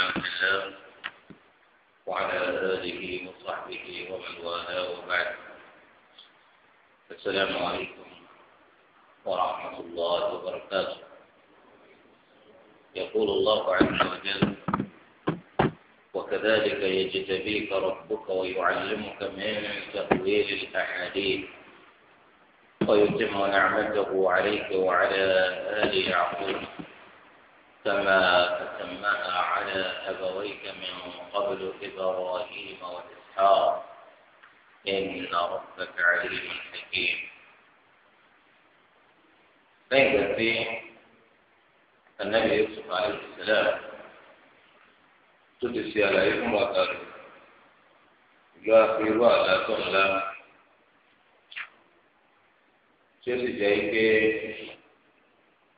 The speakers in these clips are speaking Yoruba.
عبد نعم الله وعلى آله وصحبه ومن والاه وبعد السلام عليكم ورحمة الله وبركاته يقول الله عز وجل وكذلك يجتبيك ربك ويعلمك من تأويل الأحاديث ويتم نعمته عليك وعلى آل يعقوب كما تسمها على أبويك من قبل إبراهيم وإسحاق إن ربك عليم حكيم بين في النبي يوسف عليه السلام تدسي عليكم وقال في ولا تنلم تسجيك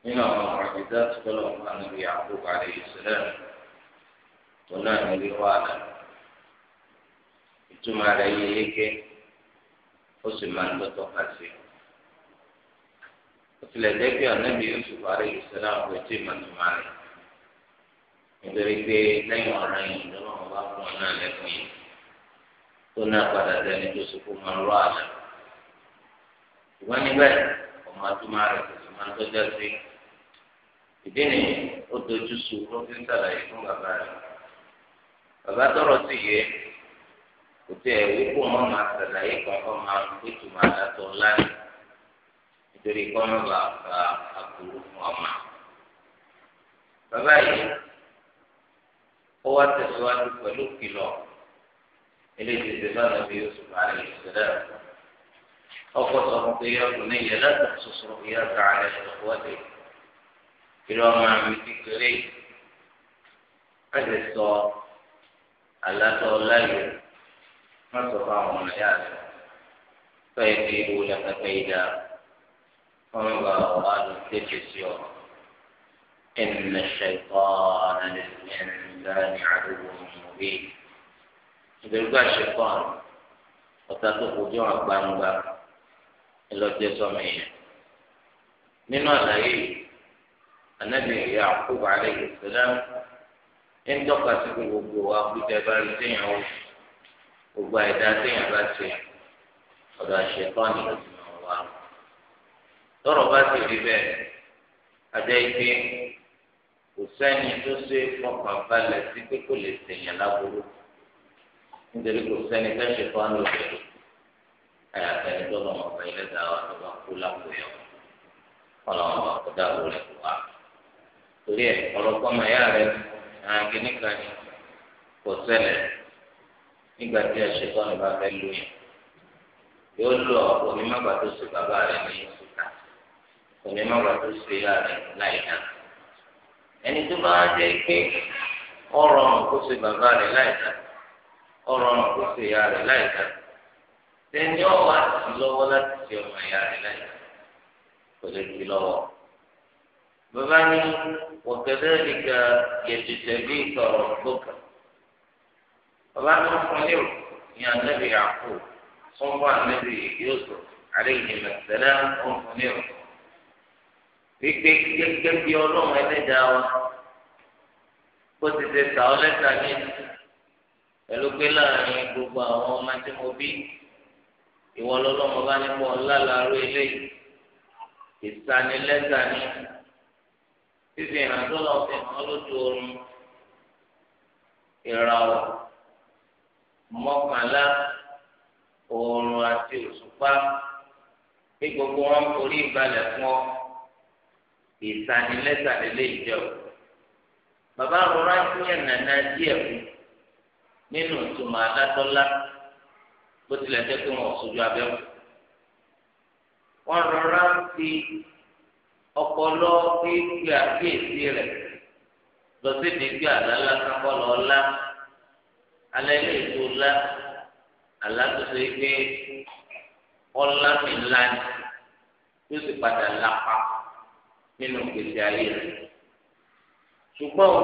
nínú àwọn àmọ̀jẹ̀dá tó tọ́lọ̀ fún ànábì Yakub alayhi salam tó náà ní wíwá àná ìtumọ̀ rẹ̀ yé yéké ó sì máa ń lọ́tọ̀ ká sí i. ó tilẹ̀ jẹ́ pé ànábì Yusuf alayhi salam kò tí ì máa túmọ̀ rẹ̀ nítorí pé lẹ́yìn ọ̀ràn yìí lọ́wọ́ wọn bá fún ọ náà lẹ́kùn yìí tó náà padà dẹni tó sùkú máa ń rọ àná. ìwọ́n níbẹ̀ ọmọ àtúmọ̀ rẹ̀ kò sì máa ń tọ́jà sí i. ìbéèrè ó dojú su ló fi ń sàlàyé fún bàbá rẹ bàbá tọrọ sí yẹ kò tẹ ẹ wípé wọn máa sàlàyé kankan máa pé tùmọ̀ àdàtọ̀ ńlá ni nítorí kọ́ máa bá àbúrò fún ọmọ bàbá yìí ó wá tẹ̀síwájú pẹ̀lú kìlọ̀ eléyìí ti bá nàbí ìṣẹ̀lẹ̀ ọkọ̀ sọ̀rọ̀ ìrẹ ọmọ mi kékeré má ṣe sọ alátọ láyò má sọ fún àwọn ọmọ yá rẹ fẹẹ fi ewu lẹpẹpẹ yìí dá wọn gba ọwọ́ àlọ tẹsí sí ọ إن الشيطان عدو مبين ìdèrúgbà ṣetán ọ̀tá tó kojú hàn gbangba ẹ lọ jẹ nínú àlàyé yìí anabi Yaqub alayhi salam ń tọ́ka sí pé gbogbo akutẹ bá rí téèyàn ó gbogbo àìdá téèyàn bá ṣe ọ̀dọ̀ àṣetọ́ni lọ́sùn wa tọ́rọ̀ bá ti rí bẹ́ẹ̀ adé ike kò sẹ́ni tó ṣe fọkàn balẹ̀ sí pé kò lè ṣèyàn láburú nítorí kò sẹ́ni tó ṣe fọ́n ló bẹ̀rù àyàfẹ́ ní tọ́lọ́mọba ilé dáwà tó bá kú lápò yọ ọlọ́mọba kó dáwọ́ rẹ̀ wá torí ẹ ọ̀rọ̀ kọ́mọ ẹ̀yà rẹ àǹkí nìkan ni kò ṣẹlẹ̀ nígbà tí ẹ̀ṣẹ̀ kọ́ni bá fẹ́ lò yẹn yóò lọ onímọ̀gbà tó ṣe bàbá rẹ ní ìsúta onímọ̀gbà tó ṣe ìyá rẹ láì dá ẹni tó bá jẹ́ pé ọ̀rọ̀ ọ̀hún kó ṣe bàbá rẹ láì dá ọ̀rọ̀ ọ̀hún kó ṣe ìyá rẹ láì dá tẹ̀yìn ọ̀wá ti lọ́wọ́ láti ṣe ọmọ ìyá rẹ láì dá kò lè fi lọ́wọ́ bàbá ní wọ̀gẹ́dẹ́rìkà yẹtùtẹ̀bíkà ọ̀gbọ́kà bàbá ní wọn fún yóò ní anabi àkó sọ́kọ́ anabi Yusuf àlejò mẹsẹ̀lẹ̀ wọn fún yóò wípé gẹ́gẹ́ bí ọlọ́run ẹlẹ́dàá wa bó ti ṣe sà ọ́ lẹ́sà ní pẹ̀lú pé láàrin gbogbo àwọn ọmọ tí fífi hàn tó lọ fi hàn lójú oorun ìràwọ̀ mọ́kànlá oorun àti òṣùpá bí gbogbo wọn forí ìbalẹ̀ fún ọ ìsanilẹ́sàlélé ìjọ bàbá rọra ń yàn nàná díẹ̀ fún nínú ìtumọ̀ adátọ́lá bó tilẹ̀ jẹ́ pé wọn ò sojú abẹ́wò wọn rọra fi ọpọlọ gbígbé àkíyèsí rẹ lọ sí ìdígbé àlálà kápọlọ ọlá alẹ ní ètò ọlá alátóso gbé ọlá mi ńlá ni tó sì padà lápá nínú gbèsè ayé rẹ ṣùgbọ́n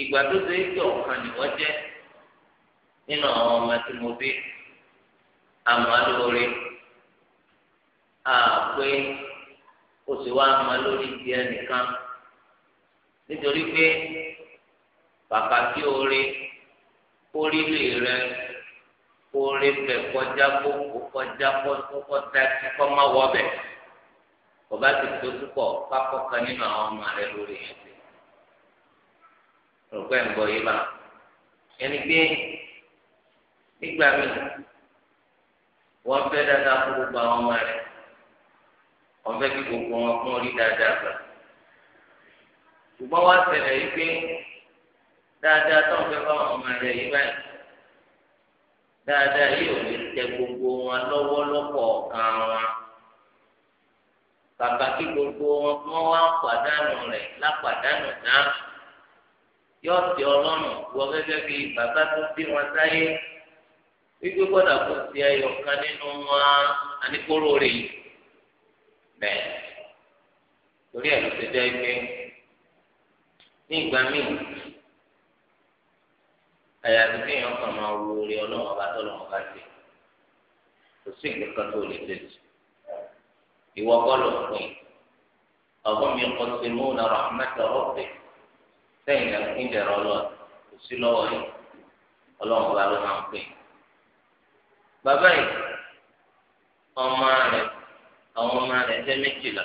ìgbà tó ṣe é gbé ọ̀kan nìwọ́n jẹ́ nínú àwọn ọmọ tí mo bí àmọ́ lóore àpé ó sì wá ma lórí ti ẹnìkan nítorí pé bàbá kí oore orílẹ̀ rẹ oore bẹ kọjá kókó kọjá kókó dájú kọ́ má wọ bẹ̀ bàbá ti tó púpọ̀ pápọ̀ kan nínú àwọn ọmọ rẹ lórí yẹn rògbò ẹ̀ yìí bá ẹni pé nígbà míì wọ́n fẹ́ dáadáa fún gbogbo àwọn ọmọ rẹ wọn fẹ́ kí gbogbo wọn kún orí dáadáa gbà ṣùgbọ́n wá ṣẹlẹ̀ yìí pé dáadáa tó ń fẹ́ bá wọn máa rẹ̀ yìí báyìí dáadáa yìí ò ní tẹ gbogbo wọn lọ́wọ́ lọ́pọ̀ kan wọn kàkà kí gbogbo wọn kí wọ́n wá pàdánù rẹ̀ lápàdánù náà yóò tẹ ọlọ́run wọ gẹ́gẹ́ bí bàbá tó bí wọn sáyé wípé gbọ́dọ̀ kó ti ẹyọ kan nínú wọn àníkóró rẹ̀ yìí bẹ́ẹ̀ torí ẹ̀ ló ti jẹ́ pé ní ìgbà míì àyàfi kéèyàn kan máa wo orí ọlọ́run ọba tó lọ́wọ́ bá ti kò sí ìgbà kan tó lè tètè ìwọ bọ́ọ̀lù pin ọgbọ́n mi kọ́ sí mú na rahmatu rabbi sẹ́yìn náà ń bẹ̀rẹ̀ ọlọ́run kò sí lọ́wọ́ yìí ọlọ́run ọba ló máa ń pin bàbá yìí ọmọ rẹ̀ àwọn ọmọ rẹ̀ jẹ́ méjìlá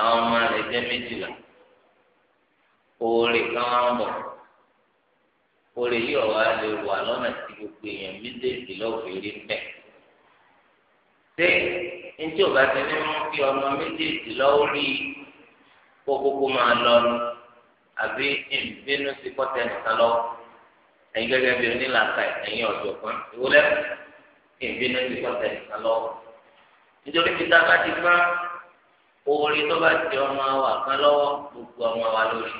àwọn ọmọ rẹ̀ jẹ́ méjìlá oore kan wá ń bọ̀ oore yìí ọ̀wá lè wà lọ́nà tí gbogbo èèyàn méjèèjì lọ́ọ̀fẹ́ rí mbẹ́ ṣé ntí ò bá ti ní mú kí ọmọ méjèèjì lọ́wọ́ rí kókókó máa lọ ni àbí ìbínú sí kọ́tẹ́ nìkan lọ́wọ́ ẹ̀yin gẹ́gẹ́ bí onílàkà ẹ̀yin ọ̀dọ́ kan ìwúlẹ́ ìbínú sí kọ́tẹ́ nìkan lọ́wọ́ nítorí peter bá ti gbá orin tó bá ti ọmọ wa kan lọ́wọ́ gbogbo ọmọ wa lórí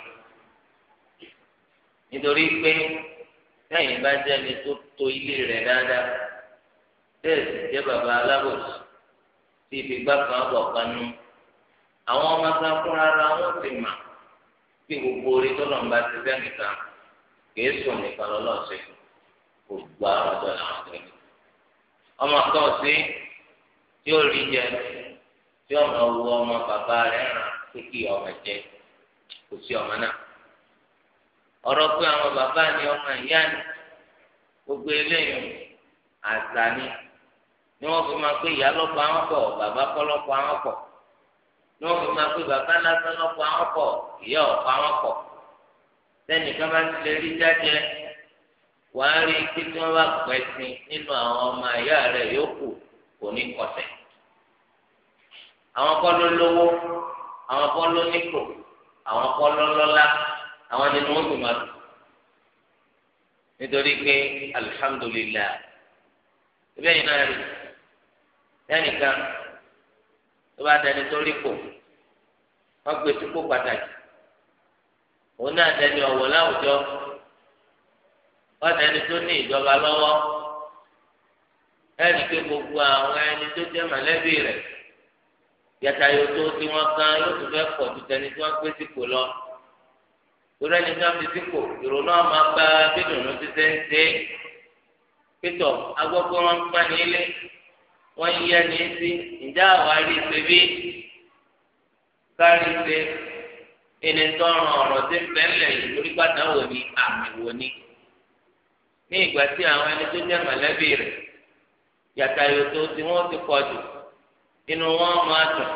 nítorí pé sẹ́yìn bá jẹ́ ẹni tó to ilé rẹ̀ dáadáa bẹ́ẹ̀ sì jẹ́ bàbá alábòsí tí ibi gbá kan bọ̀ kan nú àwọn ọmọ kan fúnra ara wọn ti mà bí gbogbo orin tó lọ́n bá ti sẹ́yìn kan kìí sùn nìkan lọ́lọ́sẹ̀ gbogbo àwọn ọ̀dọ́ làwọn ọmọ kan sí tí ó rí jẹ tí ọmọ wu ọmọ bàbá rẹ̀ ràn kékeré ọmọ jẹ kò sí ọmọ náà ọ̀rọ̀ pé àwọn bàbá ni ọmọ ìyá ni gbogbo eléyìí àgbà ni ni wọ́n fi máa pé ìyá lọ́pọ̀ àwọn pọ̀ bàbá kọ́ lọ́pọ̀ àwọn pọ̀ ni wọ́n fi máa pé bàbá lásán lọ́pọ̀ àwọn pọ̀ ìyá ọ̀pọ̀ àwọn pọ̀ sẹ́nìkan bá ti lè rí jáde wàá rí i pé tí wọ́n bá pẹ́ sí nínú àwọn ọmọ ìyá rẹ̀ yòókù kò ní kọsẹ̀ àwọn kọ́ ló lówó àwọn kọ́ ló nípò àwọn kọ́ ló lọ́lá àwọn ni wọ́n tó máa dùn nítorí pé alihamudulilayi ibẹ̀ yìí náà rí lẹ́nìkan tó bá dẹni tó rí pò wọ́n gbé sípò pàtàkì òun náà dẹni ọ̀wọ̀ láwùjọ wọ́n dẹni tó ní ìjọba lọ́wọ́ ẹ̀rí pé gbogbo àwọn ẹni tó jẹ́ mọ̀lẹ́bí rẹ̀ yàtà yóò tó tí wọ́n gan yóò tún fẹ́ pọ̀ ju tẹni tí wọ́n gbé sípò lọ torí ẹni tí wọ́n fi sípò ìrònú àmọ́ gba bídùnú ti ṣe ń ṣe pétọ agbọgbọ wọ́n pa ní ilé wọ́n yẹ ní sí ìjà àwárí ṣe bí kárí ṣe ẹni tọrọ ọ̀rọ̀ tí ń bẹ ńlẹ̀ yìí lórí pàtà wò ní àmì wò ní ní ìgbà tí àwọn ẹni tó jẹ́ mọ̀lẹ́bí rẹ̀ yàtà yòtó tí wọ́n ti pọ̀ jù inú wọn máa dùn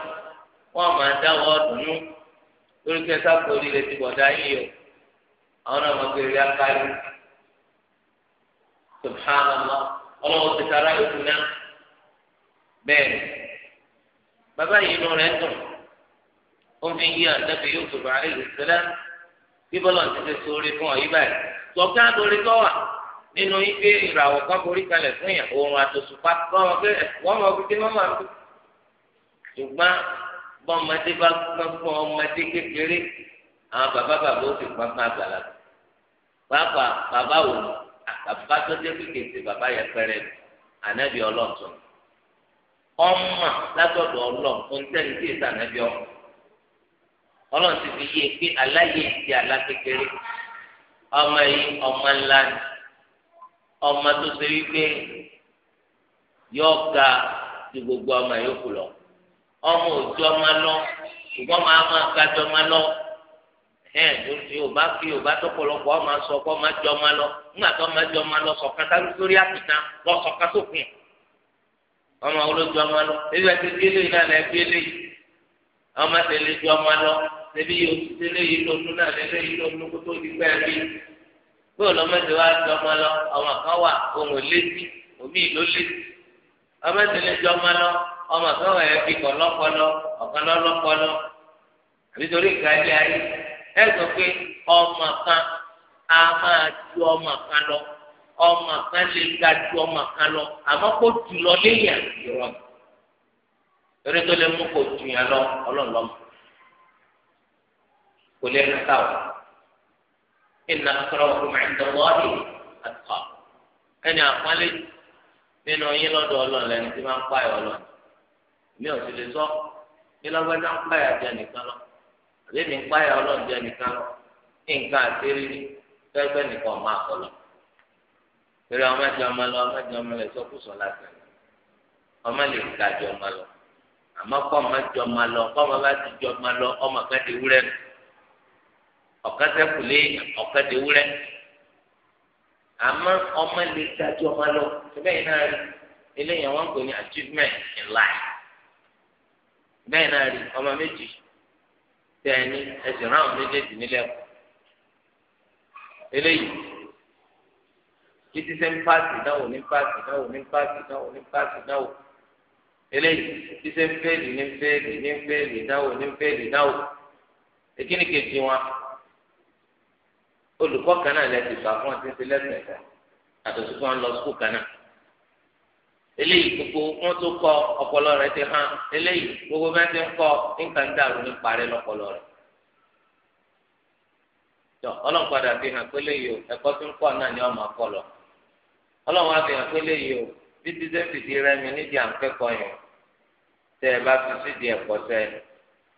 wọn máa dáwọ́ dùnú lórí kẹta kórì lè ti bọ̀dá yìí o àwọn náà máa gbèrè akáyọ subhanallah ọlọ́wọ́ ti sára yòókù náà bẹ́ẹ̀ bàbá yìí inú rẹ̀ dùn ó fi yí ànábì yóò tó bàá ìlú sílẹ̀ bí bọ́lá ti ṣe sóore fún ọ yí báyìí sọ̀kẹ́ àdórí tó wà nínú ife ìràwọ̀ kan forí kalẹ̀ fún yàn òun àtòsùpá kọ́ ọ pé wọ́n mọ̀ ọ́ fi wọ́n mọ̀ fi ṣùgbọ́n bọ́mọdé bá gbọ́n ọmọdé kékeré àwọn bàbá bàbá ó sì pọ́npọ́n àgbàlagbà pàápàá bàbá wò ni àbàbá tó dé kékeré ti bàbá yẹn pẹ́rẹ́ ni ànábì ọlọ́ọ̀tún ọmọ látọ̀dọ̀ ọlọ́ọ̀ fún tẹ́lẹ̀ tí èsì ànábì ọmọ ọlọ́ọ̀ ti fi yé e pé aláyé ti àlá kékeré ọmọ yìí ọmọ ńlá ni ọmọ tó ṣe wípé yọ ga ju gbogbo ọmọ yòókù lọ. ọmọ òjò ọmọ lọ ṣùgbọ́n máa máa kájọ ọmọ lọ ẹn yorùbá fi yorùbá tọpọlọpọ ọmọ sọ pé ọmọ jọ ọmọ lọ nígbà tó ọmọ jọ ọmọ lọ sọkan sáré sórí àpìtà lọ sọkan sópin ọmọ olójú ọmọ lọ ebi ẹsẹ gbélé náà lẹ gbélé ọmọ ju ọmọ lọ ebi yìí lọnu náà lọnu di bí wa ọmọ lọ ọmọ kan wà ọmọ sọ̀rọ̀ yẹn fi kọ̀ lọ́pọlọ ọ̀kan lọ́lọ́pọlọ àbí torí ìka ilé ayé ẹ sọ pé ọmọ kan a máa ju ọmọ kan lọ ọmọ kan lè ga ju ọmọ kan lọ àmọ́ kó jù lọ léyà ìrọ̀ torí tó lè mú kó jù yẹn lọ ọlọ́ọ̀lọ́mọ kò lè rìn káwọ́ ìnà kọ́ra ọkùnrin máa ń dọ̀wọ́ ọ̀hìn àtọ̀ ẹni àpọ́nlé nínú yín lọ́dọ̀ ọlọ́ọ̀lẹ́ni tí máa ń pààyàn ọlọ́ọ̀ni mi ò sì lè sọ bí lọ́gbẹ́dá ń páyà jẹ nìkan lọ àbí mi ń páyà ọlọ́run jẹ nìkan lọ ní nǹkan àtẹ́rí ní fẹ́fẹ́ nìkan máa kọ lọ. eré ọmọ ẹ̀jẹ̀ ọmọ lọ ọmọ ẹ̀jẹ̀ ọmọ lọ ìsọkúsọ láti ẹ̀ ọmọ lè ga jọ ọmọ lọ àmọ́ kọ́ ọmọ jọ ọmọ lọ kọ́ ọmọ bá ti jọ ọmọ lọ ọmọ kan ti wúrẹ́ nù ọ̀kan sẹ́kù lé ọ̀kan ti wúrẹ́ àmọ́ ọmọ lè ga jọ ọmọ lọ ẹgbẹ́ yìí náà eléyìí ń pè ní achievement in life bẹ́ẹ̀ náà rí ọmọ méjì tẹ ẹni ẹsẹ̀ ráhùn méjèèjì nílẹ̀ kù eléyìí títí sẹ́ ń pàṣẹ náwó ní pàṣẹ náwó ní pàṣẹ náwó ní pàṣẹ náwó eléyìí títí sẹ́ ń fẹ́ẹ̀lì ní fẹ́ẹ̀lì ní fẹ́ẹ̀lì náwó ní fẹ́ẹ̀lì náwó èkíní kejì wọn olùkọ́ kan náà lẹ́sìn fà fún ọtí ń ṣe lẹ́sìn ẹ̀ka àtọ̀sí fún lọ sukùl kan náà eléyìí gbogbo wọn tó kọ ọpọlọ rẹ ti hàn eléyìí gbogbo bá ti ń kọ nǹkan ń dàrú ní parẹ lọpọlọ rẹ tọ ọlọ́nkpadà fi hàn pélé yìí o ẹ̀kọ́ tó ń kọ́ náà ni ọmọ akọ lọ ọlọ́wọ́n á fi hàn pélé yìí o títí tẹ́ fìdí rẹ mi nídìí à ń kẹ́kọ̀ọ́ yẹn tẹ́ ẹ bá fi sídìí ẹ̀kọ́ tẹ́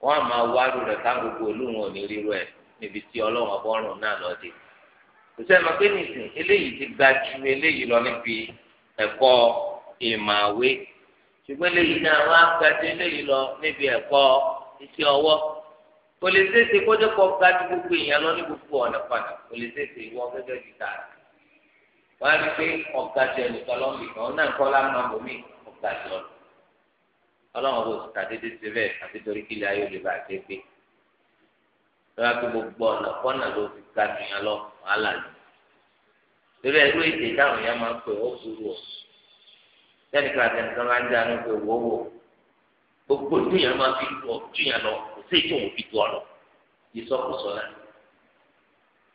wọ́n máa wárú rẹ̀ ká gbogbo olóhùn òní ríru ẹ̀ níbi tí ọlọ́wọ́n bọ́rùn náà lọ dé kò sẹ́ni pé nìsín eléyìí ti ga eléyìí lọ níbi ẹ̀kọ́ ìmàwé ṣùgbọ́n eléyìí náà wọ́n á ga ju eléyìí lọ níbi ẹ̀kọ́ iṣẹ́ ọwọ́ kò lè ṣèṣe kó jẹ́ kó ga ju gbogbo èèyàn lọ ní gbogbo ọ̀nà padà kò lè ṣèṣe ìwọ gẹ́gẹ́ bí ta wọ́n á rí pé ọ̀gá ju ẹnìkan lọ mí kan náà kọ́ lámà bòmí ọ̀gá ju ọ ọlọ́run kò sùkà dédé ṣe bẹ́ẹ̀ àti torí kílẹ̀ ayé olè bá ṣe pé lọ́wọ́ á pé gbogbo ọ̀nà kọ́nà ló fi ga ju yẹn lọ wàhálà ni torí ẹ̀rú èdè táwọn yẹn máa ń pè ó burú ọ̀ lẹ́nu kan àti ẹnìkan máa ń dá ní pé wò wò gbogbo ìdúyàn máa fi tu ìdúyàn lọ kò sí ètò òun fi tu ọ lọ ìsọkùsọ náà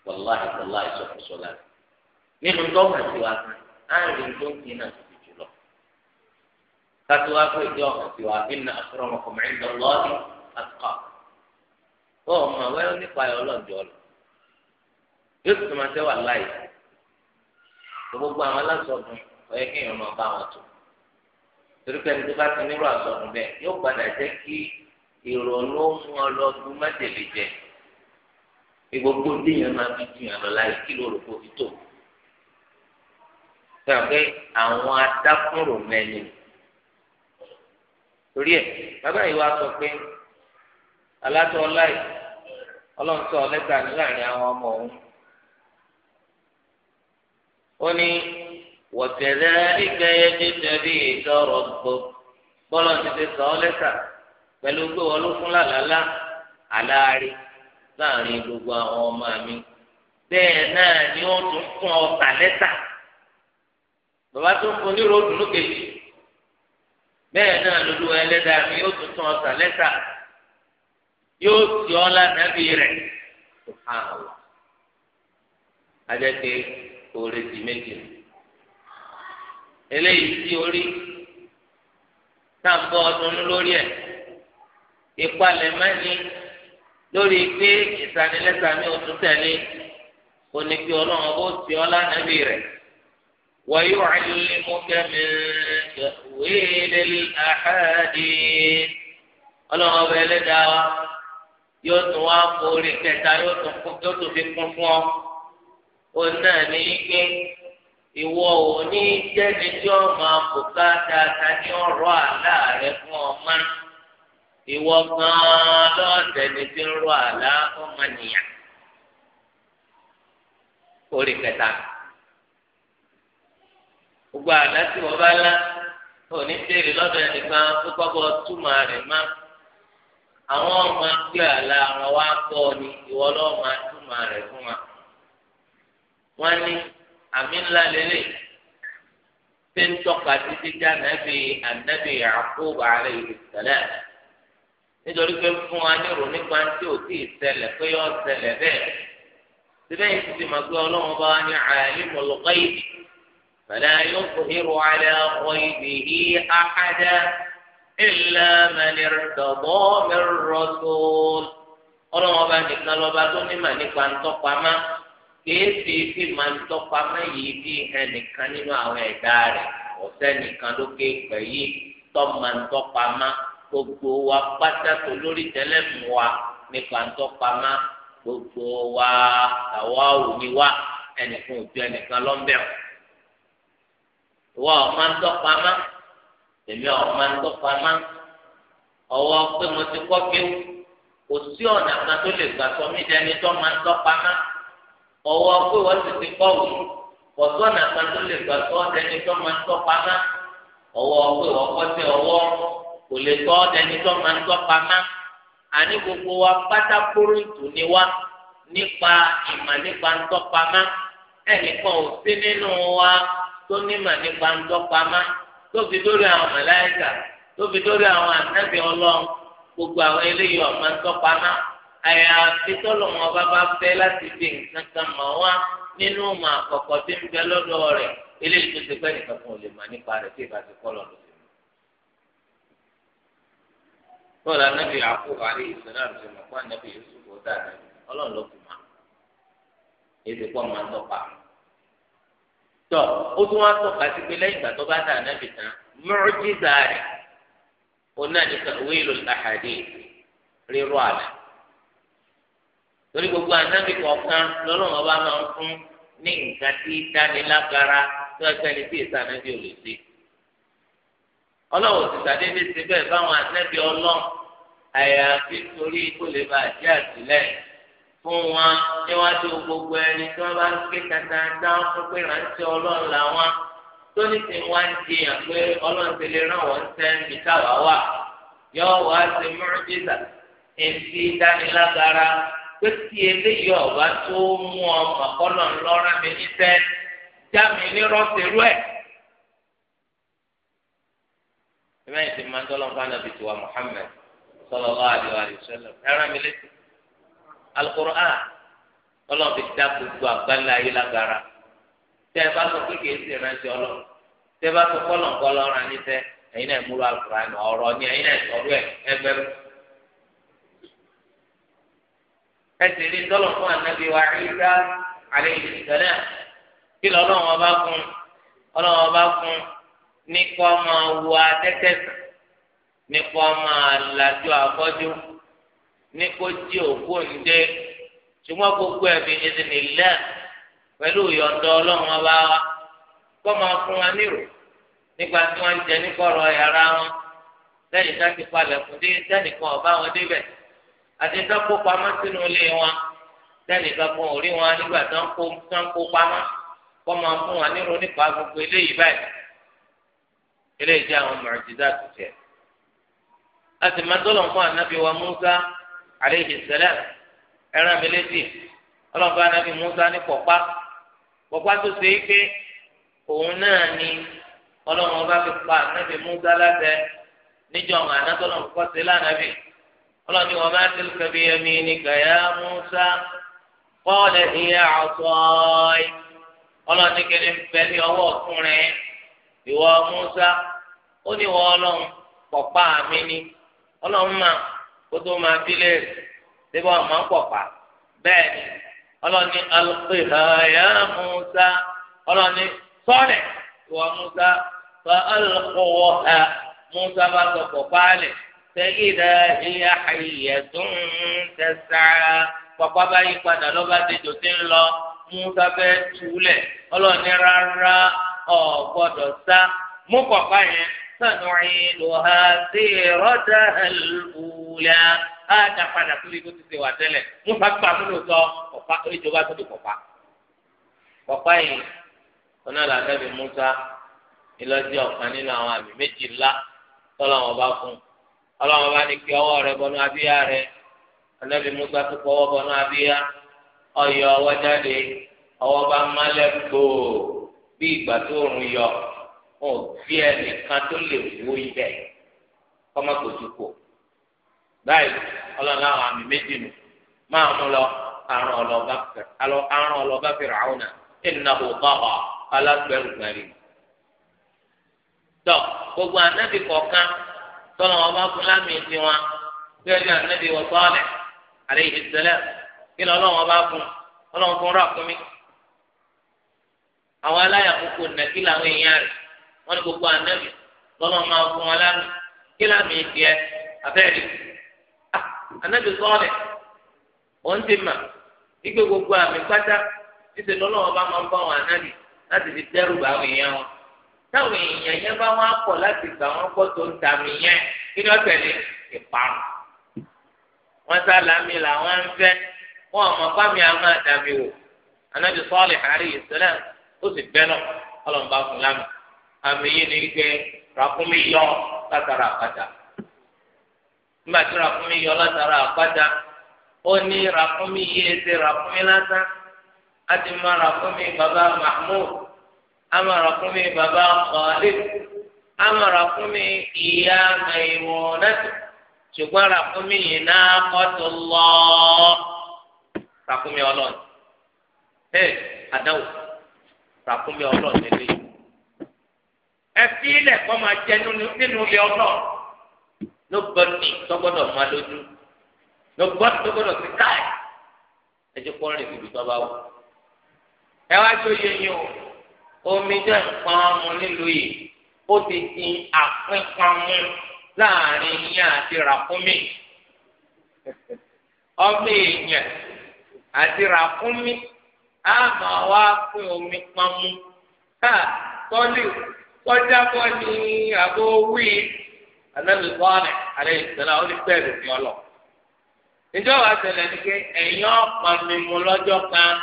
wàláhì wàláhì ìsọkùsọ náà nínú dọ́gba sí wa kan á rí tó ń tin náà tó jù lọ kátó wá pé ìdí ọ̀hún sí wa inna akramakum inda Allahi atqakum ó ọmọ wẹ́rẹ́ nípa ẹ̀ ọlọ́ọ̀dọ́ lọ yóò tó. torí pé ẹni tó bá ti nírò àsọdùn bẹ́ẹ̀ yóò padà jẹ́ kí ìrònú mú ọ lọ jẹ gbogbo déèyàn máa fi ju yàn láì kí ló rò kó fi tó sọ pé àwọn adákùnrò mẹ́ni torí ẹ̀ bàbá yìí wá ọmọ òun ó ní. وكذلك يجتبيك ربك bọ́lá ti fi sọ ọ́ lẹ́sà pẹ̀lú pé wọ́n ló fún làlálà àláàrí láàrin gbogbo àwọn ọmọ mi bẹ́ẹ̀ náà ni ó tún fún ọ tà lẹ́sà bàbá tó fún ní ròdù lókèjì bẹ́ẹ̀ náà lólu ẹlẹ́dàá mi ó tún fún ọ tà lẹ́sà yóò sì ọ́ lánàbí rẹ̀ subhanallah ajẹ́ pé oore ti méjì ni eléyìí tí orí táǹbọ̀ ọdún lórí ẹ̀ ìpalẹ̀ mẹ́ni lórí pé ìsanilẹ́sàmí oṣù tẹ̀lé òní pé ọlọ́run ó ti ọ́ lánàbí rẹ̀ wọ́n yóò alẹ́mọ́kẹ́ mi wíìlì àhádì ọlọ́run ọba ẹlẹ́dàá wa yóò tún wá forí kẹta yóò tún fi kún fún ọ òun náà ní í ìwọ ò ní jẹ́ni tí ó máa bùká dáadáa ní ọ̀rọ̀ àlá rẹ fún ọmọ ìwọ gan-an lọ́ọ̀dẹ̀ ni tí ń rọ àlá ọmọnìyàn. orí kẹta gbogbo àlá tí wọ́n bá lá ò ní béèrè lọ́dọ̀ ẹnìkan tó kọ́kọ́ túmọ̀ rẹ̀ má àwọn ọmọ gbé àlá àwọn wá gbọ́ ni ìwọ lọ́ọ́ máa túmọ̀ rẹ̀ fún wa. wọ́n ní àmì ńlá lélẹ̀ ṣé ń tọ́ka títí dá nàbì ànábì Yaqub alayhi salam nítorí pé fún wa ní ìrònú nípa tí ò tí ì ṣẹlẹ̀ pé yọ ṣẹlẹ̀ bẹ́ẹ̀ síbẹ̀ yìí ti máa gbé ọlọ́run bá wa ní alimul ghaib fala yuzhiru ala ghaibihi ahada illa man irtada min rasul ọlọ́run ọba nìkan lọ́ba tó ní mà nípa ntọ́pamá kéésì tí màá ń tọ́pa mẹ́yìí bí ẹnìkan nínú àwọn ẹ̀dá rẹ̀ ọ̀sẹ́nìkan lókè pẹ̀yì tọ́ màá ń tọ́pa má gbogbo wa pátákó lórí tẹ́lẹ̀mù wa nípa ń tọ́pa má gbogbo wa àwa ò ní wá ẹnìkan ò ju ẹnìkan lọ́nbẹ̀ o. ìwọ ọ̀ma ń tọ́pa má èmi ọ̀ma ń tọ́pa má ọwọ́ pé mo ti kọ́ kéwù kò sí ọ̀nà kan tó lè gbà sọ mí dẹni tó máa ń tọ́pa má ọwọ́ pé wọ́n sì ti kọ́ wù pọ̀sọ́nà kan tó lè gbà tọ́ ẹni tó máa ń tọ́ pamá ọwọ́ pé wọ́n kọ́ sí ọwọ́ kò lè tọ́ ẹni tó máa ń tọ́ pamá àní gbogbo wa pátákóró ìtù ni wa nípa ìmọ̀ nípa ń tọ́ pamá ẹnìkan ò sí nínú wa tó nímọ̀ nípa ń tọ́ pamá tó fi dórí àwọn màláíkà tó fi dórí àwọn ànábì ọlọ́run gbogbo àwọn eléyìí ọ̀ máa ń tọ́ pamá àyàfi tọ́lọ́mọ bá bá fẹ́ láti fi nǹkan kan mọ̀ wá nínú ọmọ àkọ́kọ́ tí ń bẹ lọ́dọ̀ rẹ̀ eléyìí tó ti pẹ́ nìkan kan ò lè mọ̀ nípa rẹ̀ tí ìbá ti kọ́ lọ lọ́sẹ̀. bọ́ọ̀lù anábì àkókò àrí ìṣẹ̀lẹ̀ àti ìmọ̀kọ́ anábì yusuf ọ̀dà rẹ̀ ọlọ́run ló kù máa èdè pọ̀ máa ń tọ́pa. tọ́ ó tún wá tọ́ka sí pé lẹ́yìn ìgbà tó bá torí gbogbo anábì kọ̀ọ̀kan lọ́lọ́run ọba máa ń fún ní nǹkan tí dánilágara tó ẹgbẹ́ ní bí èsì anábì ò lè ṣe. ọlọ́run ti sàdédé ṣe bẹ́ẹ̀ báwọn anábì ọlọ́run àyàfi torí kó lè bá àjẹ́ àtìlẹ́ fún wọn níwájú gbogbo ẹni tí wọ́n bá ń ké kàtà dáhùn fún pé rántí ọlọ́run làwọn tó ní ti wá ń jiyàn pé ọlọ́run ti lè ràn wọ́n sẹ́ńbì táwa wà yọ wá sí mọ́rìndínlá pé tí eléyìí ọba tó mú ọmọ kọlọ ńlọrọ mi níṣẹ́ já mi nírọ serú ẹ. ìbá yìí ti máa ń tọ́lọ́ fún anabi tiwa Muhammad sallallahu alaihi wa sallam ẹran mi létí Al-Qur'an Ọlọ́run fi dá gbogbo àgbáńlá ayé lágara tẹ ẹ bá sọ pé kìí sì rántí Ọlọ́run tẹ ẹ bá sọ kọlọ ńkọlọ ọ̀ràn níṣẹ́ ẹ̀yin náà múlò Al-Qur'an ọ̀rọ̀ ni ẹ̀yin náà sọ̀rọ̀ ẹ ẹgbẹ̀rún. ẹsẹ̀ rí tọ́lọ̀ fún anabi wa Ìsá alayhi salam kí lọ́ lọ́wọ́ bá fún ọlọ́wọ́ bá fún nípa ọmọ wo adẹ́tẹ̀ sàn nípa ọmọ àlàjọ àfọ́jú nípa jí òkú ǹdẹ́ ṣùgbọ́n gbogbo ẹ̀bí ìdìnnìlẹ́ pẹ̀lú ìyọ̀ǹda ọlọ́run ọba wa kọ́ máa fún wa nírò nípa tí wọ́n ń jẹ nípa ọ̀rọ̀ wọn lẹ́yìn tá ti palẹ̀ fún dé sẹ́nìkan wọn débẹ̀ àti tán kó pamọ́ sínú ilé wọn lẹ́nìkan kan ò rí wọn nígbà tán kó tán kó pamọ́ kọ́ máa fún wọn nírò nípa gbogbo eléyìí báyìí eléyìí jẹ́ àwọn mọ̀rẹ́dídá tó tẹ̀. láti máa tọ́lọ̀ fún ànábì wa Musa alayhi salam ẹran mi létí ọlọ́fà ànábì Musa ní pọ̀pá pọ̀pá tó ṣe é pé òun náà ni ọlọ́run ọba fi pa ànábì Musa láti níjọ́ àwọn ànátọ́lọ́ kọ́sẹ́ lánàbì ọlọ́ni wọn máa ti kẹ́bi ẹ̀mí ni kẹ̀yà Musa kọ́ọ̀lẹ̀ ìyá àtọ́ọ̀ì ọlọ́ni kẹ́ni bẹ́ẹ̀ ní ọwọ́ ọ̀kùnrin ìwọ Musa ó ní wọ́n ọlọ́run pọ̀pá mi ni ọlọ́run mà kó tó máa bí léèrè síbẹ̀ ọ̀ma pọ̀pá bẹ́ẹ̀ ni ọlọ́ni alùpùpù Musa ọlọ́ni sọ́ọ̀lẹ̀ ìwọ Musa fa alùpùpù Musa bá sọ pọ̀pá lẹ̀. فإذا هي حية تسعى papa bá yí padà lọ́ba dejò tí ń lọ musa fẹ́ túlẹ̀ ọlọ́ọ̀ni rárá ọ̀ gbọ́dọ̀ sá mú papa yẹn sànù ìlú ha sí rọ́dà ẹ̀lúùlẹ̀ á dá padà síbi tó ti ṣe wà tẹ́lẹ̀ musa gbà mú lò sọ papa ìjọba tó di papa. papa yìí ọ̀nà làbẹ́bí musa ìlọ́jì ọ̀kan nínú àwọn àmì méjì ńlá tọ́lọ́wọ́n bá fún un. ọlọ́run bá ní kí ọwọ́ rẹ bọnú abíyá rẹ anabi musa tó kọ́wọ́ bọnú abíyá ọyọ ọwọ́ jáde ọwọ́ bá málẹ̀ gbòò bí ìgbà tó rùn yọ tó lè wó ibẹ̀ báyìí ọlọ́run láwọn àmì méjì nù máa mú lọ àrùn náà tọ́ gbogbo kọ̀ọ̀kan. tọ́lọ̀ ọba bá fún lámì ti wọn bí ẹni ànábì wọ sọ́ọ̀lẹ̀ alayhi salam kí ni ọlọ́wọ́n bá fún ọlọ́wọ́n fún ràkúnmí. àwọn kókó nàkí làwọn èèyàn rẹ̀ wọ́n ní gbogbo ànábì máa fún wọn kí abẹ́rẹ́ ah, gbogbo àmì pátá ìṣèlú ọba máa ń bá wọn ànábì láti fi dẹ́rù táwọn èèyàn yẹn bá wọn pọ̀ láti gbà wọn gbọ́ tó ń ta yẹn kí ni wọn tẹ̀lé ìparun wọ́n sálámì làwọn ń fẹ́ wọn ò mọ̀ fámi àwọn àdàmì wò anábì sọ́ọ̀lì àárín ìṣẹ̀lẹ̀ ó sì bẹ́ẹ̀ náà ọlọ́mùbá fún lámì àmì yìí ni yọ látara nígbà tí yọ látara ó ní yìí amara fún mi baba Khalid amọ̀ràn fún mi ìyá Maimuna ṣùgbọ́n rà fún mi yìí náà kọ́tù mi ọlọ́run ẹ àdáwò rà fún mi ọlọ́run ẹ fi ilẹ̀ kọ́ máa jẹ nínú ilé ọlọ́run ló gbọ́dọ̀ tọ́gbọ́dọ̀ máa lójú ló gbọ́dọ̀ tọ́gbọ́dọ̀ sí káì ẹ jẹ́ kó rìn síbi bá ẹ wá jó yẹ yín o. omi jẹ́ nǹkan ọmọ nílùú yìí ó ti di àpínpamọ́ láàrin yín àti ràkúnmí ọmọ èèyàn àti ràkúnmí á máa wá pín omi pamọ́ ká tọ́lú kọjá bọ́ ní àgbo wí anábì bọ́ọ̀nì alẹ́ ìṣẹ̀lá ó ní bẹ́ẹ̀ lòdì ọlọ. ìjọba àtẹlẹ ni pé ẹ̀yàn ọ̀pọ̀ mi lọ́jọ́ kan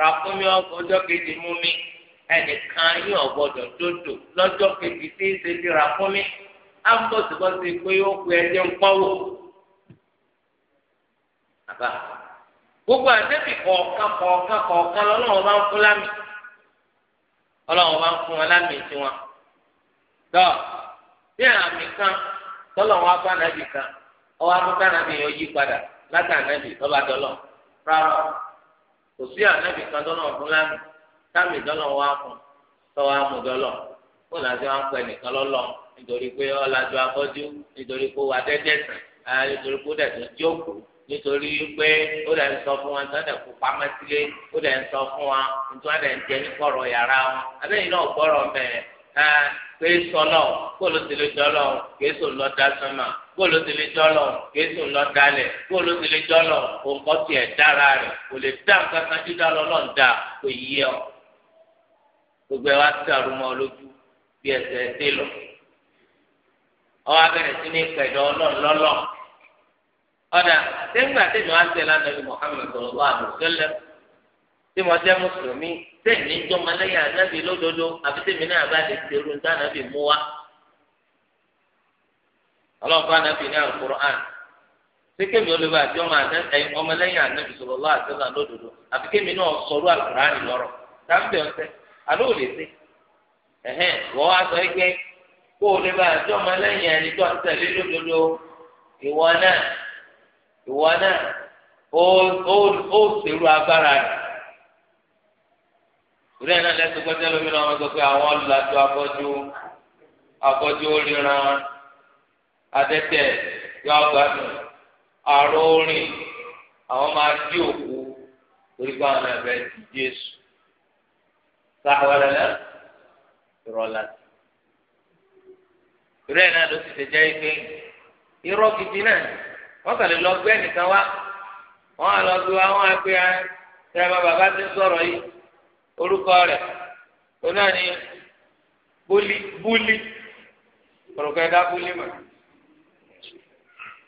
ràkúnmí ọjọ́ kejì mú mi. ẹnìkan yóò gbọdọ̀ dòdò lọ́jọ́ kejì tí ń ṣe síra fún mi á pé ó pe ń gbogbo àdébì kọ̀ọ̀kan kọ̀ọ̀kan kọ̀ọ̀kan bá ń fún lámì bá ń fún wọn lámì tiwọn. tọ́ bí kan nàbì kan ọwọ́ abúlé nàbì yí padà látà nàbì tọ́ba dọ́lọ́ rárá kò sí sáàmì dọ́lọ̀ wá fún tọ́wọ́ amúdọ́lọ̀ kó làásì wá ń pẹ́ nìkan lọ́lọ́ nítorí pé ọ̀làjọ afọ́jú nítorí pé wà dẹ́dẹ́ sàn nítorí pé ó dẹ̀ tó jókòó nítorí pé ó dẹ̀ ń sọ fún wa nítorí kó pamẹ́ sílé ó dẹ̀ ń sọ fún wa nítorí dẹ̀ ń jẹ ní kọ̀rọ̀ yàrá wọn abẹ́yìn náà gbọ́rọ̀ mẹ́rin pé sọlọ bóòlù ti lè jọlọ kéésù ńlọ da sọmà bóòlù ti lè jọlọ kéésù ńlọ dalẹ̀ bóòlù ti lè jọlọ òǹkọ tiẹ̀ dára rẹ̀ kò lè dá nǹkan kan dídá lọ lọ́ọ̀dà kò yí ọ gbogbo ẹ ti àrùmọ lójú bí ẹsẹ dé lọ ọwọ abẹrẹ sí ní kẹdọ ọlọlọlọ ọdà sẹgbà tẹmí wá sẹlẹ anabi muhammed sọlọ àdùsẹlẹ tí mo jẹ mùsùlùmí sẹni jọmọlẹyìn anabi lódodo àfi tẹmí náà bá lè ṣerú ní anabi mú wa ọlọ́pàá anabi ní alukur'an sékèmí olùbá àti ọmọlẹyìn anabi sọlọ àdùsẹlẹ lódodo àfi kẹmí náà àló ò lè ṣe ẹ̀hẹ́n wọ́n wá sọ ẹgbẹ́ kó o lè bá àti ọmọ lẹ́yìn ẹni tó ń tẹ̀lé lódodo ìwọ náà ìwọ náà ó ó ó ṣèrú agbára rẹ̀ ìrẹ́ náà lẹ́sìn gbọ́dọ̀ lómi náà wọ́n sọ pé àwọn olùlàjọ abọ́jú abọ́jú oríran adẹ́tẹ̀ yọ àgbàdùn àrò orin àwọn máa dí òkú torí pé àwọn Jésù. صح ولا لا؟ رولات irú ẹ̀ náà ló ti ṣèjẹ́ ife irọ́ gidi náà wọ́n kàn lè lọ gbé ẹnìkan wá wọ́n á lọ gbé wá wọ́n á gbé wá ṣé ẹ bá bàbá ti ń sọ̀rọ̀ yìí orúkọ rẹ̀ ó náà ní búlí búlí kọ̀rọ̀kọ̀ ẹ̀dá búlí mà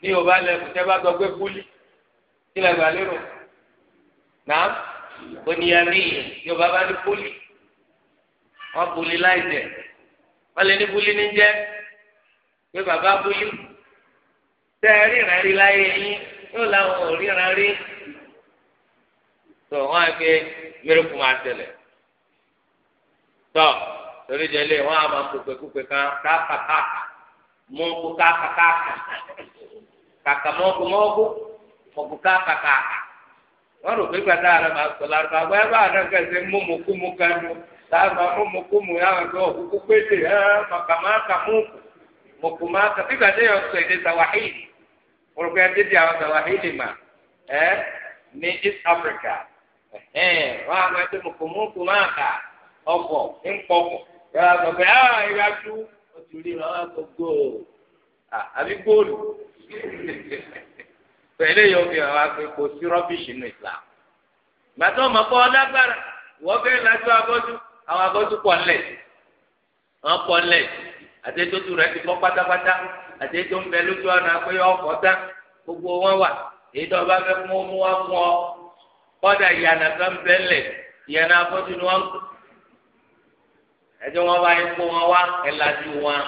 ní yorùbá lẹ́kùn tẹ́ bá gbọ́ pé búlí kí lè gbà lérò náà oníyàmí yorùbá bá ní búlí. wọn buli láì jẹ wọn lè ní buli ní jẹ pé bàbá buli tẹ ẹ ríran rí láyé yín yóò láwọn ò ríran rí tó wọn á gbé máa tẹlẹ tó torí jẹlé wọn á máa kópe kópe kan káàkàkà mọ́kú kàkà wọn rò pé gbàdá rẹ máa sọ lárúbáwá ẹ bá àdàkẹsẹ mú láàmà ọmọkùnmù yàrá tó òkúkú pété ẹ màkàmáka múùkù mọ̀kùmáka bí gbàdé yọ sọ èdè sàwáhìlì orúkọ ẹ dédé ndị East Africa ẹ wọn àwọn ẹgbẹ mọ̀kùmọ̀kùmáka ọkọ̀ ńkọkọ̀ ya sọ ya ah ìyá tú ya àwọn afọ́jú pọ̀ ńlẹ̀ wọ́n pọ̀ ńlẹ̀ àtẹ́tọ́tù rẹ̀ ti bọ́ pátápátá àtẹ́tọ́ ń bẹ lójú ọ̀nà pé ọkọ̀ tán gbogbo wọn wà èyí tó bá fẹ́ mú mú wá fún ọ kọ́dà ìyànà kan bẹ́ ńlẹ̀ ìyànà afọ́jú ni wọ́n kù ẹjọ́ wọn bá yẹ kó wọn wá ẹ̀làjú wọn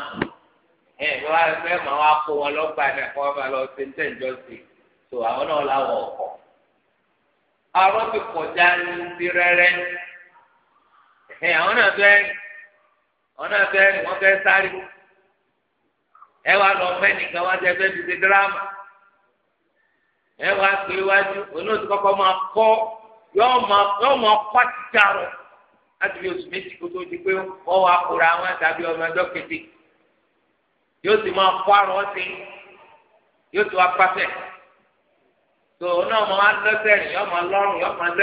ẹ̀ wọ́n á fẹ́ mọ̀ wá kó wọn lọ́gbà náà kó wọn bá lọ sí ntẹ̀njọ́ sí tó àwọn náà láwọn ọkọ̀ àrọ́ ti ẹ àwọn náà fẹ́ àwọn náà fẹ́ wọ́n fẹ́ sáré ẹ wá lọ fẹ́ nìkan wá jẹ́ fẹ́ fi ṣe dírámà ẹ wá pé iwájú olóòtú máa máa máa láti fi oṣù méjì di pé wá kóra wọn tàbí ọmọ kété yóò sì máa yóò wá pàṣẹ tó náà máa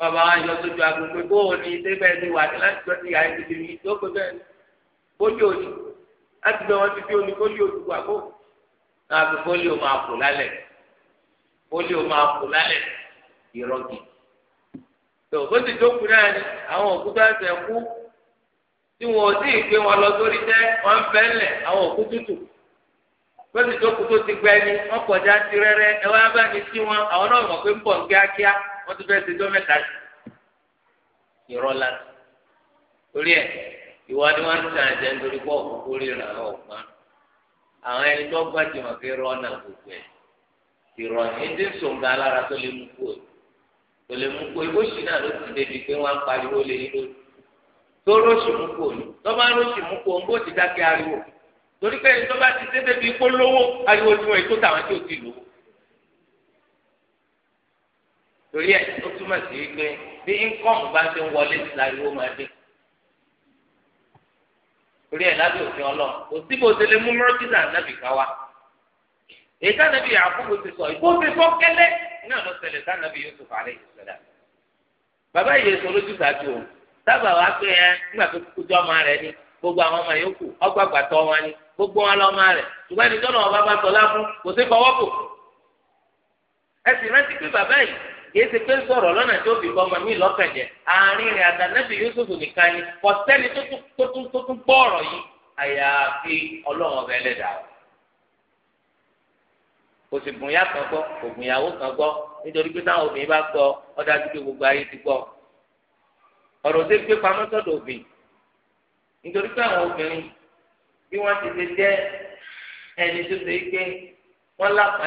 bàbá wa yọ sójú agbègbè bó o ní débẹ̀ ní wà ní láti gbọ́ sí ìyá ìdílé mi tó pé bẹ́ẹ̀ ni kólíò ni láti bẹ wọn ti fi oní kólíò tó wà kó náà fi kólíò máa kù lálẹ̀ kólíò máa kù lálẹ̀ ìrọ̀gì tó bó ti jókòó náà ni àwọn òkú bá fẹ́ kú tí wọn ò tíì gbé wọn lọ sórí tẹ́ wọn ń bẹ́ ńlẹ̀ àwọn òkú tútù bó ti jókòó tó ti gbẹ ni wọn kọjá ti rẹ́rẹ́ ẹ wá bá mi sí wọn àwọn náà mọ̀ pé ń bọ̀ kíákíá wọ́n ti fẹ́ẹ́ ṣèjọ́ mẹ́ta sí irọ́ láti torí ẹ̀ ìwà ni wọ́n ń tàn jẹ́ nítorí pé òkúkú ríran ọ̀gbọ́n àwọn ẹni tó gbajúmọ̀ kí irọ́ náà gbogbo ẹ̀ irọ́ ni ẹni tí ń sòǹgà alára tó lè mú kú ẹ̀ tó lè mú kú ẹ̀ bó ṣì náà ló ti débi pé wọ́n á pariwo lé lórí tó róṣì mú kú òní tó bá róṣì mú kú òun bó ti dákẹ́ ariwo torí pé ẹni tó bá ti dé débi kó lówó ariwo tí wọ́n ètò torí ẹ ó túmọ̀ sí wípé bí íńkọ́ọ̀mù bá ti ń wọlé sí la máa dé torí ẹ lábẹ́ òfin ọlọ́run kò sí bó ṣe lè mú mọ́rọ́kìtà nábì ká wá èyí tánàbì àkókò ti sọ ìkó ti kẹ́lẹ́ lọ Yusuf alayhi salam bàbá yìí sọ lójú o sábà wá pé ẹ nígbà tó kú jọ ọmọ rẹ ni gbogbo àwọn ọmọ yòókù ọgbàgbà gbogbo wọn lọmọ rẹ ṣùgbọ́n ẹni ọba bá kìí ṣe pé sọ̀rọ̀ lọ́nà tó fi bọ́ ọmọ mi lọ́kànjẹ́ àárín rẹ̀ àtànẹ́bì Yusuf nìkan ni kò sẹ́ni tó tún gbọ́ ọ̀rọ̀ yìí àyàfi ọlọ́run ọba ẹlẹ́dàá kò sì bùn yá kan gbọ́ kò bùn yàwó kan gbọ́ nítorí pé táwọn obìnrin bá gbọ́ ọ̀dà dúdú gbogbo ayé ti gbọ́ ọ̀rọ̀ tó gbé pamọ́ sọ́dọ̀ obìnrin nítorí pé àwọn obìnrin bí wọ́n ti ṣe jẹ́ ẹni tó ṣe é pé wọ́n lápá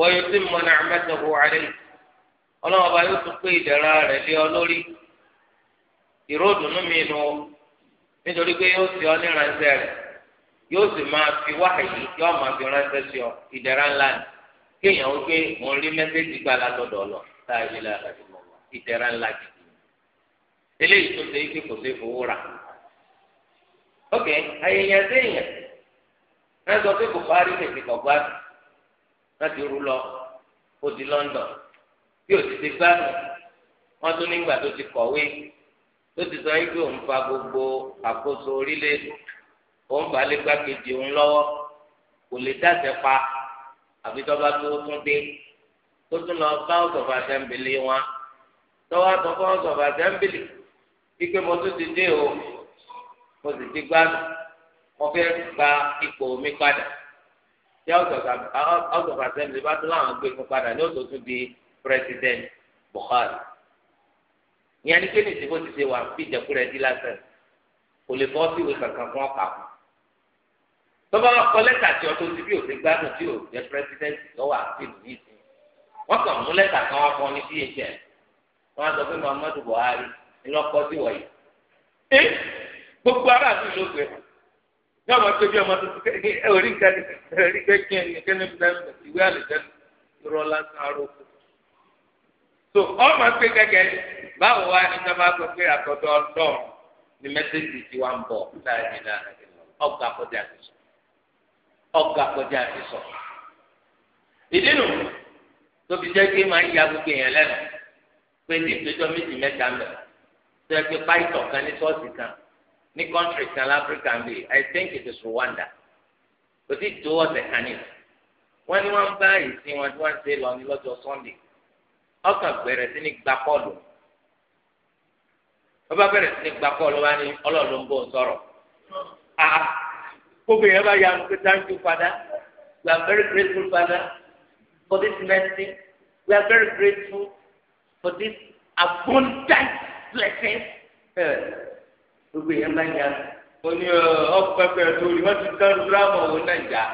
ويتم نعمته عليه ọlọ́wọ́ bá yóò tún pé ìdẹ̀ra rẹ̀ lé ọ lórí ìró ìdùnnú mi nù ó nítorí pé yóò sì ọ ní ránṣẹ́ rẹ̀ yóò sì máa fi wáhàyè yóò máa fi ránṣẹ́ sí ọ ìdẹ̀ra ńlá ni kéèyàn ó gbé mo rí mẹ́sẹ́jì gbà látọ̀dọ̀ lọ táà yìí mọ̀ wá ìdẹ̀ra ńlá gidi eléyìí tó ṣe ike kò ṣe fowó rà ok ayẹyẹ sẹ́yìn ẹ sọ pé Buhari lè fi kọ̀ gbádùn láti rú lọ ó di London bí ó ti ti gbádùn wọn tún nígbà tó ti kọ̀wé tó ti sọ wípé òun fa gbogbo àkóso orílẹ̀-èdè òun bá lé gbákejì òun lọ́wọ́ kò lè dáṣẹ pa àfi tọ́ba tó tún dé tó tún lọ bá ọ̀sọ̀ fàṣẹ́ńbìlì wọn tọ́wọ́ àtọ́ fún ọ̀sọ̀ fàṣẹ́ńbìlì wípé mo tún ti dé o mo sì ti gbádùn mo fẹ́ gba ipò mi padà tí house of assembly bá tún láwọn gbé fún padà ní oṣooṣù bíi president Buhari ìyẹn ni kéde ìdìbò ti ṣe wà fi ìjẹkúrẹ di lásán kò lè fọ́ sí ìwé kankan fún ọkà fún tọ́ba kọ lẹ́tà tí ọtún ti bí òde gbádùn tí òde president lọ́wọ́ àti ìlú yìí sí wọ́n kàn mú lẹ́tà kan wọ́n fọ́ ní DHL wọ́n á sọ pé Muhammadu Buhari ni lọ́kọ́ sí wọ̀nyí. gbogbo aráàlú ló gbé wọn ní ọmọ tó bí ọmọ tó tó kẹ orí nǹkan orí pé kí ẹni kẹ́ni bí dáná lọ ìwé àlejò irọ́ lásán aró so ọmọ pé kẹ́kẹ́ báwo wá ní sábà sọ pé àtọ̀dọ̀ ọlọ́run ni mẹ́sẹ̀gì tí wàá ń bọ̀ láàrin náà ọgbà kọjá ti sọ ọgbà kọjá ti sọ. ìdí nu tóbi jẹ́ kí máa ń ya gbogbo èèyàn lẹ́nu pé ní ìpéjọ méjì mẹ́ta mẹ́ta tó yẹ kí páìtọ̀ kan ní ṣọ́ọ̀ṣì kan ní kọ́ńtírì kan láfíríkà ń bì i think it is Rwanda kò sí tó ọ̀sẹ̀ kan ní wọ́n ní wọ́n bá ìsìn wọn tí wọ́n ṣe lọ ní lọ́jọ́ Sunday ọkàn bẹ̀rẹ̀ sí ní gba kọ́ọ̀lù wọ́n bá bẹ̀rẹ̀ sí ní gba kọ́ọ̀lù wá ní ọlọ́ọ̀lù ń bọ̀ sọ̀rọ̀ ah kóbi ah. yẹn bá yanu pé thank you father we are very grateful father for this mercy we are very grateful for this abundant blessing. Uh, gbogbo yẹn bá jà mo ní ọpẹpẹ torí wọn ti dán dírámà òun náà jà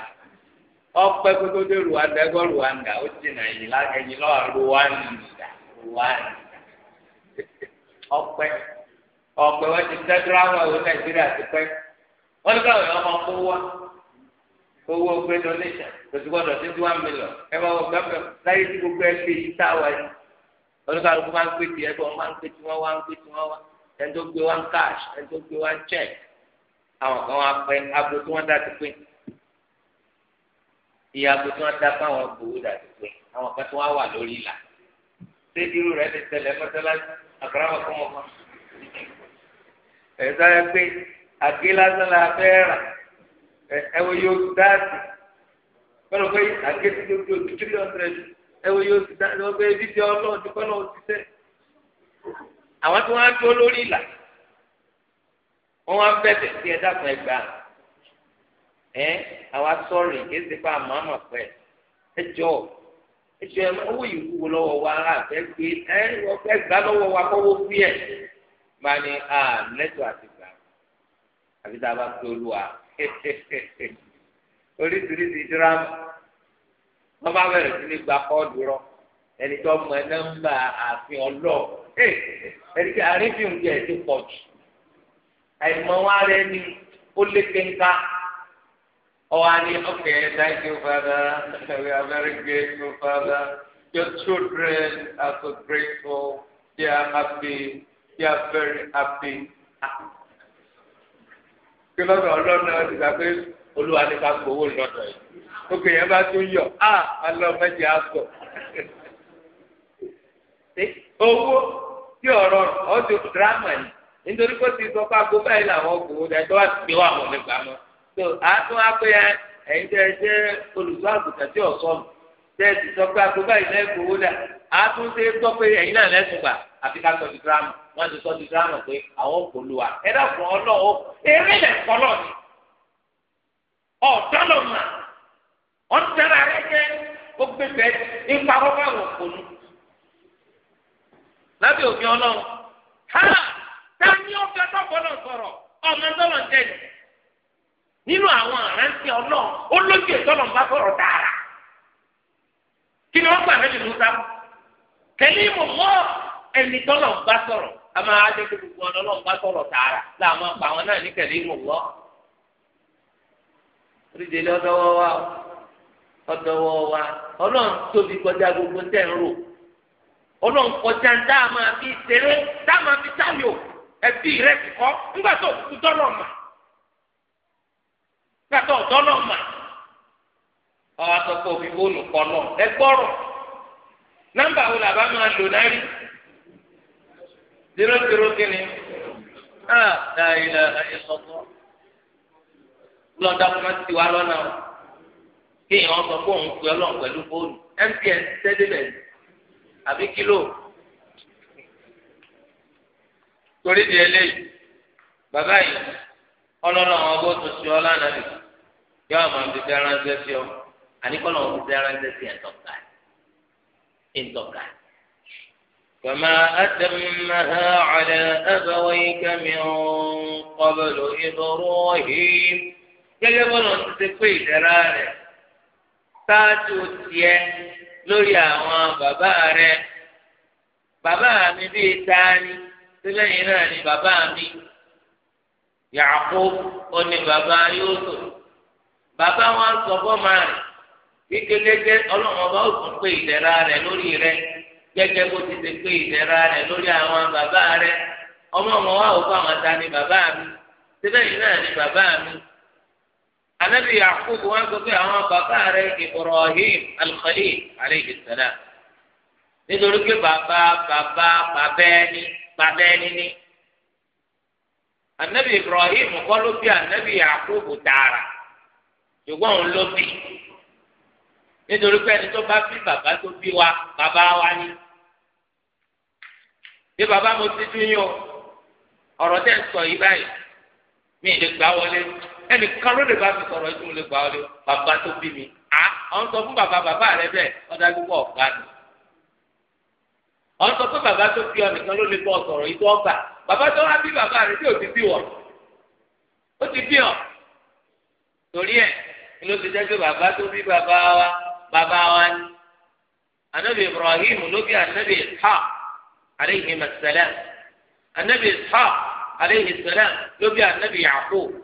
ọpẹ kótó dé Rwanda ẹgbẹ Rwanda ó ti nà ẹ̀yìn ẹ̀yìn lọ Rwanda Rwanda ọpẹ ọpẹ wọn ti dán dírámà òun Nàìjíríà ti pẹ́ wọn ní káwọn ọmọ kó wá owó gbé donation lọsí gbọ́dọ̀ sí one million ẹ bá wọ gbẹmẹ láyé tí gbogbo ẹ gbé yìí tá a wáyé oníkàlùkù máa ń pè tí ẹ bọ máa ń pè tí wọn wá ń pè tí wọn wá ẹni tó gbé wá ń cash ẹni tó gbé wá ń check àwọn kan wá pẹ agbo tí wọ́n dá ti pé iye agbo tí wọ́n dá fáwọn gbòó dá ti pé àwọn kan tó wá wà lórí ìlà ṣé irú rẹ̀ ti tẹ́lẹ̀ mọ́sálásí àkàrà wà fún ọmọ ẹ sáré pé àgé lásán la fẹ́ rà ẹ wo yóò dáàtì kọ́nà pé àgé tí ó tó three hundred ẹ wo yóò dáàtì wọ́n pé bíbí ọlọ́run ti kọ́nà òṣìṣẹ́ àwọn tí wọ́n á dúró lórí ìlà wọ́n wá bẹ̀bẹ̀ sí ẹ̀dá kan ẹgbàá ẹ̀ àwa sọ̀rọ̀ ìkéde pa àmàmà pẹ̀ ẹ jọ ẹ jọ ẹ owó ìwúwo lọ́wọ́ wa àfẹ́ gbé ẹ ọ̀fẹ́ gbá lọ́wọ́ wa kọ́wọ́ fí ẹ̀ máa ní à lẹ́tọ̀ àti gbà àbí tá a bá pé olúwa oríṣiríṣi dírámù wọ́n bá bẹ̀rẹ̀ sí ní gba kọ́ọ̀dù rọ̀. ẹni tó mọ nọ́mbà ààfin ọlọ ẹni tí àrífín jẹ ti pọ̀ jù àìmọ̀ wa rẹ ni ó lé kéńká ọwọ àní okay thank you father we are very grateful father your children are so grateful they are happy they are very happy. Ah. kí lọ́dọ̀ ọlọ́run náà ti gbà pé olúwa ní ká gbowó lọ́dọ̀ yìí ó kè yẹn bá tún yọ á alọ́ ah, mẹ́jẹ á sọ. owó tí ọ̀rọ̀ ọdún dírámà yìí nítorí pé ti sọ pé aago báyìí làwọn gbé wà mọ́ tó àtún ẹ̀yin tẹ́ ẹ jẹ́ olùsọ àgùntàn tí tẹ́ ẹ ti sọ pé aago báyìí lẹ́ẹ̀ gbòó dẹ àtún ṣe gbọ́ pé ẹ̀yin náà lẹ́sùn gbà àfi ká sọ wọ́n ti sọ lábẹ́ òfin ọlọ́run ha taa ọ̀gá tọ́gbọ́dọ̀ sọ̀rọ̀ ọmọ tọ́lọ̀ n'inu awọn nínú àwọn àrántí ọlọ́run ó ìtọ́lọ̀ ń bá sọ̀rọ̀ dára kí ni wọ́n gbà mẹ́lì musa kẹ́lí mọ̀ mọ́ ẹni tọ́lọ̀ ń bá sọ̀rọ̀ a máa dé kó gbogbo wa wa ọlọ́run tóbi kọjá gbogbo ọlọ́run kọjá ń dá a máa fi ṣeré dá a máa fi sáyò ẹbí rẹ ti kọ́ nígbà tó kú dọ́lọ̀ mà nígbà tó dọ́lọ̀ mà ọ̀hún àtọ́kọ̀ òfin fóònù kọ́ lọ ẹ nọ́mbà wo làbá máa lò zero zero kìíní ah láyé ti àbí kílò torí di eléyìí bàbá yìí ọlọ́run àwọn ọgbọ́n tó ti ọ lánàá dị yọ àwọn àmì tẹ ránṣẹ́ sí ọ àníkọ́lọ́ àwọn tẹ ránṣẹ́ sí ẹ̀ńtọ́ka ẹ̀ńtọ́ka. فما أتمها على أبويك من قبل إبراهيم gẹ́gẹ́ bọ́lá ti ṣe lórí àwọn bàbá rẹ bàbá mi bíi tani sílẹ̀yìn náà ni bàbá mi Yaqub ó bàbá yóò Yusuf bàbá wọn sọ fọmọ rẹ bí kékeré ọlọ́run ọba ó pé rẹ lórí rẹ gẹ́gẹ́ bó ti pé rẹ lórí àwọn bàbá rẹ ọmọ bàbá mi náà ni bàbá mi. anabi yakub wọn sọ pé àwọn bàbá rẹ ibrahim alkhalil aleyhi salam nítorí pé bàbá bàbá bàbẹ́ni bàbẹ́ni ni anabi ibrahim kọ́ ló bí anabi yakub tààrà ṣùgbọ́n òun ló bí nítorí pé ẹni tó bá bí bàbá tó bí wa bàbá wa ni bí bàbá mo ti dún yín o ọ̀rọ̀ tẹ̀ ń sọ yìí báyìí mi ì lè gbá wọlé ẹnìkan ló lè bá mi sọ̀rọ̀ ẹtù lè gbà ọ lé bàbá tó bí mi à ọ̀n sọ fún bàbá bàbá rẹ bẹ́ẹ̀ ọ̀dà gbogbo ọ̀gá mi ọ̀n sọ fún bàbá tó bí ọ nìkan ló lè bọ́ sọ̀rọ̀ ìtọ́ ọgbà bàbá tó wá bí bàbá rẹ tí ò ti bí wọ̀ ó ti bí ọ̀ torí ẹ̀ ni ló ti jẹ́ pé bàbá tó bí bàbá wa bàbá wa ni anabi Ibrahim ló bí anabi Ishaq aleyhi masalam anabi Ishaq aleyhi salam ló bí anabi Yaqub.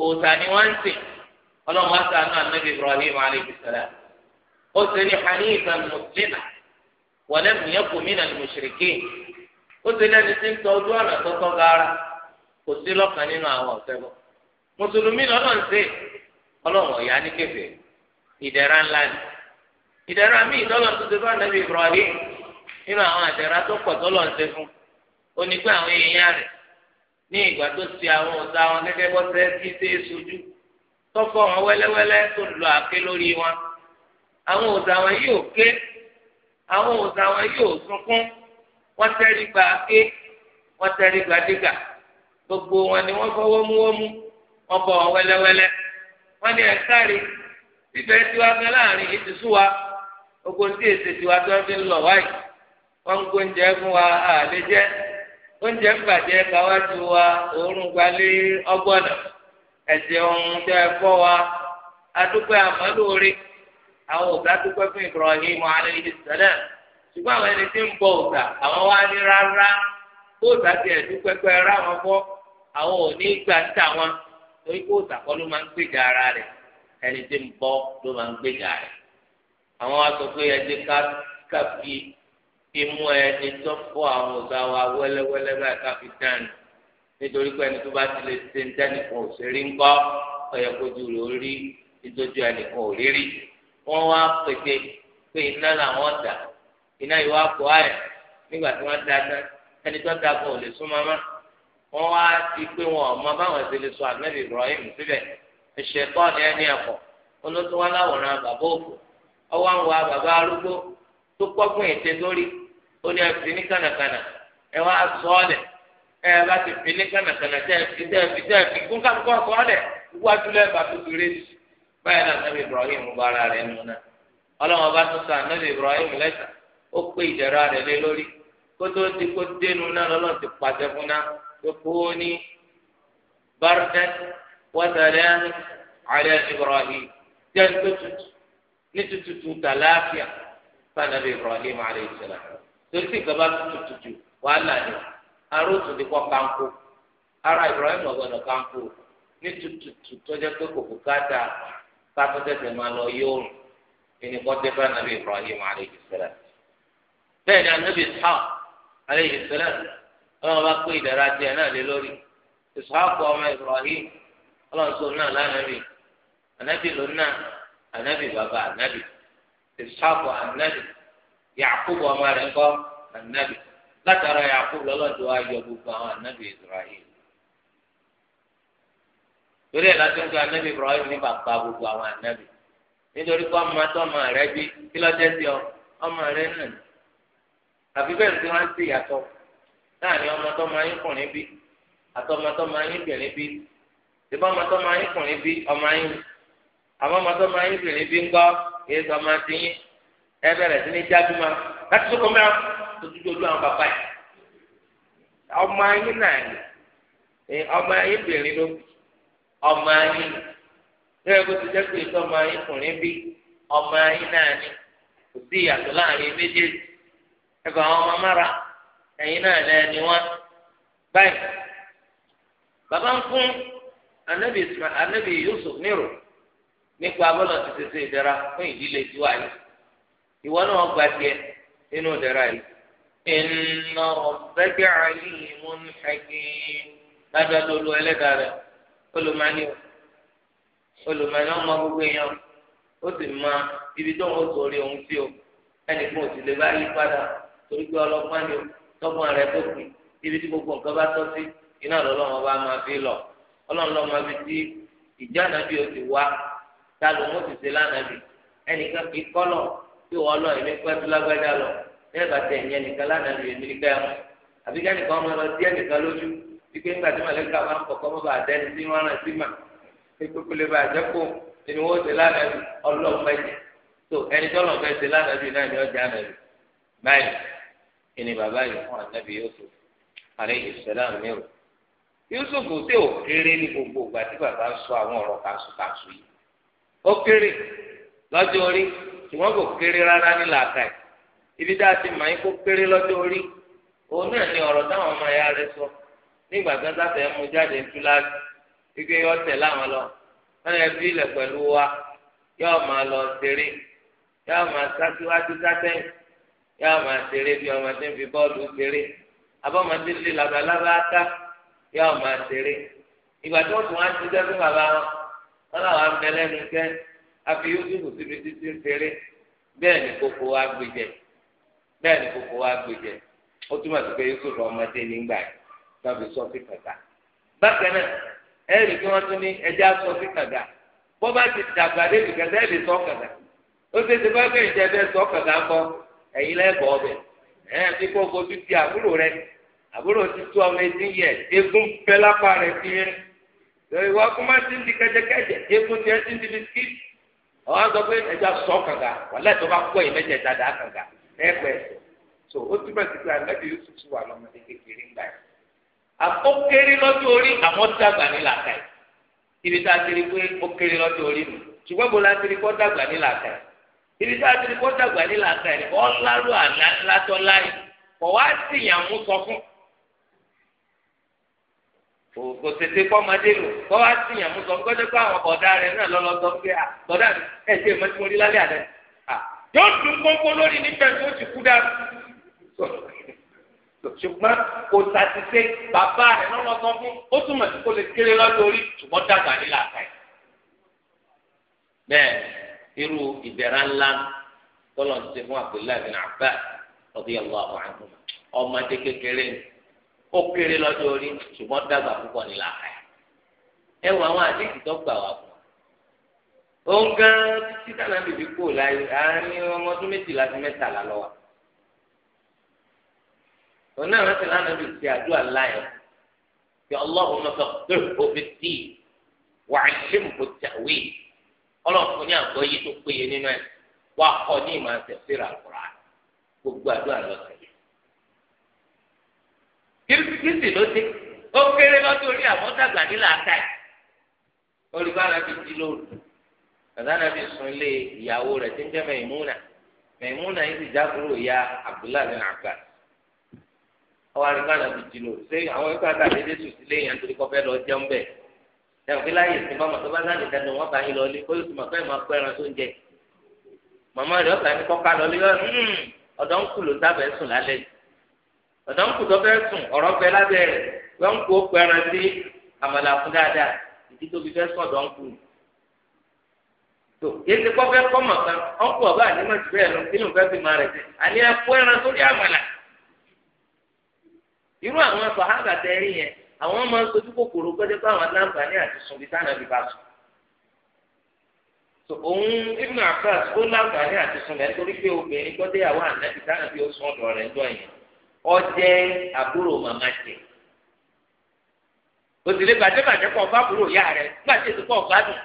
òòtà ni wọ́n ń sìn ọlọ́run wá sànú ibrahim alayhi ó sì ní hanifan muslima wa lam yakun minal mushrikin ó sì lẹ́ni tí ń tọ́jú ọ̀nà tọ́tọ́ gaara kò sí lọ́kàn nínú àwọn ọ̀sẹ̀ mùsùlùmí lọ́nà ń sè ọlọ́run ọ̀yá ní kẹfẹ́ ìdẹ̀ra ńlá ni ìdẹ̀ra míì tọ́lọ̀ tó ti fún ibrahim nínú àwọn àdẹ̀ra tó pọ̀ ní ìgbà tó ti àwọn ọ̀tá wọn gẹ́gẹ́ bọ́ tẹ́ kí tẹ́ sojú tọ́fọ́ wọn wẹ́lẹ́wẹ́lẹ́ tó lọ àké lórí wọn àwọn ọ̀tá wọn yóò ké àwọn ọ̀tá wọn yóò sunkún wọ́n tẹ́rí gba ké wọ́n tẹ́rí gba dégà gbogbo wọn ni wọ́n fọ́ wọ́múwọ́mú wọ́n bọ̀ wọn wẹ́lẹ́wẹ́lẹ́ wọ́n ní ẹ̀kárí bíbẹ̀ tiwa gan láàrin ìtìsú wa ogun tí èsè tiwa tó ń oúnjẹ ń bàjẹ́ káwájú wa òórùn gbalẹ̀ ọgbọ́nà ẹ̀sìn ohun tó ẹ fọ́ wa adúpẹ́ àmọ́lóore àwọn ọ̀gá dúpẹ́ fún Ibrahim alayhi ṣùgbọ́n àwọn ẹni tí ń bọ ọ̀gá àwọn wá ní rárá kó ọ̀gá ti ẹ̀dú pẹ́pẹ́ rá wọn fọ́ àwọn ò ní gbà tà wọn torí kó ọ̀gá kọ́ ló máa ń gbèjà ara rẹ̀ ẹni tí ń ló máa ń gbèjà rẹ̀ àwọn sọ pé ká fi imú ẹni tó fọ́ àwọn ọ̀gá wa wẹ́lẹ́wẹ́lẹ́ báyìí káfí dánù nítorí pé ẹni tó bá ti lè ṣe ń dánìkan òṣèré ń kọ́ ọ̀yà kojú rẹ̀ ó rí ìdójú ẹnìkan ò rí rí wọ́n wá pété pé iná làwọn dà iná yìí wá kọ́ àyà nígbà tí wọ́n da tán ẹni tó da kan ò lè sún mamá wọ́n wá ti pé wọn ọ̀ma báwọn ṣe lè sọ ànábì Ibrahim síbẹ̀ ìṣẹ̀kọ́ ni ẹni ẹ̀kọ́ olóṣùwọ́n láwòrán bàbá òkú ọwọ́ àwọn bàbá arúgbó tó kọ́gbọ́n ètè lórí ó ní ẹ̀fì ní kànàkànà ẹ wá sọ ọ́ lẹ̀ ẹ bá ti fi ní kànàkànà tẹ́ ẹ fi tẹ́ ẹ fi tẹ́ ẹ fi kún kálukọ́ sọ ọ́ lẹ̀ wájú lẹ́ẹ̀ bá tó ti rí sí báyìí náà nàbí Ibrahim bá ara rẹ̀ nù náà ọlọ́wọ́n bá tún sàn nàbí Ibrahim lẹ́sà ó pé ìdẹ̀ra rẹ̀ lé lórí kótó ti kó dénú náà lọ́lọ́run ti pàṣẹ fún náà tó kó ní bárdẹ́t wọ́tàlẹ́hìn alẹ́ Ibrahim jẹ́ ní tututu tàlàáfíà fún Ibrahim alẹ́ ìsìlẹ̀ torí tí nǹkan bá tutù jù wàhálà ni aróòtú ti kọ́ kanko ara Ibrahim ọ̀gbọ̀dọ̀ kanko ní tutù tọ́jọ́ pé kò káta kátó máa lọ yóòrùn ẹni kọ́ tẹ́ bá nàbí Ibrahim aleyhi bẹ́ẹ̀ ni anabi aleyhi ọlọ́run bá pé ìdára tiẹ̀ náà lé lórí ọmọ Ibrahim ọlọ́run sọ náà anabi lónà anabi bàbá anabi anabi. yàkúbù ọmọ rẹ̀ ńkọ́ ànábì látara yàkúbù lọ́lọ́dún wa yọ gbogbo àwọn ànábì israel torí ẹ̀ láti ń gbé ànábì ibrahim ní bàbá gbogbo àwọn ànábì nítorí pé ọmọ tó ọmọ rẹ̀ bí kí ló dé sí ọ ọmọ rẹ̀ náà àfi bẹ́ẹ̀ tí wọ́n ti yàtọ̀ láàrin ọmọ tó máa yín kùnrin bí àtọmọ tó máa yín bí ìbá ọmọ tó máa yín bí ọmọ yín àmọ́ ọmọ tó máa yín bìnrin bí ńkọ́ èyí tó máa ti yín. ẹ bẹ̀rẹ̀ sí ní jáde ma láti sọkọ mẹ́ra tójú ojú àwọn bàbá yìí ọmọ ayé náà ni ọmọ ayé bìnrin ló ọmọ ayé bẹ́ẹ̀ bó ti jẹ́ pé ètò ọmọ ayé kùnrin bí ọmọ ayé náà ni kò sí ìyàtọ̀ láàrin méjèèjì àwọn ọmọ ẹ̀yin náà wọn báyìí bàbá ń fún anabi Yusuf nírò nípa abọ́lọ̀ ti ṣe ìdára fún ìwọ náà gba tiẹ̀ nínú ìdára yìí. inna rabbaka alimun hakim lájọ́ tó lu ẹlẹ́dàá rẹ̀ olùmọ̀ọ́nì olùmọ̀ọ́nì ọmọ gbogbo èèyàn ó sì mọ ibi tó ń wọ́n sọ̀rọ̀ òun sí o ẹnì kan ò sì lè bá yí padà torí pé ọlọ́gbọ́n ni o tọ́gbọ́n rẹ̀ tó kù ibi tí gbogbo nǹkan bá tọ́ sí iná lọ́lọ́wọ́ bá máa fi lọ ọlọ́run lọ́mọ ibi tí ìjà nàbí wá ta ló ń ti ṣe lánàbí ẹnìkan kì í kọ́lọ̀ kí wọ́n lọ ìmí pẹ́ẹ́tù lágbájá lọ bẹ́ẹ̀ bá tẹ̀ ìyẹn nìkan lánàá lè mí nígbà ẹ̀wọ̀n àbí kẹ́nìkan ọmọ lọ sí ẹnìkan lójú wípé ńgbà tí màlẹ́kà máa ń kọ̀kọ́ mọ́ bàá dẹ́ni sí wọn rán sí mà kékeré lè bàá jẹ́kù ẹni wọ́n ṣe lánàá bí ọlọ́run fẹ́ jẹ tó ẹni tó lọ́n fẹ́ ṣe lánàá bí náà ni ọjà náà bí báyìí ẹni bàbá yìí fún ànábì Yusuf alayhi salam Yusuf kò ò kéré ní gbogbo ìgbà tí bàbá sọ àwọn ọ̀rọ̀ kàṣùkàṣù yìí ó kéré lọ́jọ́ orí ṣùgbọ́n kò kéré rárá ní làákàyè ibi tá a ti mọ̀ yín kó kéré lọ́jọ́ orí òun náà ni ọ̀rọ̀ táwọn ọmọ ẹ̀yà rẹ sọ nígbà kan sáfẹ́ mú jáde ń túláàsì wípé yọ tẹ̀ láwọn lọ wọn yẹ fi ilẹ̀ pẹ̀lú wa yọ máa lọ ṣeré yọ máa sáṣíwájú sáṣẹ́yìn yọ máa ṣeré bí ọmọ tí ń fi bọ́ọ̀lù ṣeré abọ́mọdé lè labalábá ká yọ máa ṣeré ìgbà tó tún wá ti dẹ́kun bàbá wọn wọn làwọn abẹ́lẹ́ afi yóò síbi títí ń ṣeré bẹ́ẹ̀ ni kókó wa gbé jẹ bẹ́ẹ̀ ni kókó wa gbé jẹ ó túmọ̀ sí pé yusuf ọmọdé nígbà yìí fi sọ sí kàga bákan náà ẹ̀rì kí wọ́n tún ní ẹja sọ sí kàga bó bá ti dàgbà débi kàga ẹ̀rì sọ kàga ó ṣe ti bá bẹ́ẹ̀ jẹ bẹ́ẹ̀ sọ kàga ńkọ ẹ̀yin lẹ́bọ̀ ọbẹ̀ ẹ̀ fi kókó títí àbúrò rẹ àbúrò ti ọmọ yẹ egun pẹ́ lápá rẹ fi ọ̀hún sọ pé ẹja sọ kànga wàlẹ́ tó bá kó ẹ̀yìn mẹ́jẹ̀ dáadáa kànga ẹ̀pẹ́ ẹ̀sọ̀ so ó túbọ̀ sí pé ànábì Yusuf wà lọ́mọdé kékeré ńgbà yìí àpò kéré lọ́jọ́ orí àmọ́ dàgbà ní làkà yìí ibi tá a ti rí pé ó kéré lọ́jọ́ orí mi ṣùgbọ́n bó la ti rí kó dàgbà ní làkà ibi tá a ti rí dàgbà ní làkà yìí kó lárú àná látọ́ láyìí kò wá sọ fún kò tètè kọ́ ọmọdé lò kọ́ wá sí ìyàmú sọ fún kọ́jọ́ pé àwọn bọ̀dá rẹ̀ náà lọ́lọ́ sọ pé à bọ̀dá rẹ̀ ẹ̀ ṣe mọ́tí mo rí lálẹ́ àdá à yóò dùn gbogbo lórí níbẹ̀ tó ti kú dáa ṣùgbọ́n kò sàtìsẹ́ bàbá rẹ̀ lọ́lọ́ sọ fún ó túmọ̀ sí kó lè kéré lọ́dọ̀ ṣùgbọ́n dàgbà nílà àtàyè. bẹ́ẹ̀ irú ìbẹ̀rẹ̀ ńlá tọ́lọ́ ti fún Abdullahi bin ó kéré lọ́dọ̀ orí ṣùgbọ́n dàgbà púpọ̀ ní làákàyè ẹ wọ àwọn àdéhùn tó gbà wá fún un òun gan títí dáná bèbí kú láyé àárín ọmọ ọdún méjìlá sí mẹ́tàlá lọ́wọ́ òun náà rántí lánàá bèbí ti àdúrà láyọ̀ kí ọlọ́run náà sọ pé òfin tì wà á ṣe mọ̀ tàwé ọlọ́run fún ní àgbọ́yé tó péye nínú ẹ̀ wà á kọ́ ní ìmọ̀ àtẹ̀síra àkùrà kìrìsìkìrìsì ló dé ó kéré lọ́dún orí àwọn dàgbà nílà ká ẹ̀ olùbára fi di lóru kàdánà fi sun ilé ìyàwó rẹ̀ tí ń jẹ́ mẹ̀múnà mẹ̀múnà yìí ti jákúrò ya Abdullahi bin Abbas ọwọ́ alùbára fi di lóru ṣé àwọn ẹgbẹ́ àtàlẹ́dẹ́ sùn sílé yẹn torí kọ́ fẹ́ lọ jẹun bẹ́ẹ̀ ẹ̀wọ̀n kí láyè sí bámọ̀ tó bá sáà nìkan ni wọ́n bá yín lọlé ó yóò tún màkà ẹ̀ máa pẹ́ ẹran tó ń jẹ màmá rẹ̀ ọ̀sán ní kọ́ka lọlé hmm, ọ̀dọ́ ń ló sábẹ̀ sùn lálẹ́ ọ̀dọ́ ń kú tó fẹ́ sùn ọ̀rọ̀ bẹ lábẹ́ rẹ̀ wọ́n ń kú ó pẹran sí àmàlà fún dáadáa ìdí tóbi fẹ́ sọ̀dọ̀ ń kú ni tó ọba lọ nínú fẹẹ fi máa rẹ sí àní ẹran sórí irú àwọn tẹ ẹrí yẹn àwọn sojú kòkòrò gbẹdẹ àwọn àti sùn tó òun àti ọjẹ àbúrò màmá jẹ òsèlè bàjẹ́bàjẹ́ kọ́ ọba àbúrò ya rẹ gbàjẹ́ ìdúpọ̀ ọ̀gbádùn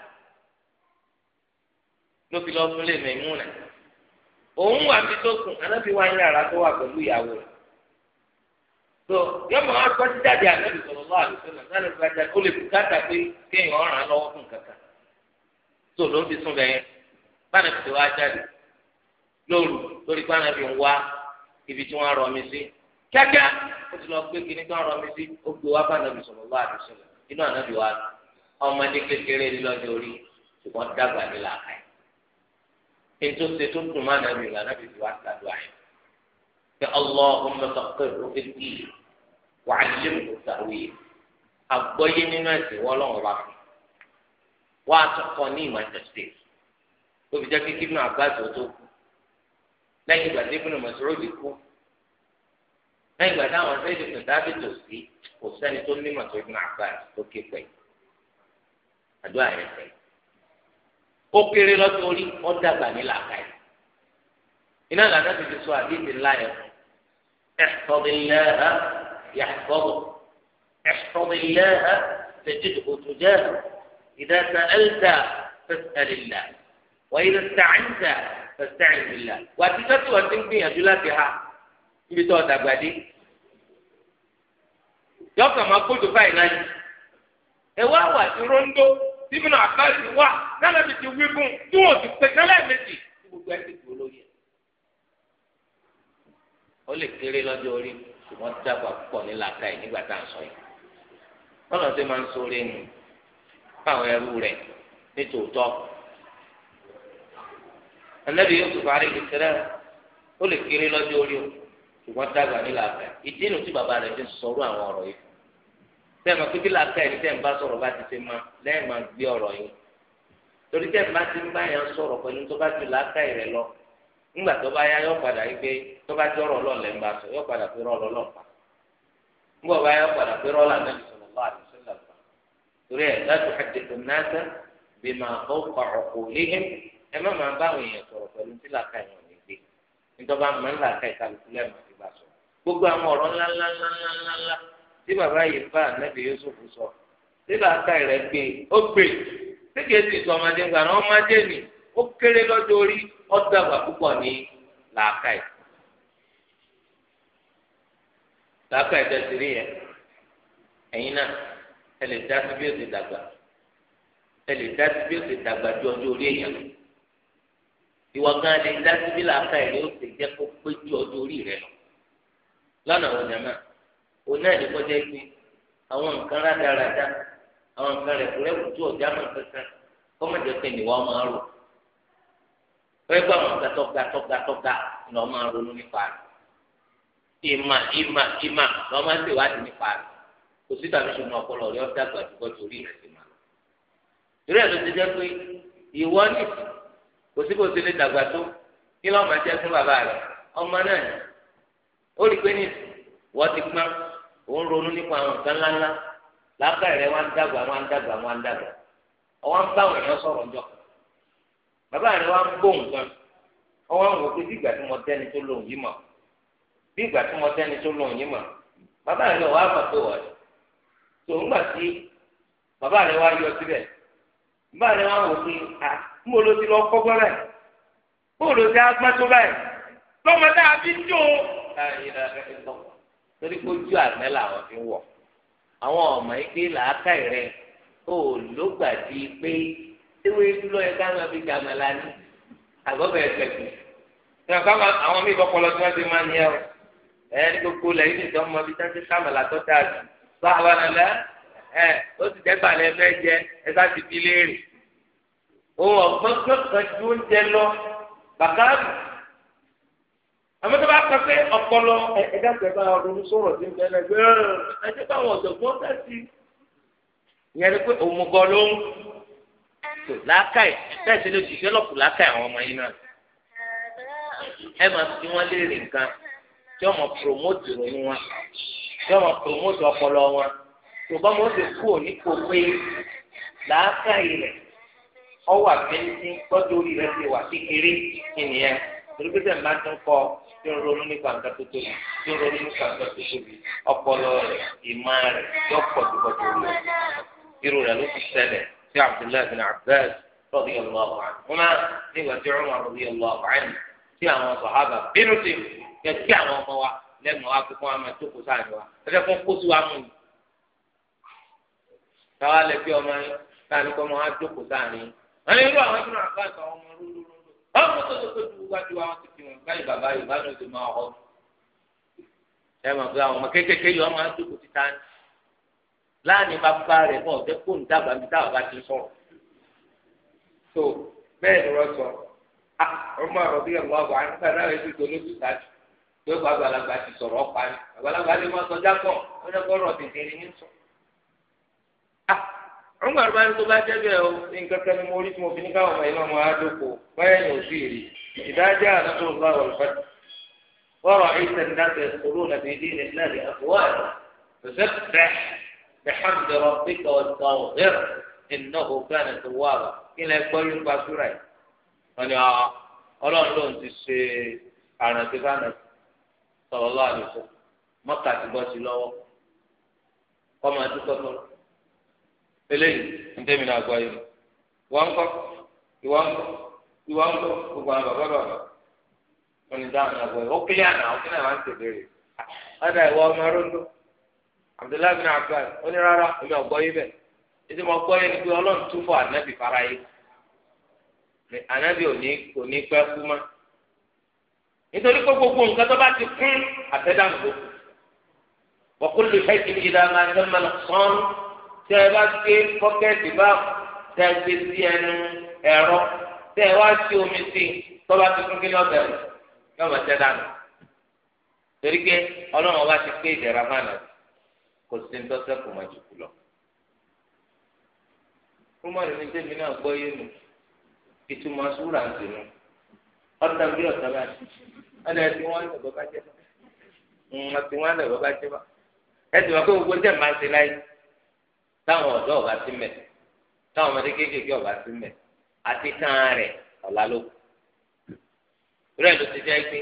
ló fi lọ fún lè mẹ́mú rẹ òun wà mí tó kùn anábì wá ní ara tó wà pẹ̀lú ìyàwó rẹ tó yọmọ akọ sí jáde anábì sọ̀rọ̀ lè káta pé kéèyàn fún tó ló ń fi sún tó wá jáde lóru lórí kẹ́kẹ́ ó ti lọ gbé kíní tó ń rọmi sí ó gbé wá bá nàbì sọ̀rọ̀ wá àdùsùn inú ànábì wa ọmọdé kékeré ní lọ́jọ́ orí ṣùgbọ́n dàgbà ní làákà yìí ètò ṣe tó dùn má nàbì rẹ̀ ànábì ti wá sàdúrà yìí pé ọlọ́ọ̀hún mẹ́tọ́kẹ́rù ó fi dì í wà á lé mi kó sàwéyé àgbọ́yé nínú ẹ̀sìn wọ́n lọ́wọ́ bá fún wá àtọkọ ní ìmọ̀ ẹ̀sìn tó fi jẹ́ kí kíkún àgbà tó tó kú lẹ́yìn ìgbà lẹ́yìn ìgbà táwọn ṣẹ́yìn ìpín tábí tò sí kò sẹ́ni tó nímọ̀ tó ní àgbà tó ké pẹ̀ àdúrà rẹ̀ pẹ̀ ó kéré lọ́tọ́rí wọ́n dàgbà ní làákàyè iná làná ti fi sọ àdéhùn ńlá yẹn ẹ̀fọ́dínlẹ́hà yàtọ́bọ̀ ẹ̀fọ́dínlẹ́hà tẹ̀jú òtújẹ́ ìdáta ẹ̀lta fẹsẹ̀lélà wàyí lọ́tà ẹ̀ńtà fẹsẹ̀lélà wà á ti sọ́tù wà á ti ń gbìyànjú láti ha. níbi tó ọ̀dàgbà dé yọkàn máa kójú báyìí láyé ẹ wà sí rondo síbi náà àbáṣe wà nálẹ́ mi ti wígùn tí wọ́n ti pè nálẹ́ méjì tí gbogbo ẹ̀ ti dùn lóye. ó lè kéré lọ́jọ́ orí ṣùgbọ́n dábàá púpọ̀ ní làákàyè nígbà tá à ń sọ yìí. wọ́n lọ sí máa ń sóore nù fáwọn ẹrú rẹ̀ nítòótọ́. Ànábì Yúsúfù alayhi salam ó lè kéré lọ́jọ́ orí o ṣùgbọ́n dàgbà ní làákà ìdí inú tí bàbá rẹ̀ fi ń sọ̀rọ̀ àwọn ọ̀rọ̀ yìí sẹ́yìn máa pípé làákà ẹni tẹ́ ń bá sọ̀rọ̀ bá ti ṣe máa lẹ́yìn máa gbé ọ̀rọ̀ yìí torí tẹ́ ń bá ti ń bá yàn sọ̀rọ̀ pẹ̀lú tó bá ti làákà rẹ̀ lọ ńgbà tó bá yá yọ padà yìí pé tó bá ti ọ̀rọ̀ lọ́ọ̀lẹ̀ ń bá sọ yọ padà pé rọ́ọ̀lọ́ lọ́ọ̀pá ńgbà bá yọ padà pé rọ́ọ̀lá náà gbogbo àwọn ọ̀rọ̀ ńlá ńlá ńlá ńlá ńlá ńlá tí bàbá yìí ń bá ànábì Yusuf sọ tí làákà rẹ̀ gbé ó gbé tí kìí sọ ọmọdé ńgbà náà ọmọdé nì ó kéré lọ́jọ́ orí púpọ̀ ní làákà làákà yẹn ẹ̀yin náà ẹ lè dá sí bí ó ti dàgbà ẹ lè dá sí bí ó ti dàgbà ju ọjọ́ orí èèyàn lè dá sí bí làákà ó ti jẹ́ kó pé ju ọjọ́ orí rẹ lọ. lọ́nà àwọn jàmá òun náà ní kọjá pé àwọn nǹkan rádaràda àwọn nǹkan rẹ̀ kúrẹ́ kùtù ọ̀já mọ̀ kankan kọ́mọ̀jọ pé ni wọ́n máa rò wọ́n gbọ́ àwọn nǹkan tọ́ga tọ́ga tọ́ga ni wọ́n máa ronú nípa rẹ̀ ìmà ìmà ìmà ni wọ́n máa ń ṣèwádìí nípa rẹ̀ kò sí tàbí ṣùgbọ́n ọpọlọ rẹ̀ ọ̀dà gbàdúgbò torí rẹ̀ sì máa lọ. ìrẹ́ ló ti jẹ́ pé ìwọ ní kò sí kò sí lè dàgbà tó kí lọ́ọ́ máa jẹ́ fún bàbá rẹ̀ ọmọ náà ó rí pé ní ti pọ́n òun ronú nípa àwọn nǹkan ńláńlá lábẹ́ rẹ̀ wọ́n á dàgbà wọ́n á dàgbà wọ́n á dàgbà ọwọ́n bá àwọn sọ̀rọ̀ bàbá á bó nǹkan ọwọ́n wò pé bí ìgbà tí mo tẹ́ni tó yìí bí ìgbà tí mo tẹ́ni tó yìí mọ̀ bàbá á mọ̀ pé wọ́n tó ń gbà yọ síbẹ̀ bàbá á wò pé à ló ti lọ ló ti á láàyè ẹgbẹ́ torí kó ju àmẹ́ làwọn fi wọ̀ àwọn ọmọ ike làákà rẹ ò lógbàdì pé ewé dúró ẹ ká máa fi jàmẹ́ lánìí àgọ́bẹ̀ ẹ̀fẹ̀ kù ìyá ká máa àwọn mí ìbọ̀pọ̀lọ́ tí wọ́n ti máa ń yẹ ọ ẹ ní gbogbo lẹ́yìn nìkan mọ bí táńtì kàmẹ́là tó dáa jù bá a wà lálẹ́ ẹ ó ti dẹ́gbà lẹ́fẹ́ jẹ ẹ sá ti fi léèrè òun ọ̀gbọ́n kankan ju oúnjẹ lọ bàkárù àmọ́ tó bá kọ pé ọpọlọ ẹ̀dá pẹ̀lú ọdún sọ̀rọ̀ sí ìgbẹ́ lẹ́gbẹ́ ẹ̀ ṣe báwọn ọ̀jọ̀gbọ́n fẹ́ sí i. ìyẹn ni pé òmùgọ̀ ló ń tò lákàì bẹ́ẹ̀ sì lè ṣiṣẹ́ lọ́pù lákàì àwọn ọmọ yìí náà. ẹ máa fi wọn léèrè nǹkan tí ọmọ promote ìròyìn wọn tí ọmọ promote ọpọlọ wọn tó bá wọn ti kú òní kó pé lákàì rẹ̀ ọwọ́ àfẹ́ńtì tọ́jú orí rẹ̀ ti torípé sẹ́ni máa tún kọ́ tí ń ronú nípa nǹkan tó tóbi tí ń ronú nípa nǹkan tó tóbi ọpọlọ rẹ ìmọ̀ rẹ yóò pọ̀ ju bọ́ tó lọ. irú rẹ̀ ló ti ṣẹlẹ̀ sí Abdullahi bin nígbà tí tí àwọn bínú ti yẹ kí àwọn ọmọ wa wa wa fún kó sí wa mú táwa báwo tó lè kojú wájú àwọn ti fi wọn báyìí bàbá yorùbá ló ti máa họ ẹ mọ̀ pé àwọn ọmọ kékeré yìí wọ́n máa ń dúkù títa ní láàrin bàbá rẹ̀ náà ọ̀dẹ́ kó dábàá bí táwọn bá ti sọ̀rọ̀ tó bẹ́ẹ̀ ni wọ́n sọ ọmọ ọ̀rọ̀ bí ẹ̀rọ ọ̀gbà nípa náà ètò ìdólótù sáájú ti àgbàlagbà sọ àwọn gbàgbọ́ bá ní tó bá jẹ́ bẹ́ẹ̀ o nǹkan kan ni mo rí tí mo fi ní káwọn ọmọ yìí náà máa dóko báyẹn ní òsì rí ìdájọ́ àdókòwò bá wà lọ́fẹ́ wọ́rọ̀ ìṣẹ̀ ní láti ẹ̀kọ́rọ́ nàbí ìdí ní láti àfọwọ́ ẹ̀ ṣẹ̀ṣẹ̀ bẹ́ẹ̀ bẹ́hàmdì rọ̀bíkà ọ̀tọ̀ ọ̀hẹ́r iná òkúta ní tó wà lọ kí lẹ gbọ́ yín pa súra yìí wọ́n ní ah, ọlọ́run ló ń ti ṣe àrántí fáná sọ̀rọ̀ lọ́wọ́ àdúgbò mọ́kà ti bọ́ sí lọ́wọ́ kọ́ máa dúpẹ́ eléyìí ntẹ́mi náà gbọ́ yìí wọ́n ń kọ́ ìwọ́n ń kọ́ ìwọ́n ń kọ́ gbogbo àwọn bàbá bàbá wọn ni dáhùn náà gbọ́ yìí ó ó ọ̀dà ìwọ ọmọ rondo Abdullahi bin ó ní rárá yìí bẹ́ẹ̀ ètò ìmọ̀ yìí ni pé ọlọ́run ànábì fara yìí ànábì ò ní pẹ́ kú mọ́ nítorí tẹ ẹ bá gbé bọ́kẹ́tì bá tẹ ẹ gbé sí ẹnu ẹ̀rọ tẹ ẹ wá sí omi sí tọ́ba tuntun kí lọ́bẹ̀ rẹ̀ yóò máa tẹ dànù torí pé ọlọ́run ọba ti pé ìdẹ̀ra máa nà kò sí ní tọ́sẹ̀ kò máa jù kú lọ. rúmọ̀rì ní tèmi náà gbọ́ yé mi ìtumọ̀ sùúrà ń tèmi ọ̀tá bí ọ̀tá bá ti ọ̀nà ẹ̀sìn wọn lè bọ́ bá jẹ́ bá ẹ̀sìn wọn lè bọ́ bá jẹ́ bá ẹ̀sìn wọn kó gbogbo jẹ́ máa ń ṣe láyé. táwọn ọ̀dọ́ ọba sí mẹ táwọn ọmọdé kéékèèké ọba sí mẹ àti tán rẹ ọ̀la ló kù rẹ ló ti jẹ́ pé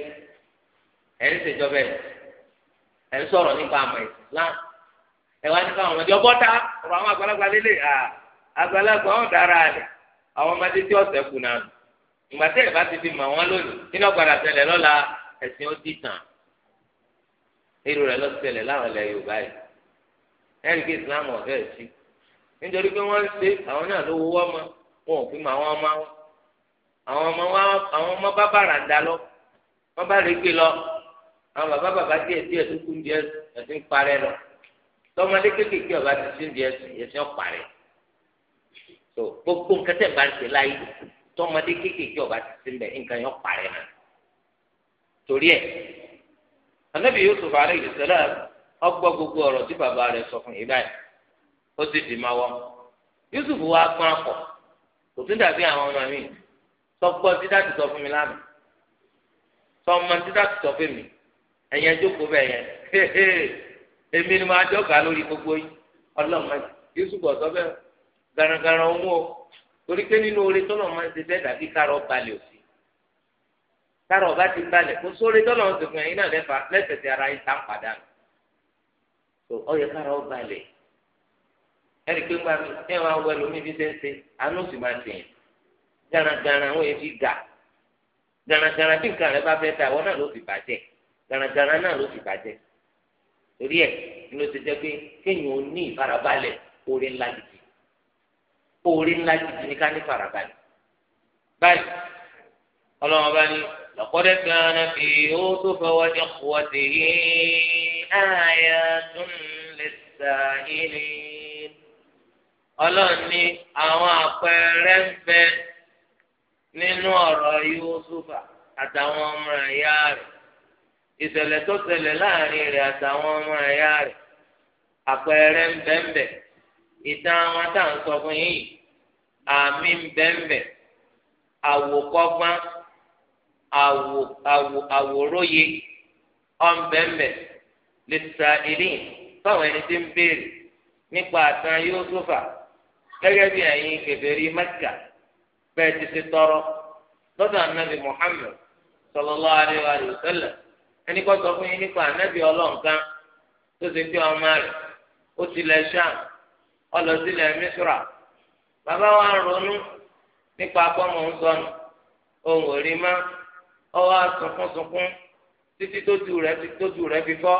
ẹ̀ ń ṣèjọba ẹ̀ ẹ̀ ń sọ̀rọ̀ nípa àmọ̀ ìsìlám ẹ̀ wá nípa àwọn ọmọdé ọbọ̀ta ọ̀rọ̀ àwọn àgbàlagbà lélẹ̀ àgbàlagbà ọ̀ dára rẹ̀ àwọn ọmọdé tí ọ̀sẹ̀ kù náà ìgbà tẹ́ ẹ̀ bá ti fi mọ̀ wọ́n lónìí nítorí pé wọ́n ń ṣe àwọn náà lówó wọ́n ma wọn ò fi mọ àwọn ọmọ wọn àwọn ọmọ wọn àwọn ọmọ bá bàrà ń da lọ wọ́n bá rèé gbé lọ àwọn bàbá bàbá díẹ̀ díẹ̀ tó kú díẹ̀ ẹ̀sìn ń parẹ́ lọ tọ́mọdé kéékèèké ọba ti sí díẹ̀ ẹ̀sìn ń parẹ́ so gbogbo nǹkan tẹ̀ bá ń ṣe láyé tọ́mọdé kéékèèké ọba ti sí bẹ̀ nǹkan yẹn parẹ́ náà torí ẹ̀ anábì Yusuf alayhi salam ọgbọ́ gbogbo ọ̀rọ̀ tí bàbá rẹ̀ sọ fún ibà yìí ó sì dì máa wọ Yusuf wa gbọ́n akọ kò tún dàbí àwọn ọmọ mi sọgbọ títà ti sọ fún mi lánàá sọmọ títà ti sọ fún mi ẹ̀yin ẹjọ́ kó bẹ yẹn èmi ni màá jọgà lórí gbogbo yìí ọlọmọ Yusuf ọsọ bẹ garagara ọmú o torí pé nínú oore tọlọ máa ń ṣe bẹ́ẹ̀ dàbí kárọ balẹ̀ òsì kárọ bá ti balẹ̀ kó sóore tọlọ ń ṣe fún ẹ̀yin náà lẹfà lẹsẹsẹ ara yìí tá ń padà nù ọ yẹ kárọ balẹ̀ ẹnì pé ńgbà mi ẹ máa wọ ẹlòmíì bí ṣe ń ṣe àánú sì máa ṣe yẹn garagara wọn èfi gà garagara bí nǹkan rẹ bá fẹ́ ta ìwọ náà ló fi bàjẹ́ garagara náà ló fi bàjẹ́ torí ẹ ni ó ti jẹ pé kéèyàn ó ní ìfarabalẹ̀ oore ńlá gidi oore ńlá gidi ní ká ní ìfarabalẹ̀ báyìí ọlọ́wọ́n bá ní laqad kana fi Yusufa wa ikhwatihi ayatun lis-sa'ilin ọlọ́run ní àwọn àpẹẹrẹ ń bẹ nínú ọ̀rọ̀ Yusufa àtàwọn ọmọ ẹ̀yà rẹ̀ ìṣẹ̀lẹ̀ tó ṣẹlẹ̀ láàrin rẹ̀ àtàwọn ọmọ ẹ̀yà rẹ̀ àpẹẹrẹ ń bẹ ń bẹ ìtàn àwọn tá à ń sọ fún yìí àmì ń bẹ ń bẹ àwòkọ́gbọ́n àwò àwò àwòróye ọ̀nbẹ̀nbẹ̀ lè sa ìlín fáwọn ẹni tí ń béèrè nípa àtàn Yúsúfà gẹ́gẹ́ bí ẹ̀yin kèfèrí Mẹ́kà bẹ́ẹ̀ ti ṣe tọrọ lọ́dọ̀ anabi Muhammad sallallahu alaihi wa sallam ẹni kọ́ sọ fún yín nípa anabi ọlọ́nkan tó ṣe pé ọmọ rẹ̀ ó tilẹ̀ ṣáà ọlọ́sílẹ̀ Mísírà bàbá wa ń ronú nípa akọ́mọ̀ ń sọnù ohun ò rí mọ́ ọwọ́ sunkúnsunkún títí tójú rẹ̀ fi fọ́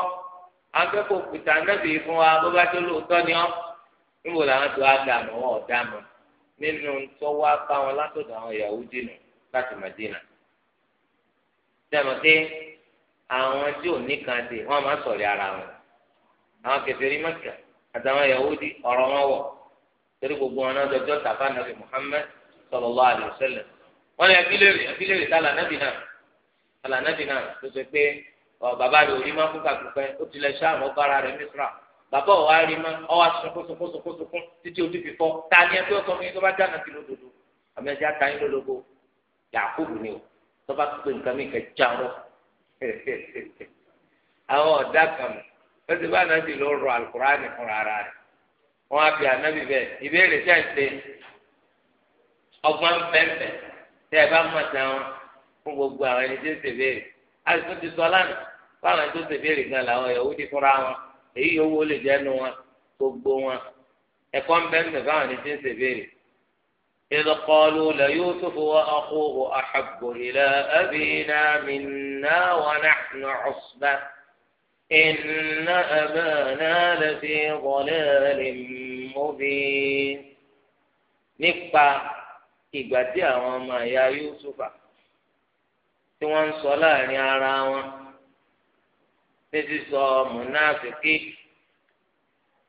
akẹ́kọ̀ọ́ pìtà anabi fún wa bó bá tó lóòótọ́ ni ọ́. níbo làwọn tó ádámù wọn ọ̀dámù nínú tó wá bá wọn látọ̀dọ̀ àwọn Yahudi nù láti Madina dàmọ́ pé àwọn tí ò ní dé wọn máa ara wọn àwọn kèfèrí Mẹ́kà àtàwọn Yahudi ọrọ wọn wọ torí gbogbo wọn náà Muhammad wọn ni nàbì náà nàbì náà tó ṣe pé bàbá fún bàbá ọ̀ wá rí mọ́ ọ wá sunkún sunkún sunkún sunkún títí ojú fi fọ́ ta ni ẹgbẹ́ ọkọ mi tó bá dáná sí lódodo àmì ẹja ta yín lólobó yàkúbù ni o tó bá pè nǹkan mi kẹ já rọ àwọn ọ̀dà kan wọ́n ti bá ànábì ló rọ àlùkùránì fún ara rẹ̀ wọ́n á bí ànábì bẹ́ẹ̀ ìbéèrè tẹ̀ ń ṣe ọgbọ́n bẹ́ẹ̀ tẹ́ ẹ bá mọ̀ sí àwọn fún gbogbo àwọn ẹni tó ṣèbéèrè àti tó ti sọ lánàá fáwọn ẹni èyí owó lè jẹ́ nu wọn gbogbo wọn ẹ̀kọ́ ń bẹ́ẹ̀ mẹ́fà wọn ni ti ń ṣèbéèrè. إذ قالوا ليوسف وأخوه أحب إلى أبينا منا ونحن عصبة إن أبانا لفي ضلال مبين nípa ìgbà tí àwọn ọmọ àyà Yúsúfà tí wọ́n ń sọ láàrin ara wọn ní sísọ mùnáfíkì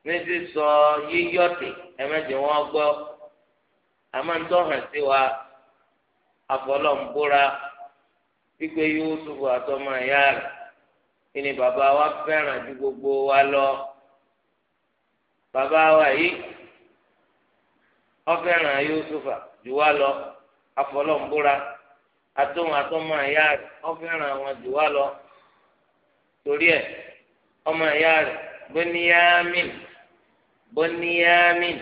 ní sísọ yíyọ̀tì ẹ̀mẹ́jì wọn gbọ́ àmọ́ ń tọ́hàn sí wa afọlọ́nbúra wípé Yúsúfù àtọmọ ìyá wa gbogbo wa lọ bàbá wa yìí ọfẹ́ràn Yúsúfù jù wá lọ afọlọ́nbúra àtọmọ torí ẹ ọmọ ìyá rẹ̀ bóníyàmín bóníyàmín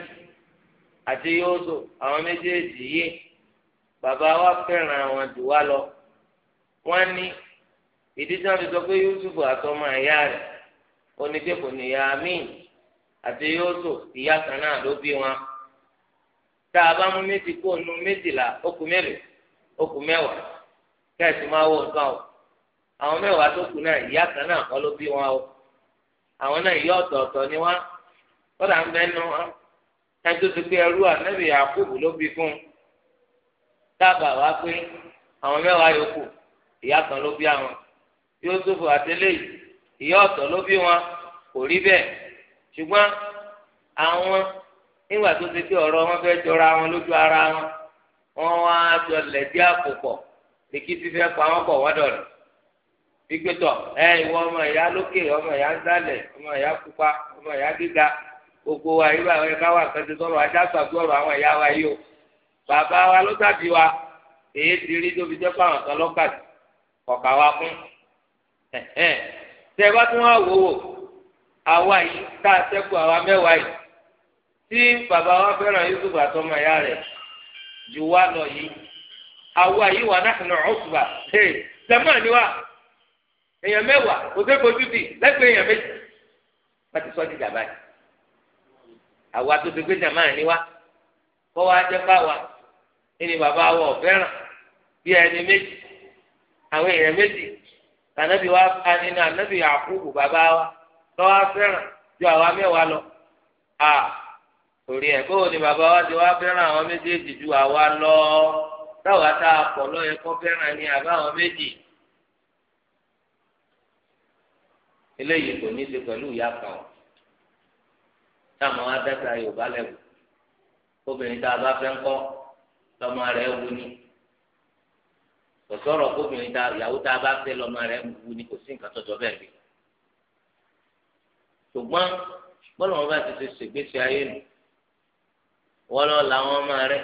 àti yóòzò àwọn méjèèjì yìí bàbá wa fẹ́ràn àwọn jù lọ wọn ní ìdí tí wọ́n fi sọ pé yusuf àtọmọ ìyá rẹ̀ oníkẹ́kọ̀ọ́ níyàmín àti yóòzò ìyá kan náà ló bí wọn tá a bá mú méjì kó nu méjìlá ó kù oku ó kù máa wọ nǹkan o. àwọn mẹ́wàá tó kù náà ìyá kan náà kọ́ ló bí wọn o àwọn náà ìyá ọ̀tọ̀ọ̀tọ̀ ni wọn kódà ń bẹnu wọn ẹjọ́ ti pé ẹrú ànábì Yakubu ló bí fún un dábàá wá pé àwọn mẹ́wàá yòókù ìyá kan ló bí àwọn Yúsúfù àtẹlẹ́ ìyá ọ̀tọ̀ ló bí wọn kò rí bẹ́ẹ̀ ṣùgbọ́n àwọn nígbà tó ti pé ọ̀rọ̀ wọn fẹ́ jọra wọn lójú ara wọn wọn wá jọ lẹ̀dí àpòpọ̀ lèkìtì fẹ́ pa wọn pọ̀ wọ́dọ̀ rẹ̀ ìgbẹ́tọ̀ ẹ ìwọ ọmọ ìyá lókè ọmọ ìyá nsàlẹ̀ ọmọ ìyá pupa ọmọ ìyá gíga gbogbo wa yìí báwọn ẹ̀ka wà kẹ́tẹ́ sọ̀rọ̀ ajá sàgbé ọ̀rọ̀ àwọn ìyá wa yìí o bàbá wa ló tàbí wa èyí ti rí tóbi jẹ́ fáwọn kan lọ́kàtì kọ̀ọ̀ká wa kún tẹ bá tún wá wò wò àwa yìí tá a sẹ́kù àwa mẹ́wàá yìí tí bàbá wa fẹ́ràn Yusuf àtọmọ ìyá rẹ̀ jù wá lọ yìí àwa yìí wà náà nà ọ̀ṣùbà tẹ̀mọ́ ni wa. èèyàn mẹ́wàá kò sí fojú di lẹ́gbẹ̀ẹ́ èèyàn méjì wọ́n ti sọ di jàmbá yìí àwa tó ti gbé jàmbá yìí níwá kọ́ wa jẹ́ báwa ẹni bàbá wa ọ̀fẹ́ràn bí ẹni méjì àwọn èèyàn méjì ànábì wa ẹni bàbá wa ju àwa mẹ́wàá lọ ẹ̀ ni bàbá wa ti wá fẹ́ràn àwọn méjèèjì ju àwa lọ táwa tá a pọ̀ kọ́ fẹ́ràn eléyìí kò ní í ṣe pẹ̀lú ìyá kan o táwọn adáta yorùbá lẹ́wù obìnrin tá a bá fẹ́ ń kọ́ lọ́mọ rẹ̀ wù ní kò sọ̀rọ̀ obìnrin tá ìyàwó tá a bá fẹ́ lọ́mọ rẹ̀ wù ní kò sí nǹkan tọ́jọ́ bẹ́ẹ̀ bí ṣùgbọ́n bọ́lá wọn bá ti ṣe ṣègbésí ayé nù wọ́n lọ làwọn ọmọ rẹ̀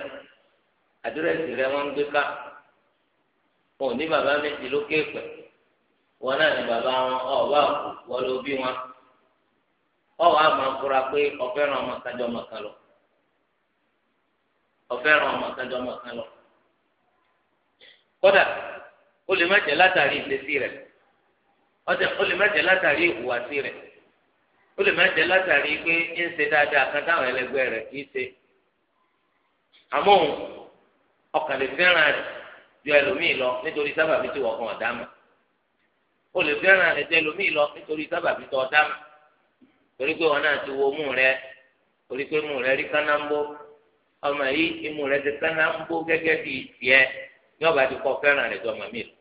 àdírẹ́sì rẹ̀ wọ́n ń gbé ká wọn ò ní bàbá méjì lókè pẹ̀lú. wọn náà ní bàbá wọn ọwọ àpò wọn ló bí wọn ọwọ fura pé ọfẹràn ọmọ kájọ ọmọ kan lọ ọfẹràn ọmọ kájọ ọmọ kan lọ kódà o lè má jẹ látàrí ìṣesí rẹ̀ o lè má jẹ látàrí ìhùwàsí o le lè má jẹ látàrí pé ń ṣe dáadáa kan táwọn kì í ṣe ju ẹlòmíì lọ nítorí sábàbí tí kàn o lè fẹ́ràn ẹ̀jẹ̀ lómi lọ nítorí sábàbí tó ọ̀dá mà torí pé wọn náà ti wo mú rẹ torí pé mú rẹ rí kánámbó ọmọ yìí imú rẹ ti kánámbó gẹ́gẹ́ bí tiẹ̀ ní ọba ti kọ́ fẹ́ràn rẹ̀ dọ́mọ mi lọ.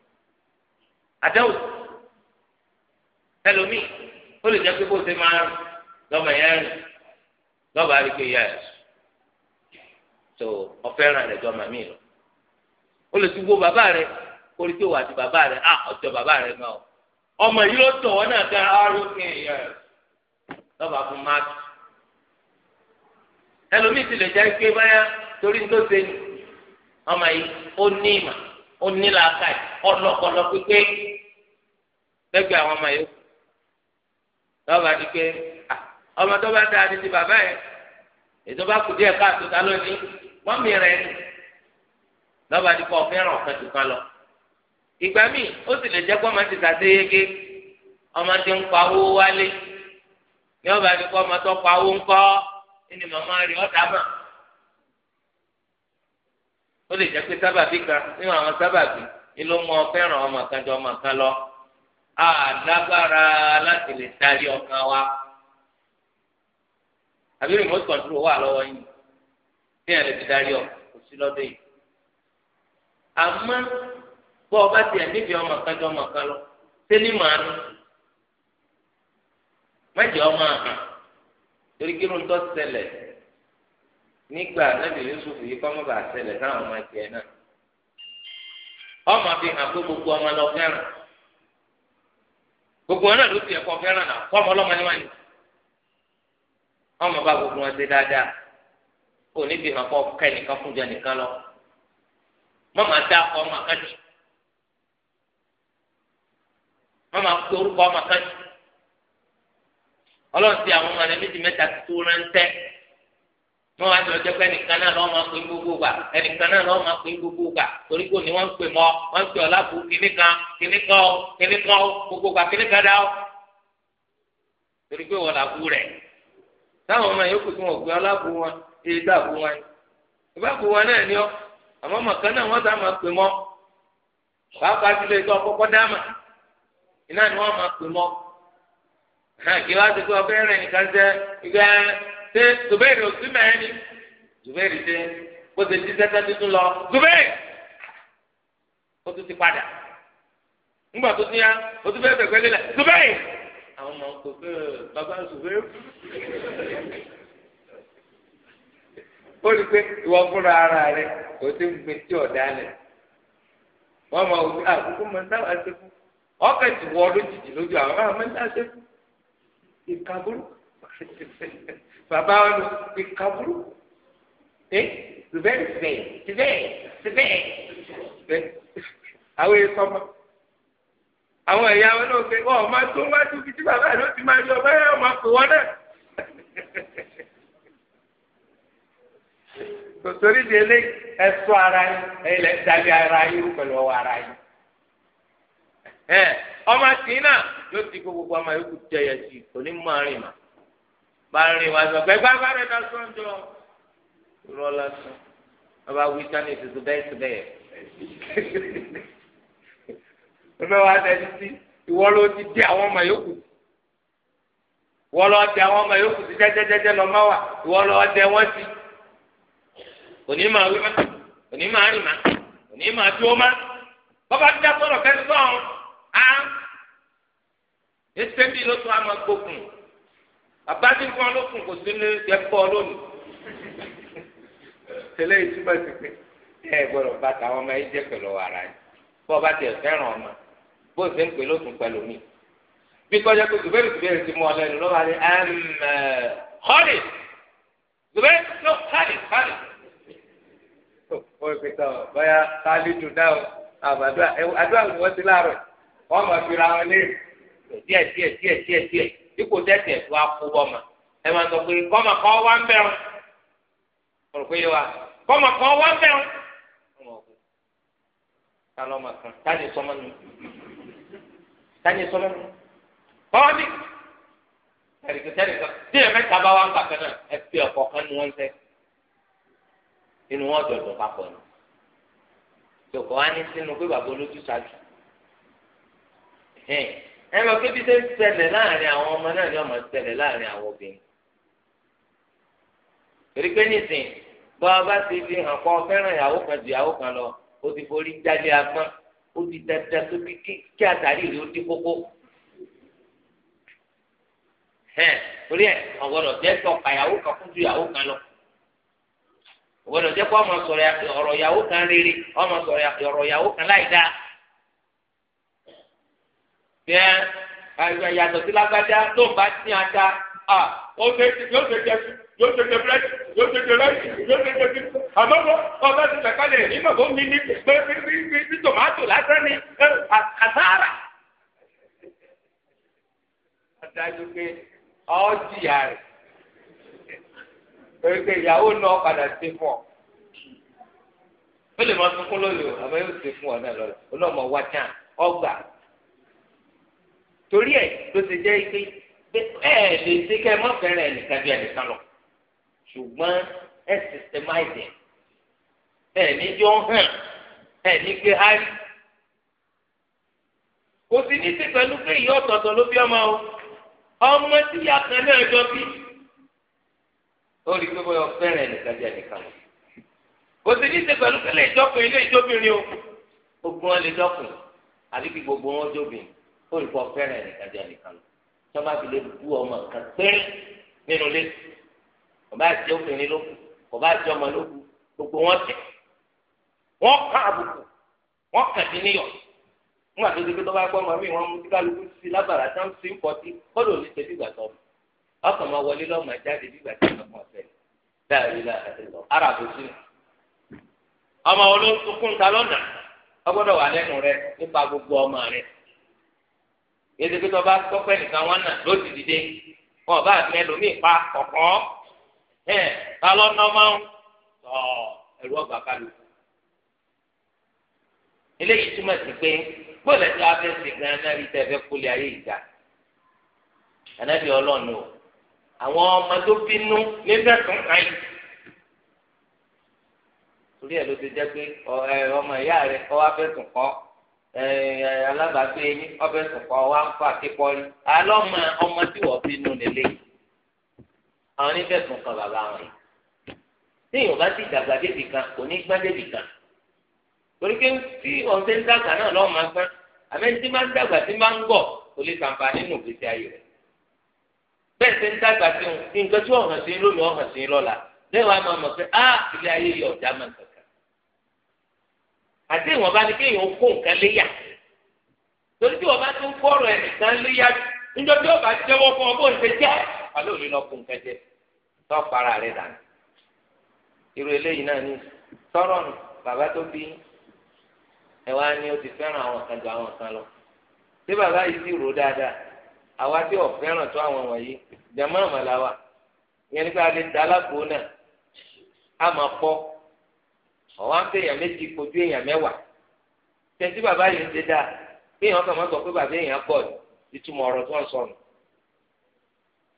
àdáwò ẹlòmí ó lè jẹ́ pé bó ṣe máa lọ́mọ yẹn rìn lọ́ba rí pé yẹ so ọfẹ́ràn rẹ̀ dọ́mọ mi lọ. o lè ti wo bàbá rẹ orí tí o wà ti bàbá rẹ ah ọjọ́ bàbá rẹ náà ọmọ yìí ló tọ̀ wọ́n náà gan arúgbìn ẹ̀ lọ́ba fún máàkì ẹlòmíì ti lè jẹ́ pé báyà torí ń tó ṣe ni ọmọ yìí ó ní ìmọ̀ ó ní làákàyè pípé lẹ́gbẹ̀ẹ́ àwọn ọmọ yìí lọ́ba di pé ọmọ tó bá dáa ni ti bàbá yẹn ètò bá kù díẹ̀ káàtó ta lónìí wọ́n mìíràn ẹni lọ́ba di ìgbà míì ó sì lè jẹ́ pé ọmọ ti sàṣeyege ọmọ ti ń pawó wálé ní ọba ti kọ́ ọmọ tó pawó ńkọ́ ẹni màmá rẹ̀ ọ̀dà mà ó lè jẹ́ pé sábàbí kan nínú àwọn sábàbí ni ló mọ fẹ́ràn ọmọ kan jọ ọmọ kan lọ àdágbára láti lè darí ọkàn wa àbí remote control wà lọ́wọ́ yìí bí ẹ̀ lè fi darí ọ kò sí lọ́dọ̀ yìí àmọ́ bọ́ ọba tiẹ̀ níbi ọmọ kan tó ọmọ kan lọ ṣé ní màá nù mẹ́jọ ọmọ àhàn torí kí ló ń tọ́ ṣẹlẹ̀ nígbà nàbì Yusuf yìí kọ́ mọ́ bá ṣẹlẹ̀ sáwọn ọmọ tiẹ̀ náà ọmọ fi hàn pé gbogbo ọmọ lọ fẹ́ràn gbogbo wọn náà ló tiẹ̀ kọ́ fẹ́ràn náà kọ́ ọmọ ọlọ́mọ ni wọ́n ní ọmọ bá gbogbo wọn ṣe dáadáa ò ní fi hàn kọ́ kẹ́ nìkan fún nìkan lọ mọ́ máa dá ọmọ àkájì. wọn máa pe orúkọ ọmọ kan jù ọlọ́run ti àwọn ọmọ rẹ méjì mẹ́ta tó rántẹ́ wọn wá jọ jẹ́ pé ẹnìkan náà lọ́ọ́ máa pe gbogbo gbà ẹnìkan náà lọ́ọ́ máa pe gbogbo gbà torí kò ní wọ́n ń pè mọ́ wọ́n ń pè ọ̀làbù kìnnì kan kìnnì kan ó kìnnì kan ó gbogbo gbà kìnnì kan dá ó torí pé wọ́n làbù rẹ̀ táwọn ọmọ yòókù tí wọ́n gbé ọ̀làbù wọn èyí dàbù wọn ìbáàbù wọn náà ni ọ àmọ́ màkàn náà sá máa pè mọ́ pàápàá ti lè tọ́ kọ́kọ́ dáàmà iná ni wọ́n máa pè mọ́ kí wá sí pé ọbẹ̀ rẹ̀ nìkan jẹ́ ìgbà ṣé zubairu òsì mẹ́rin ni zubairu ṣe bó ṣe ti sẹ́sẹ́ tuntun lọ zubairu ó tún ti padà ńgbà tó ti yá ó tún fẹ́ẹ́ fẹ́ẹ́ lélẹ̀ zubairu àwọn ọmọ kò fẹ́ bàbá zubairu ó rí i pé ìwọ fúnra ara rẹ kò sí gbé tí ọ̀dà lẹ̀ wọ́n máa wò ó àkókò mọ̀ sáwà ṣe fún ọkọ̀ ti wọ lójijì lójú àwọn ọmọ ẹ̀dá ṣe ìka burúkú bàbá wọn lọ ìka burúkú ẹ tìbẹ́ tìbẹ́ tìbẹ́ tìbẹ́ àwọn èso ọmọ àwọn ẹ̀yà wọn náà pé wọn ọmọ tó wá tó fi tí bàbá rẹ ti máa yọ bẹ́ẹ̀ ọmọ pè wọ́n náà. tòtòrí di eléyìí ara yín ẹ̀yìn lẹ́sẹ̀ dàbí ara yín pẹ̀lú ọwọ́ ara yín. ẹ ọmọ tì náà yóò ti kó gbogbo ọmọ yòókù tẹyẹ sí kò ní mọ àárín mà sọ pé gbàgbà rẹ dá sọ́njọ́ rọ lásán bàbá wí sani ètùtù bẹ́ẹ̀ sí bẹ́ẹ̀ ẹgbẹ́ wa tẹ̀sí sí ìwọ ló ti dé àwọn ọmọ yòókù àwọn ọmọ yòókù sí lọ má sí wí bàbá ti dá sọ̀rọ̀ ètè bíi ló tún á máa gbókùn àbájú kan ló kùn kò sí ní ẹ̀kọ́ lónìí tẹ́lẹ̀ ìtumọ̀ sí pé ẹ gbọ́dọ̀ bá tàwọn ọmọ yìí jẹ́ pẹ̀lú ara yìí bó o bá tiẹ̀ fẹ́ràn ọmọ bó o ṣe ń pè ló tún pẹ̀lú mi bí kọjá pé zubairu zubairu ti mú ọ lẹ́nu lọ́wọ́ àti ẹ̀ẹ́mẹ̀ xọ́lì zubairu ló xọ́lì xọ́lì. ó fi tọ́ bóyá káàlì dùn náà àbàdo àdúrà wọ́n ti láàárọ̀ wọ́n fi ra wọn léèrè pẹ̀ díẹ̀ díẹ̀ díẹ̀ díẹ̀ díẹ̀ dípò tẹ̀sí ẹ̀ tó akú bọ́mà ẹ máa sọ pé kọ́mà kọ́ wá ń bẹ̀rù ọ̀rọ̀ pé wa kọ́mà kọ́ wá ń bẹ̀rù ọmọ òkú ta lọ́mọ kan táyé sọmọ nù táyé sọmọ nù kọ́ ni tẹ̀lifíṣẹ́lì kan tí ẹ̀ mẹ́ta bá ń gbà kan náà ẹ fi ọ̀pọ̀ kan nu wọn sẹ́ inú wọn dọ̀dọ̀ papọ̀ ni tòkọ̀ wá ní sínú pé bàbá olójú ṣáájú ẹ lọ pé bí ṣe ń ṣẹlẹ̀ láàrin àwọn ọmọ náà ni ọmọ ṣẹlẹ̀ láàrin àwọn obìnrin torí pé nísìn bá a bá ti fi hàn kọ́ fẹ́ràn ìyàwó kan ju ìyàwó kan lọ ó ti forí jáde agbọ́n ó ti dada sókè kí àtàrí rẹ̀ ó dé kókó torí ẹ ọ̀gbọ́dọ̀ jẹ́ tọ́ka ìyàwó kan fún ju ìyàwó kan lọ ọ̀gbọ́dọ̀ jẹ́ kó ọmọ sọ̀rọ̀ ọ̀rọ̀ ìyàwó kan rere ọmọ sọ̀rọ̀ ọ̀rọ̀ ìyàwó kan láì dáa yẹn yàtọ̀ sí lágbájá tó ń bá tí a ta ó ṣe yóò ṣe jẹ yóò ṣe jẹ búrẹ́dì yóò ṣe jẹ ráìsì yóò ṣe jẹ bíi àmọ́ bọ́ ọba ti sàkálẹ̀ nígbà tó ní ní pé bí tòmátò lásán ni àtàrà. adájú pé ọ jìyà rẹ̀ pé pé ìyàwó náà padà sí fún ọ ó lè máa sunkún lóyún àmọ́ yóò ṣe fún ọ náà lọ́la ó náà mọ̀ wá ọgbà torí ẹ̀ ló ti jẹ́ ike ẹ ẹ lè ṣe kẹ́ mọ́ fẹ́rẹ̀ ẹnìkan bí ẹnìkan lọ ṣùgbọ́n ẹ systemize ẹ ní jọ hàn ẹ ní gbé hárí kò sí ní sí pẹ̀lú pé ìyá ọ̀tọ̀ọ̀tọ̀ ló bí ọmọ o ọmọ tí ìyá kan náà jọ bí ó rí pé bọ́yọ̀ fẹ́rẹ̀ ẹnìkan bí ẹnìkan lọ kò sí ní sí pẹ̀lú pé ilé ìjọkùn ilé ìjọbìnrin o gbogbo wọn lè jọkùn àbí kí gbogbo wọn jóbìn olùkọ́ fẹ́ràn ẹnìkan jẹ́ ẹnìkan lọ sọ́ba fi lè du ọmọ kan péré nínú ilé ọba àti obìnrin ló kù ọba àti ọmọ ló kù gbogbo wọn tẹ̀ wọ́n ká àbùkù wọ́n kàn sí níyọ̀ wọn àti ojú pé tó bá gbọ́ ọmọ mi wọn mú kíkálukú sí lábàrá tán sí ń pọtí kọ́dọ̀ ní ṣe bígbà tọ́ ọkàn máa wọlé lọ́mọ jáde bígbà tí wọ́n mọ̀ fẹ́ dáàrí lọ ara kò sí ọmọ olóńtukùn ta lọ́nà ọgbọ́dọ̀ wà lẹ́nu rẹ nípa gbogbo ọmọ rẹ yéésì pé tọba tọpẹ nìkan wọn nà ló ti dìde wọn bá àti ẹlòmíì pa kọkàn ẹ ta lọ nà ọmọ ọ ẹrú ọgbà kalu eléyìí túmọ̀ sí pé gbọ́dọ̀ tí a fẹ́ ṣe gan-an náà rí tẹ́fẹ́ kólé ayé ìjà ànábì ọlọ́run o àwọn ọmọ tó bínú níbẹ̀ tún kàn yìí torí ẹ̀ ló ti jẹ́ pé ọmọ ìyá rẹ̀ kọ́ wá fẹ́ sùn kọ́ alábàágbé yín ọbẹ̀ sọ̀kọ̀ wa ń fà kíkọ́rí alọ́mọ ọmọ tí wọ́n fi nù nílé àwọn onífẹ̀sùn kan bàbá wọn yìí tí èèyàn bá ti dàgbà débì kan kò ní gbá débì kan torí pé tí ọ̀sẹ̀ ń dàgbà náà lọ́ọ́ máa gbá àmẹ́ni tí máa ń dàgbà tí máa ń gọ̀ kò lè sàǹfà nínú ìgbésí ayé rẹ̀ bẹ́ẹ̀ ṣe ń dàgbà sí nǹkan tí ọ̀hàn sí lónìí ọ̀hàn sí lọ́la lẹ́wọ̀n á máa mọ̀ pé ah, àti ìwọ̀nba ni kéèyàn kó nǹkan léyà torí tí wọ́n bá tún kó ọ̀rọ̀ ẹnìkan léyà níjọ́ tí ọba jẹ́wọ́ fún ọ bó ń ṣe jẹ́ alẹ́ òní lọ kó nǹkan jẹ tó para dànù irú eléyìí náà ni sọ̀rọ̀ nù bàbá tó bí ẹ wá ní o ti fẹ́ràn àwọn kan ju àwọn kan lọ tí bàbá yìí sì rò dáadáa àwa tí ò fẹ́ràn tó àwọn wọ̀nyí jẹ̀mọ́ àmàlà wa ìyẹn nípa alẹ́ ọwọ́ ń fẹ́yàn méjì kojú èèyàn mẹ́wàá tẹ̀sí bàbá yìí ń ṣe dáa pé èèyàn kàn máa sọ pé bàbá èèyàn pọ̀ ní ìtumọ̀ ọ̀rọ̀ tó ń sọ nù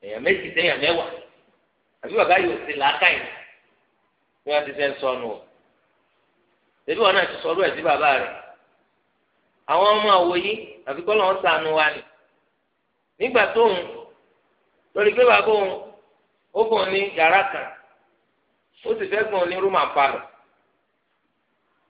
èèyàn méjì sẹ́yàn mẹ́wàá àbí bàbá yìí ò sí làákà yìí bí wọ́n ti fẹ́ sọ nù ọ́ tẹ̀sí wọn náà ti sọ lóòrẹ̀ sí bàbá rẹ̀ àwọn ọmọ àwòyí àfi kọ́ lọ́wọ́ sànù wa nì nígbà tóun lórí pé bàbá òun ó fún un ní yàrá kan ó sì fẹ́ fún un ní rúmà palọ̀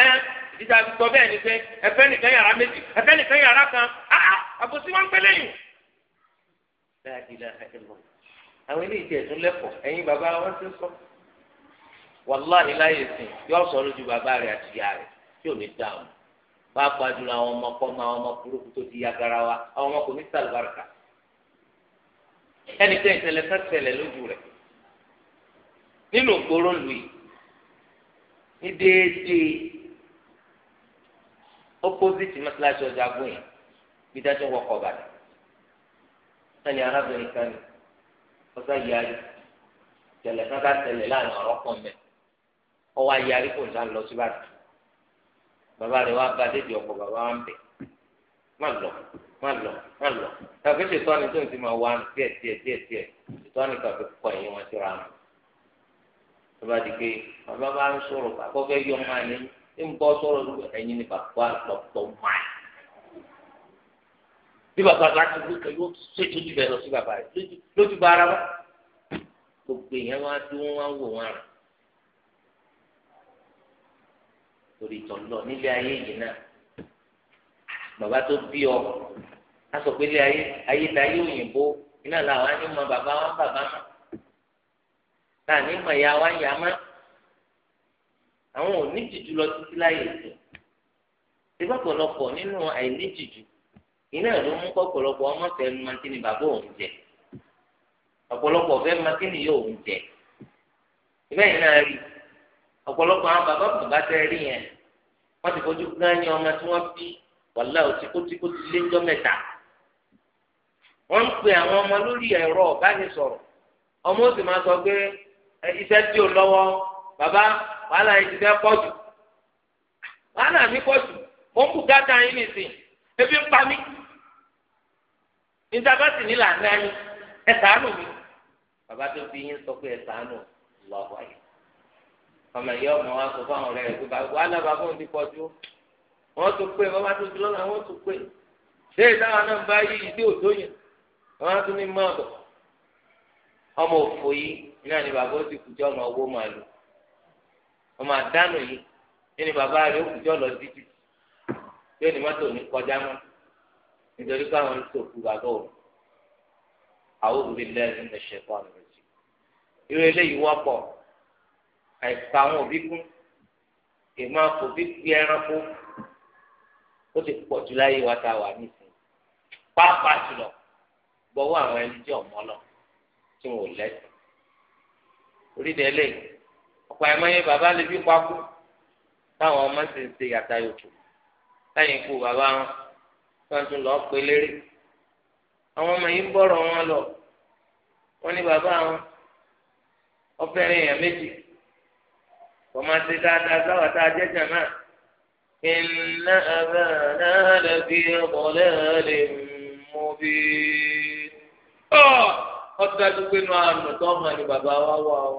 ẹ ìdíjà sọ bẹ́ẹ̀ ni pé ẹfẹ́ nìkan yàrá méjì ẹfẹ́ nìkan yàrá kan áà ah, ah, àbòsí wọn pẹ́ lẹ́yìn. dáàdi la ẹ lọ àwọn ilé ìjẹ tún lẹ́kọ̀ọ́ ẹ̀yin bàbá wọn ti sọ wàláhì láyé sìn yóò sọ lójú bàbá rẹ̀ àti ìyá rẹ̀ tí ò ní dáhùn bá gbàdúrà àwọn ọmọ kọ́ máa ọmọ burúkú tó ti ya gara wa àwọn ọmọ ní sàlùbáràkà ẹnì kan ìṣẹ̀lẹ̀ sẹsẹlẹ lójú rẹ̀ nínú ògbóró lùi ní déédéé opposite mọ́sálásí ọjà gùn yẹn bí dájú wọkọ̀ bàdàn náà ni arábìnrin kan ní ọ̀sán yarí tẹ̀lẹ̀ kan ká tẹ̀lẹ̀ láàrin ọ̀rọ̀ pọ̀ mẹ́ ọwọ́ ayarí kò ní lọ sí bàtà bàbá rẹ̀ wá bá dédìí ọkọ̀ bàbá wa ń bẹ̀ má lọ má lọ má lọ tàbí ṣètò àná tó ń ti máa wá díẹ̀ díẹ̀ díẹ̀ díẹ̀ ṣètò àná kàfé kọ ẹ̀yìn wọn síra wọn bàbá di pé bàbá bá ń sọ̀rọ̀ àkọ́kọ́ yọ ọmọ àlẹ́ yìí. ń bọ́ sọ̀rọ̀ lóko ẹ̀yin ni bàbá lọ́pọ̀ bí bàbá wí yóò lọ sí bàbá bá ara wa gbogbo èèyàn wá tí wọ́n wá wò wọ́n rà torí tọ̀lọ̀ nílé ayé yìí náà bàbá tó bí ọ pé ilé ayé iná làwọn á ní mọ bàbá wọn bàbá àwọn ò ní jìjú lọ títí láyè sí ìgbà pọ̀lọpọ̀ nínú àìní jìjú iná ló mú pọ̀pọ̀lọpọ̀ ọmọ fẹ́ máa kí ni bàbá òun jẹ ọ̀pọ̀lọpọ̀ fẹ́ máa kí ni yóò òun jẹ ìbẹ́ yìí náà rí ọ̀pọ̀lọpọ̀ àwọn bàbá bàbá tẹ rí yẹn wọ́n ti fojú gán ní ọmọ tí wọ́n bí wàhálà òtíkótíkó ti lé jọ́ mẹ́ta wọ́n ń pe àwọn ọmọ lórí ẹ̀rọ ọ̀bánisọ̀rọ̀ ọmọ ó sì máa sọ pé iṣẹ́ tí ò lọ́wọ́ bàbá wàhálà yìí ti fẹ́ pọ̀ jù wàhálà mi pọ̀ jù mo ń kú gàtà yín nìsín ebi ń pa mí níjàmbá sì ní làánú ayé ẹ mi bàbá tó fi yín sọ pé ẹ ọmọ ìyá ọmọ wa sọ fáwọn ọ̀rẹ́ rẹ̀ pé wàhálà bàbá òun ti wọ́n tún pé bàbá tó wọ́n tún pé ṣé náà bá yí ìdí yẹn wọ́n tún ní ọmọ ọmọ àdánù yìí ẹni bàbá rẹ ó kùjọ lọ sí títì pé ní mọ́tò ní kọjá mọ́ nítorí pé àwọn tó kú bàbá òun àwọn òbí lẹ́yìn ní ṣẹ̀kọ́ àmì rẹ̀ sí. irú eléyìí wọ́pọ̀ àìsàn àwọn òbí kún ìmọ̀ òbí fi ẹranko ó ti pọ̀ jù láyé wa tá wà nísìnyí pàápàá jùlọ gbọ́wọ́ àwọn ẹni tí ọ̀mọ́ lọ tí wọn ò lẹ́sìn orílẹ̀ eléyìí ọ̀pọ̀ ẹ̀mọ́ yẹn bàbá lè bí kwakú táwọn ọmọ sì ń ṣe yàtá yòókù lẹ́yìn ikú bàbá wọn wọn tún lọ́ọ́ pé lérè àwọn ọmọ yìí ń bọ̀rọ̀ wọn lọ wọn ní bàbá wọn ọfẹ́rin èèyàn méjì wọ́n máa ṣe dáadáa sáwà tá a jẹ́ jàmá iná abẹ́rẹ́ náà lè ọ̀pọ̀lẹ́ lè mú bí. ọ̀ọ́ ọ̀tún adúgbò inú àrùn tó ọmọ ni bàbá wa wà ó.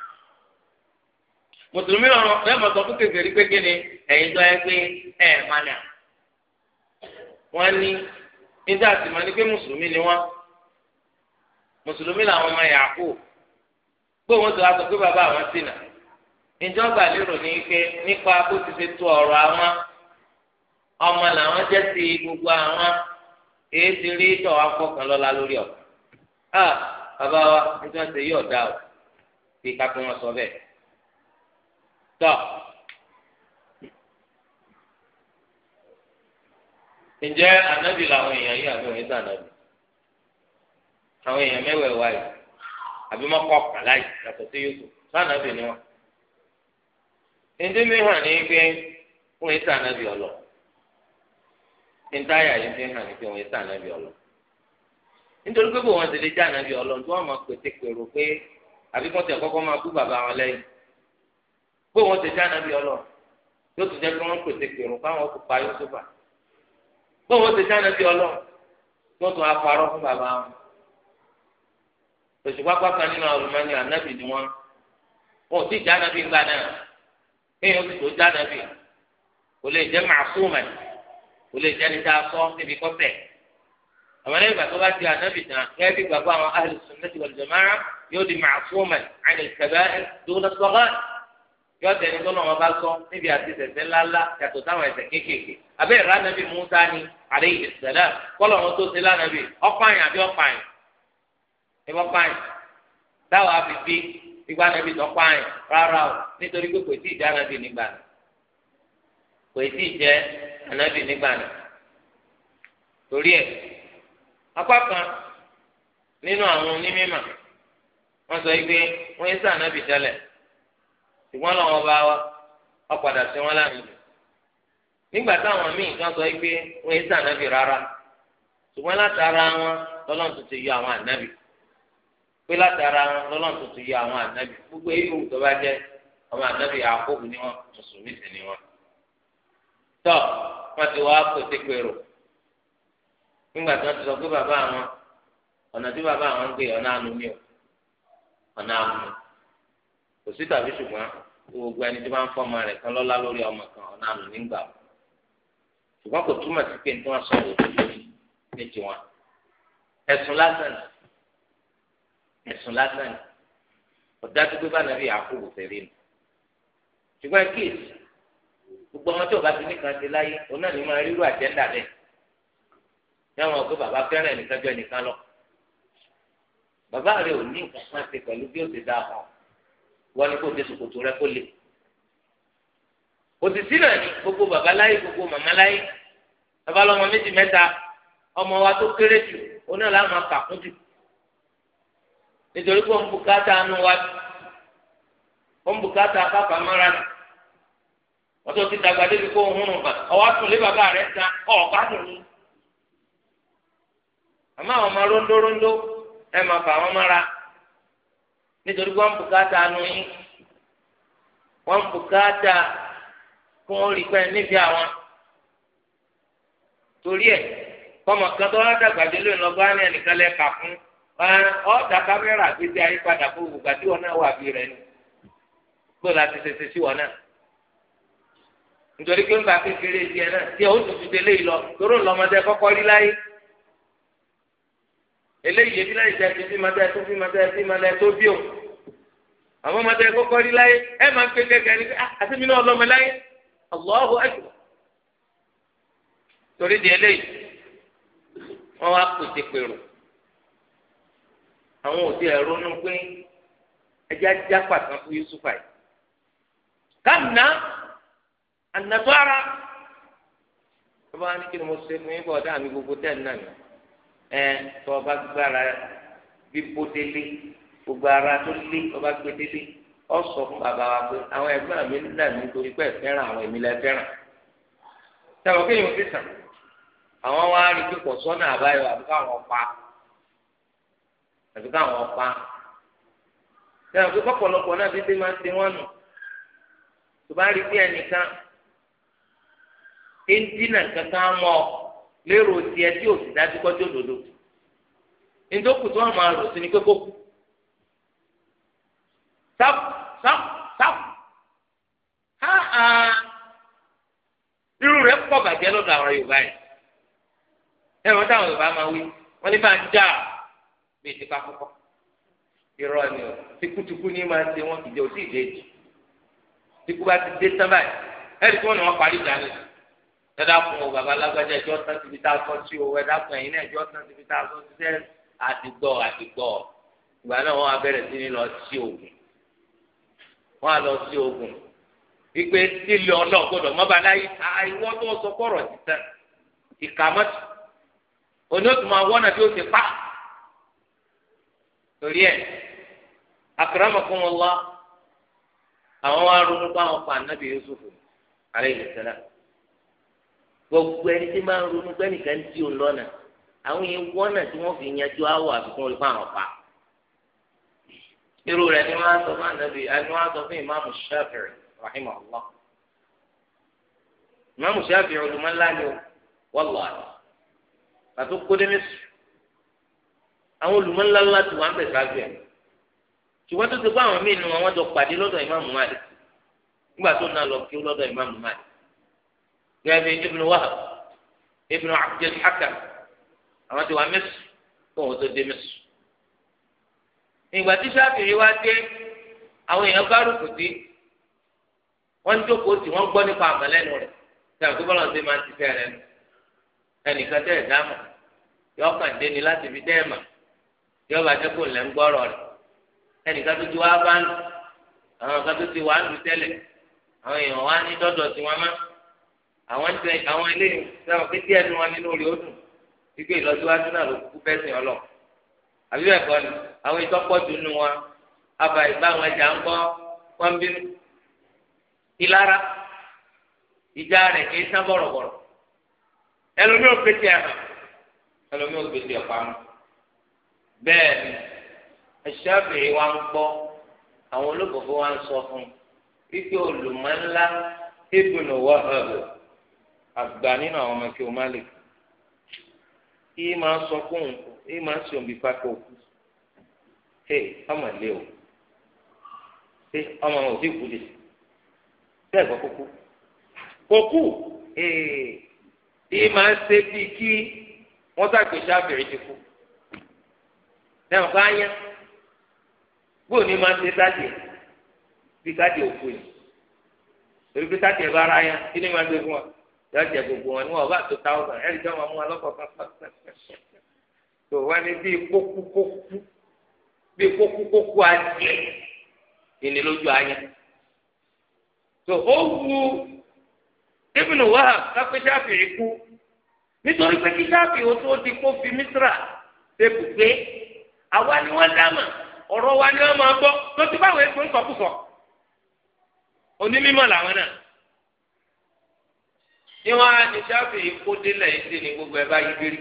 mùsùlùmí ọ̀rọ̀ bẹ́ẹ̀ mọ̀ sọ fún kèfèrí pé kí ni ẹ̀yin tó ẹ pé ẹ̀ mánà. wọ́n ní níta sì máa ní pé mùsùlùmí ni wọ́n mùsùlùmí làwọn ọmọ yàkó pé wọ́n ti wá sọ pé bàbá àwọn sì nà. lérò ní pé nípa bó ti ọ̀rọ̀ àwọn ọmọ làwọn jẹ́ gbogbo àwọn èyí ti rí tọ̀ lọ́la lórí ọ̀. Ah, bàbá wa níta ṣe yí ọ̀dà ò kápẹ́ wọn sọ tọ́ ǹjẹ́ ànábì làwọn èèyàn yìí àbí òní sànábì àwọn èèyàn mẹ́wẹ̀ẹ̀wá yìí àbí mọ́kọ́ kàlá yìí yàtọ̀ sí yóò sànábì ni wọn. ǹjẹ́ hàn ní pé òní ntáyà yìí hàn ní pé nítorí pé ti lè bàbá wọn pé wọn ti dá nàbí ọlọ yóò tún jẹ kí wọn pèsè pèrò káwọn kò pa Yusufa pé wọn ti dá nàbí ọlọ tí wọn tún apàrọ fún bàbá wọn òṣùpá pàkan nínú àlùmọ́nì ànábì ni wọn wọn ò tí ì dá nàbí ńgbà náà kéèyàn ti tó dá nàbí kò lè jẹ màásùmẹ kò lè jẹ níta sọ níbi kọtẹ àwọn ẹlẹ́yìn tó bá di ànábì tán kẹ́ẹ́ bí àwọn ahlus sunnati wal yóò di màásùmẹ àyẹ̀kẹ́bẹ́ dúró lọ́sọ̀rọ̀ yọ tẹni tó lọ́wọ́ bá sọ níbi àti ẹ̀ṣẹ̀ ńláńlá yàtọ̀ sáwọn ẹ̀ṣẹ̀ kéékèèké abẹ́ ìrà nàbì Musa ni àlẹ́ ìṣẹ̀lẹ̀ kọ́lọ̀ wọn tó ṣe lánàbì ọ̀pààyàn àbí ọ̀pààyàn ẹ bọ́ táwọn afi igba ìgbà nàbì tó rárá o nítorí pé kò jẹ́ nígbà kò jẹ́ nígbà torí ẹ̀ apá kan nínú àwọn onímọ̀ wọ́n sọ ṣùgbọ́n lọ́wọ́ bá wa ọ padà sí wọn lánàá jù nígbà táwọn míì kan sọ pé wọ́n yé sànàbì rárá ṣùgbọ́n látara wọn lọ́lọ́run tó ti yọ àwọn ànábì pé látara wọn lọ́lọ́run tó ti yọ àwọn ànábì gbogbo èyí òwú bá jẹ́ ọmọ ànábì àkókò ni wọn mùsùlùmí sì ni wọn. bàbá ọ̀nà bàbá kò sí tàbí ṣùgbọ́n gbogbo ẹni tí wọ́n ń fọmọ rẹ̀ kan lọ́lá lórí ọmọ kan ọ̀nà àmì nígbà ṣùgbọ́n kò túmọ̀ sí pé ní wọ́n sọ òdodo lórí ní tiwọn ẹ̀sùn lásán ẹ̀sùn lásán ọ̀dájú pé bá nàbí àkókò fèrè nù ṣùgbọ́n kíyèsí gbogbo ọmọ tí ò bá ti nìkan ti láyé òun náà ní máa rírú àjẹ́ńdà bẹ́ẹ̀ yàwọn ọ̀gbẹ́ bàbá fẹ́ràn ẹnìkan jọ ẹnìkan lọ bàbá rẹ ò ní nǹkan kan ṣe pẹ̀lú bí ó ti dáa hàn wọ́n ní kó o dé ṣòkòtò rẹ kó le òtítí náà ni gbogbo bàbá láyé gbogbo màmá láyé bàbá lọ́mọ méjì mẹ́ta ọmọ wa tó kéré jù oní ọ̀la jù nítorí pé ó bùkátà nu wa ó bùkátà mọ́ra nù wọ́n tó ti dàgbà débi kó bà ọwọ́ àtúnlé nítorí wọn bùkátà anu yín wọn bùkátà kó wọn rí pẹ́ níbi àwọn torí ẹ kọmọ kan tó wá dàgbà dé lónìí lọgbà ní ẹnìkan lẹ kà fún ọdà kámẹ́rà àgbèsè àyípadà fún òwúgbà tí wọn náà wà bí rẹ ni gbọ́dọ̀ láti ṣẹṣẹ sí wọn náà nítorí pé ń bá kékeré tiẹ̀ náà tiẹ̀ ó tutù délé yìí lọ toró ńlọmọdé kọ́kọ́ rí láyé. eléyìí ebi láyé jẹ ti bímọ tẹ tó bímọ tẹ bímọ tẹ tó bí o àmọ́ ọmọ tẹ kọ́kọ́ rí láyé ẹ máa ń pè a mi náà láyé torí di eléyìí wọ́n wá pèsè pèrò àwọn òdi ẹ̀rọ nù pé ẹjẹ́ ajá pàtàkì fún Yusuf àyè kánà ànàtọ́ ara ẹ ní kí ni mo gbogbo ẹ tó ọba gbára bíbó délé ara tó ọba gbé délé ọsọ wa pé àwọn ẹ̀gbọ́n mi ń dà torí pé fẹ́ràn àwọn èmi fẹ́ràn sábà kéèyàn ti sàn àwọn wa rí pé àbáyọ àbí káwọn pa àbí káwọn pa náà ti lérò tiẹ̀ tí o sì dájú kọjú òdodo ndókù tí wọn máa rò sí ni kókó sáfù sáfù ha ha irú rẹ̀ pọ̀ bàjẹ́ lọ́dọ̀ àwọn Yorùbá yẹn ẹ wọn táwọn Yorùbá máa wí wọn ní máa ń jà bíi tipa kọ́kọ́ irọ́ ni o tikutuku ní máa ṣe wọn kìí jẹ òsì ìdèjì tikuba ti dé sábà ẹ ẹ rí i tí wọn ní wọn parí ìjà ẹ̀dá kun o bàbá alágbájá ẹjọ́ tán síbi tá a sọ sí o ẹ̀dá kun ẹ̀yin náà ẹjọ́ tán síbi tá a sọ sí sẹ́ àdìgbò àdìgbò ìgbà náà wọ́n á bẹ̀rẹ̀ sí ni lọ sí oògùn wọ́n á lọ sí oògùn wípé sílẹ̀ ọlọ́ọ̀ gbọ́dọ̀ mọ́ba láyé àìwọ́ tó sọ kọ̀rọ̀ ti tán ìkàmọ́tì òní ó tún máa wọ́nà tí ó ti pa torí ẹ̀ akramakumullah àwọn wa ronú pa àwọn pa ànábì Yusuf alayhi salam gbogbo ẹni tí máa ń ronú pé nìkan tí ò lọ́nà àwọn yẹn wọ́nà tí wọ́n fi yanjú àwọ̀ àfikún olùkọ́ àwọn pa. irú rẹ̀ ni wọ́n á sọ fún ànábì ni wọ́n á sọ fún ìmáàmù Shafi'i rahimahullah. ìmáàmù Shafi'i olùmọ̀lá ni wọ́lọ̀ àná pàtó kódé mẹ́sù. àwọn olùmọ̀lá ńlá wà ń bẹ̀ sáájú ẹ̀. ṣùgbọ́n tó ti bá àwọn míì nu wọn jọ pàdé lọ́dọ̀ ìmáàmù Malik gẹ́gẹ́ ibnu wahab ibnu abdul hakam àwọn ti wà Misr kó wọn tó dé Misr. ìgbà tí sáfìrí wá dé àwọn èèyàn gbárùkù sí wọ́n jókòó tí wọ́n gbọ́ nípa àmọ́lẹ́nu rẹ̀ tí àwọn tó bọ́lá ṣe máa ti fẹ́ rẹ̀ nù. ẹnìkan tẹ̀ ẹ̀ dáàmú yọ ọkàn dé ni láti fi dẹ́ẹ̀mà yọ ọba jẹ́ kó lẹ́ ń gbọ́rọ̀ rẹ̀ ẹnìkan tó ti wá bá ń àwọn kan tó ti wà ń lu tẹ́lẹ̀ àwọn èèyàn wá ní dọ́dọ̀ tiwọn máa àwọn tẹ àwọn eléyìí sẹ́wọ̀n pé díẹ̀ nu wọn nínú orí ó dùn wípé ìlọsíwájú náà ló kú bẹ́ẹ̀ sìn ọlọ àbí bẹ́ẹ̀ kọ́ ni àwọn ìtọ́pọ̀ dùn nu wọn àbá ìgbà àwọn ẹja ń kọ́ wọ́n bínú ìlara ìjà rẹ̀ kì í sán bọ̀rọ̀bọ̀rọ̀ ẹlòmí ò pété ẹ̀ hàn ẹlòmí ò pété ẹ̀ pamọ́ bẹ́ẹ̀ ni wa ń gbọ́ àwọn olókòkò wa ń sọ fún wípé olùmọ̀ ńlá ibùnú wọ́ọ̀rọ̀ àgbà nínú àwọn ọmọ kí o má lè kí máa sọ fún kí máa sọ bí pákó ṣe ọmọ ilé o ṣe ọmọ wọn ò sí kú lè bẹ́ẹ̀ bọ́ kókó kókó ee kí máa ṣe bíi kí wọ́n sàgbé sábẹ̀rẹ̀ ti kú lẹ́yìn ọ̀gá yẹn bóun ni máa ṣe sáàdì bí káàdì òkú yìí torí pé sáàdì ẹ̀ bá ara yẹn kí ni máa ṣe fún wa yọ jẹ gbogbo wọn ni wọn bá tó táwọn ẹni tí wọn mú wọn lọkọ pàpàpàpà tó wọn ni bíi kókúkókú bíi kókúkókú adìẹ ìnílójú ayẹ tó ó wu Ibn Wahab kápẹ́ sáfì ikú nítorí pé kí sáfì ó tó di kó fi mísírà tẹ́bù pé àwa ni wọ́n dámà ọ̀rọ̀ wa ni wọ́n máa gbọ́ tó ti báwọn èso ń sọkúsọ onímọ̀ làwọn náà níwọ̀n àníṣàfẹ́ ìkódélẹ̀ ìṣe ni gbogbo ẹ̀ bá yí bírí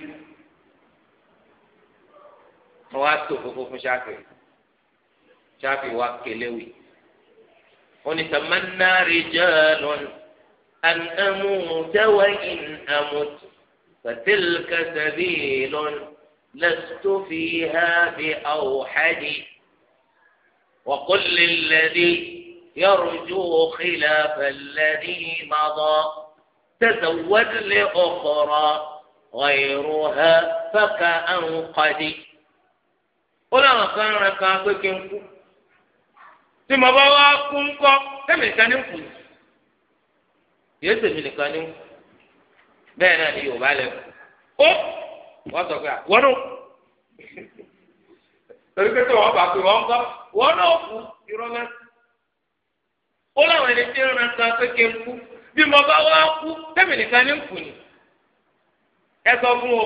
wọ́n á tó fúnfún fún ṣáfẹ́ ṣáfẹ́ wa kéléwì onítàmánà rijalun an amuta wa in amut fatilka sabilun lastu fiha bi awhadi wa qul lilladhi yarju khilafa alladhi madha. تزوج لأخرى غيرها فكأن قد ó láwọn kan rán kan pé kí n kú tí mo bá tí mo bá wá kú tẹ́mi nìkan ní nkù ni ẹ sọ fún o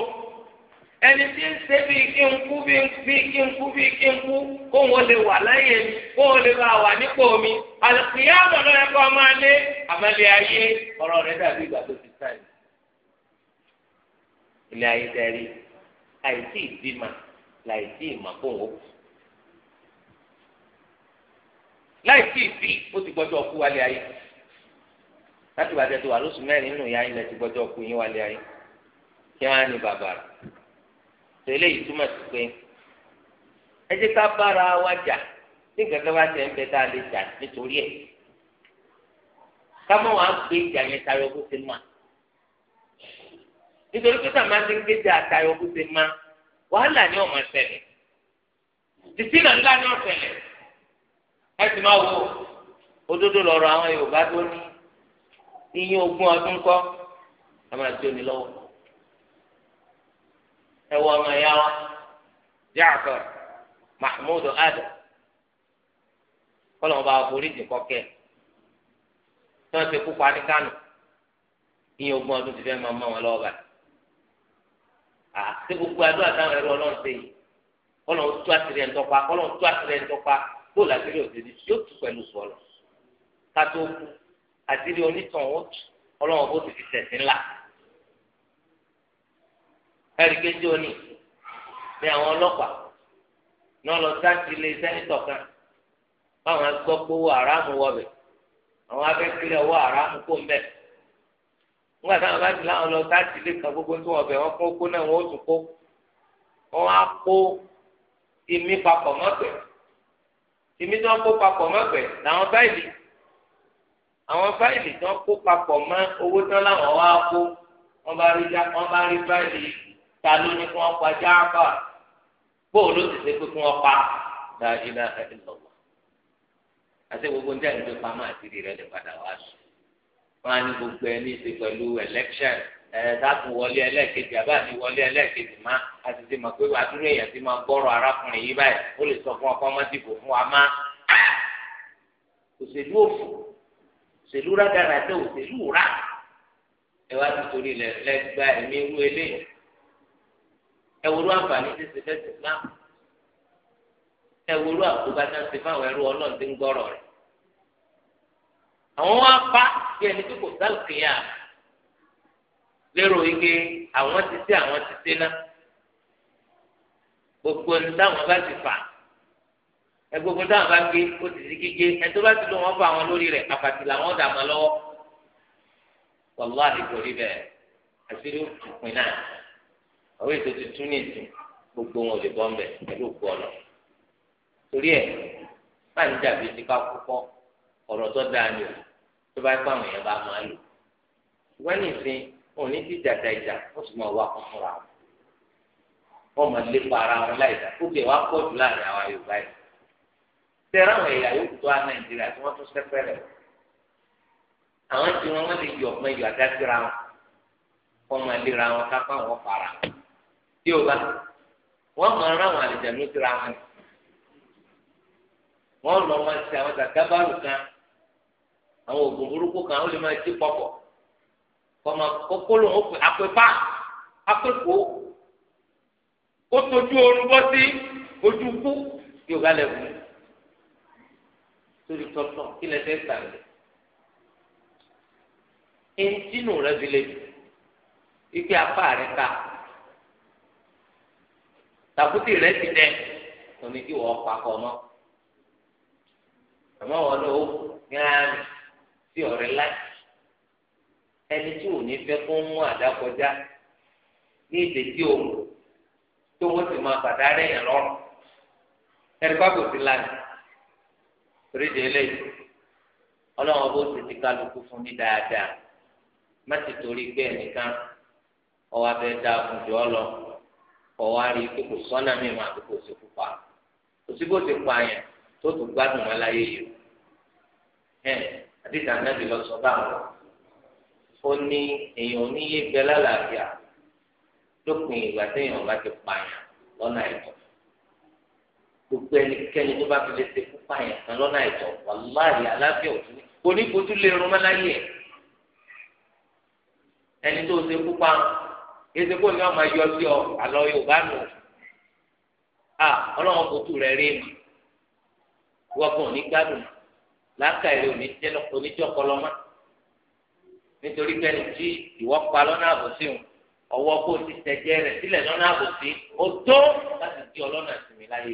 ẹni tí ń ṣe bí kí n kú bí kí n kú bí kí n kú kó wọn lè wà láyé mi kó wọn lè bá wà nípò mi àlùkìyà àmọ̀lọ́ yẹ kó máa lé àmàlẹ́ ayé ọ̀rọ̀ rẹ̀ dàbí ìgbà tó ti sáyé ilé ayé dẹ́rí àìsí ìbímọ láìsí ìmọ̀kòwò láìsí ìbí ó ti gbọ́dọ̀ kú wálé ayé láti ìbàdàn tó wà lóṣù mẹ́rin nínú ìyá ilẹ̀ ti gbọ́dọ̀ kú yín wálé ayé kí wọ́n á ní bàbá rà tó eléyìí túmọ̀ sí pé ẹ jẹ́ ká bára wa jà ní gẹ́gẹ́ bá tẹ̀ ń bẹ tá a lè jà nítorí ẹ̀ ká mọ̀ wá gbé ìjà yẹn tayọ bó ti máa nítorí pé sàmá ti ń gbé ìjà tayọ bó ti máa wàhálà ni ọmọ ṣẹlẹ̀ títí náà ńlá ni ọ̀sẹ̀lẹ̀ ẹ sì máa wo òdodo lọ̀rọ̀ àwọn Yorùbá tó ní iye ogún ọdún kọ́ a máa jóni lọ́wọ́ ẹ wọ ọmọ ìyá wa Jaafar Mahmud Adam kọ́lọ́mù bá foríjì kọ́kẹ́ tí wọ́n ti kú pa ní Kánò iye ogún ọdún ti fẹ́ máa mọ́ wọn lọ́wọ́ báyìí àti gbogbo àdúrà táwọn ẹ̀rọ ọlọ́run ṣe yìí kọ́lọ́mù tú àtìrẹ ńdọ́pa kọ́lọ́mù tú àtìrẹ ńdọ́pa kó làbílẹ̀ òṣèlú yóò tú pẹ̀lú sọ̀rọ̀ ká tó kú àtìrí onítàn ó tù ọlọ́run bó ti fi tẹ̀sí ńlá. ẹ̀rí kejì òní ni àwọn ọlọ́pàá náà lọ sáàtì ilé sẹ́nitọ̀ kan báwọn gbọ́ pé owó àràmù wọbẹ̀ àwọn abẹ́kílẹ̀ owó àràmù kò ń bẹ̀. nígbà táwọn bá ti láwọn lọ sáàtì ilé kan gbogbo tí wọ́n bẹ̀ wọ́n kó kó náà wọ́n ó tún kó wọ́n á kó ìmí papọ̀ mọ́pẹ̀ ìmí tí wọ́n kó papọ̀ mọ́pẹ̀ làwọn báyìí àwọn fáìlì tí wọ́n kó papọ̀ mọ́ owó tán láwọn wá kó wọ́n bá rí já wọ́n bá rí fáìlì ta ló ní kí wọ́n pa jáàpà bóòlù ti ṣe pé kí wọ́n pa la ilaha illallah àti gbogbo ní àyè pípa máa ti rí rẹ lè padà wá sùn wọ́n á ní gbogbo ẹni ṣe pẹ̀lú election dákun wọlé ẹlẹ́ẹ̀kejì àbá mi wọlé ẹlẹ́ẹ̀kejì má a ti ti mọ̀ pé àdúrà èèyàn ti máa gbọ́rọ̀ arákùnrin yìí báyìí ó lè sọ fún ọkọ ọmọ dìbò fún wa má òṣèlú òfò òṣèlú rádaràdà òṣèlú rà ẹ wá nítorí lẹgba ẹ̀mí ewu eléyìí ẹ wúlò àǹfààní tí ṣe fẹsẹ islam ẹ wúlò àkóbá tá a ṣe fáwọn ẹrú Ọlọ́run tí ń gbọ́rọ̀ rẹ̀ àwọn wá pa bí ẹni tó kò sálùkìyà lérò ike àwọn ti ṣe àwọn ti ṣe náà gbogbo ní táwọn bá ti fà á ẹgbogbo táwọn bá gbé ó ti di kíké ẹtọ́ bá ti lò wọ́n fa àwọn lórí rẹ̀ àpàtì làwọn dà mọ́ lọ́wọ́ wàláhì kò rí bẹ́ẹ̀ àṣírí òpin náà àwọn ètò tuntun ní ìsìn gbogbo wọn ò lè bọ́ mbẹ pẹ̀lú òkú ọ̀nà torí ẹ̀ máa ń dàbí nípa púpọ̀ ọ̀rọ̀ tó dáa ni o tó bá pa àwọn èèyàn bá máa lò wọ́n ní ìsìn wọn ní ti dàda ìjà wọ́n sì máa wá kún wọn máa lépa ara wọn láì tẹ̀rọ àwọn ẹ̀yà yóò tó a nàìjíríà tí wọ́n tún sẹ́pẹ́ rẹ̀ àwọn tí wọ́n wọ́n lè yọ ọ̀gbọ́n yọ àdásíra wọn kọ́ máa lera wọn kápá wọn fara tí o bá wọ́n máa rán àwọn àlejànú síra wọn wọ́n lọ wọn ti àwọn dàgábàrú kan àwọn oògùn burúkú kan ó lè máa jí pọ̀pọ̀ kọ́ máa kókóló wọn pè àpépá àpépó ó tójú orun bọ́ sí ojú kú yóò bá lẹ̀ sórí tọ́tọ̀ kí lẹ́sẹ̀ gbà lẹ̀. ẹnitínú rẹ fi lè dùn ike apá rẹ ká tàkùtì rẹ ti dẹ òní kí wọ́n pakọ̀ mọ́ àmọ́ wọn lọ gán sí ọ̀rẹ́ láti ẹni tí ò ní fẹ́ kó mú àdá kọjá ní èdè tí o tó wọ́n sì máa bàdá rẹ̀ yẹn lọ́rùn ẹ̀rí pápá òsì lánàá torídìí eléyìí ọlọ́run ọba ó sì ti kálukú fún ní dáadáa má ti torí pé ẹnìkan ọwọ́ abẹ́ da àkùnjọ ọlọ ọwọ́ àrí pé kò sọ́nà mi máa fi kò sí pupa kò sí bó ti pa yẹn tó tún gbádùn wọn láyé yìí ẹ àdìsí ànábì lọ sọ báwọn ó ní èèyàn oníyé bẹ lálàáfíà lópin ìgbà téèyàn bá ti pa yẹn lọ́nà ìtọ́ gbogbo ẹnikẹ́ni tó bá fi lè ṣe pààyàn kan lọ́nà àìtọ́ wàláhì aláfíà òtún kò ní kojú lè rún mọ́láyé ẹ̀ ẹni tó ṣe kú pa ẹsẹ kó ní ọmọ ẹyọ sí ọ àlọ Yorùbá nù a Ọlọ́run kò tù rẹ rí mi wọ́n kàn ní gbádùn láǹkà èrè oníjọ́kọlọ́mọ́ nítorí pé ẹni tí ìwọ́ pa lọ́nà àbòsí òun ọwọ́ kó o ti tẹ̀jẹ́ rẹ̀ sílẹ̀ lọ́nà àbòsí o tó láti di ọlọ́nà ìsinmi láyé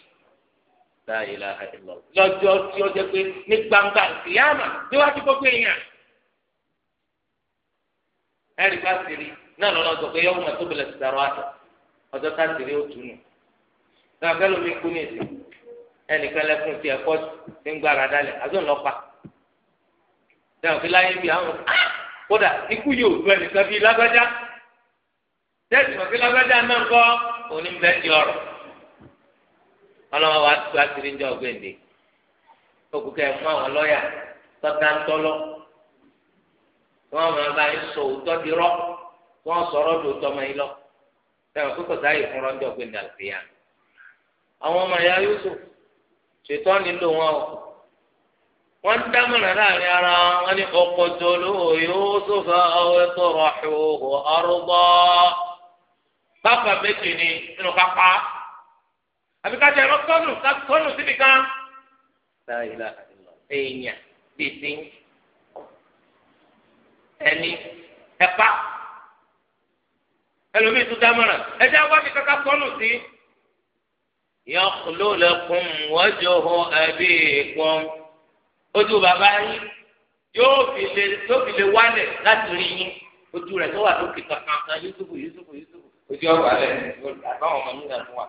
láàyè láàyè lọ lọ́jọ́ tí ó jẹ́ pé ní gbangba ìyáàmà níwájú gbogbo èèyàn ẹ̀rí bá ti rí náà lọ́nà sọ pé yọ̀wọ́n máa tó bẹ̀rẹ̀ sí darọ́ àtọ̀ ọjọ́ tá ti rí ó túnú náà fẹ́ lómi kú ní ìsìn ẹnìkan lẹ́kùn tí ẹ̀kọ́ ti ń gbára dálẹ̀ àdóhùn lọ́pa dáhùn fi láyé bí àwọn kódà ikú yóò du ẹnìkan bíi lágbájá tẹ́sí ọlọ́wọ́ wa tu àṣírí ń jọ ọ̀gbẹ́ǹde òkùnkẹ́ fún àwọn lọ́ọ̀yà tọ́ta ń tọ́lọ́ wọ́n máa bá yín sọ òótọ́ di rọ́ wọ́n sọ̀rọ̀ di òótọ́ máa yín lọ ẹ̀wọ̀n kókò sáyè fún rọ́ńdọ̀ ọ̀gbẹ́ǹde àlùfíà àwọn ọmọ ìyá Yusuf ṣètò nílò wọn o wọ́n ń dámọ̀ràn láàrin ara wọn ní ọkọ̀ jòló Yusuf àwọn ẹ̀tọ́ rọ̀ ọ̀rọ̀ bọ́ pápá méjì ni nínú pápá àbí ká tẹ ẹ̀rọ tọ́nù ká tọ́nù síbi kan. sáyìlá èèyàn bìtì ẹni ẹ̀pá ẹlòmíì tún dámọ̀ràn ẹjẹ́ agbábi kankan tọ́nù sí. yọ̀kùlù lẹ́kùn wọ́jọ́ hó ẹbí kan ojú bàbá yín yóò fi lè yóò fi lè wálẹ̀ láti rí yín ojú rẹ̀ tó wà lókè kankan Yusufu Yusufu Yusufu ojú ọ̀wà rẹ̀ àbáwọn ọmọ mi nà fún wa.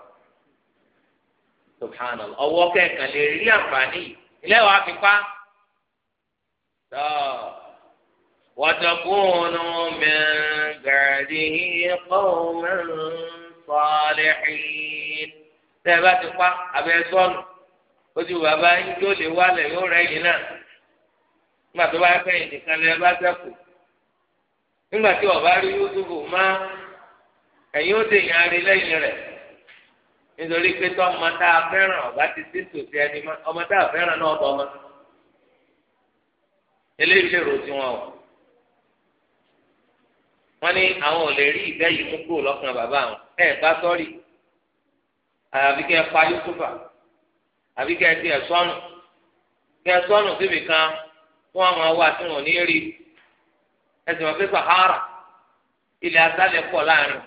subhana ọwọ́ kẹ̀kẹ́ lè rí àǹfààní ilé wa fi pa tọ́ wàtàkùnù mẹ́gàdì qawman salihin tẹ́ ẹ bá ti pa abẹ́ sọ́nù ojú bàbá yóò lè wálẹ̀ yóò rẹ̀ náà nígbà tó bá nìkan lẹ́ bá sẹ́kù nígbà tí ọ̀bá rí má ẹ̀yin ó nítorí pé tó ọmọ tá a fẹ́ràn ọ̀gá ti sí tòsí ẹni ọmọ tá a fẹ́ràn náà bọ́ ọmọ eléyìí lè rò tiwọn o wọn ní àwọn ò lè rí ìgbẹ́ yìí mú kúrò lọ́kàn bàbá àwọn ẹ bá sọ́ọ̀rì àbí kẹ́ ẹ pa Yusufa àbí kẹ́ ẹ ti ẹ̀ sọ́nù kẹ́ ẹ sọ́nù síbi kan tí wọ́n máa wá tí wọ́n ní rí ẹ sì mọ̀ pé Sahara ilẹ̀ asálẹ̀ pọ̀ láàrin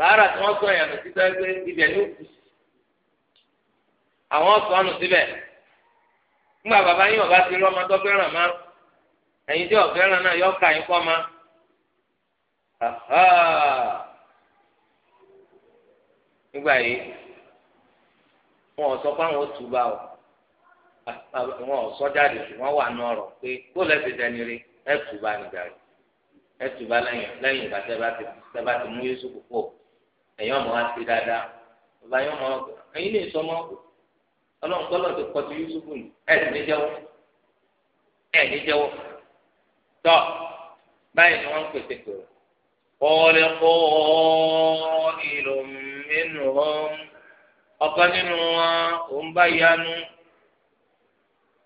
sàárà tí wọ́n sọ ìyànà títà pé ibẹ̀ ló kù àwọn sọ ọ́nù síbẹ̀ ńgbà bàbá yín ọba ti rí ọmọ tó fẹ́ràn má ẹ̀yin tí náà yọ ka yín ma nígbà yìí wọn ò sọ fáwọn oṣù bá o wọn ò sọ jáde wà ní pé kó rí tù bá tù bá ẹ̀yin ọmọ wa ti dáadáa bàbá yín ọmọ ọgbà ẹ̀yin lè sọmọ ọlọ́run kọ́lọ́ ti kọ́ ti yusufu ni ẹ̀ sì ní jẹ́wọ́ ẹ̀ ní jẹ́wọ́ tọ́ báyìí ni wọ́n ń pèsè pèrò kọ́ọ̀lẹ́ kọ́ọ̀ ìlú mẹ́nu hàn ọ̀kan nínú wọn òun bá yanu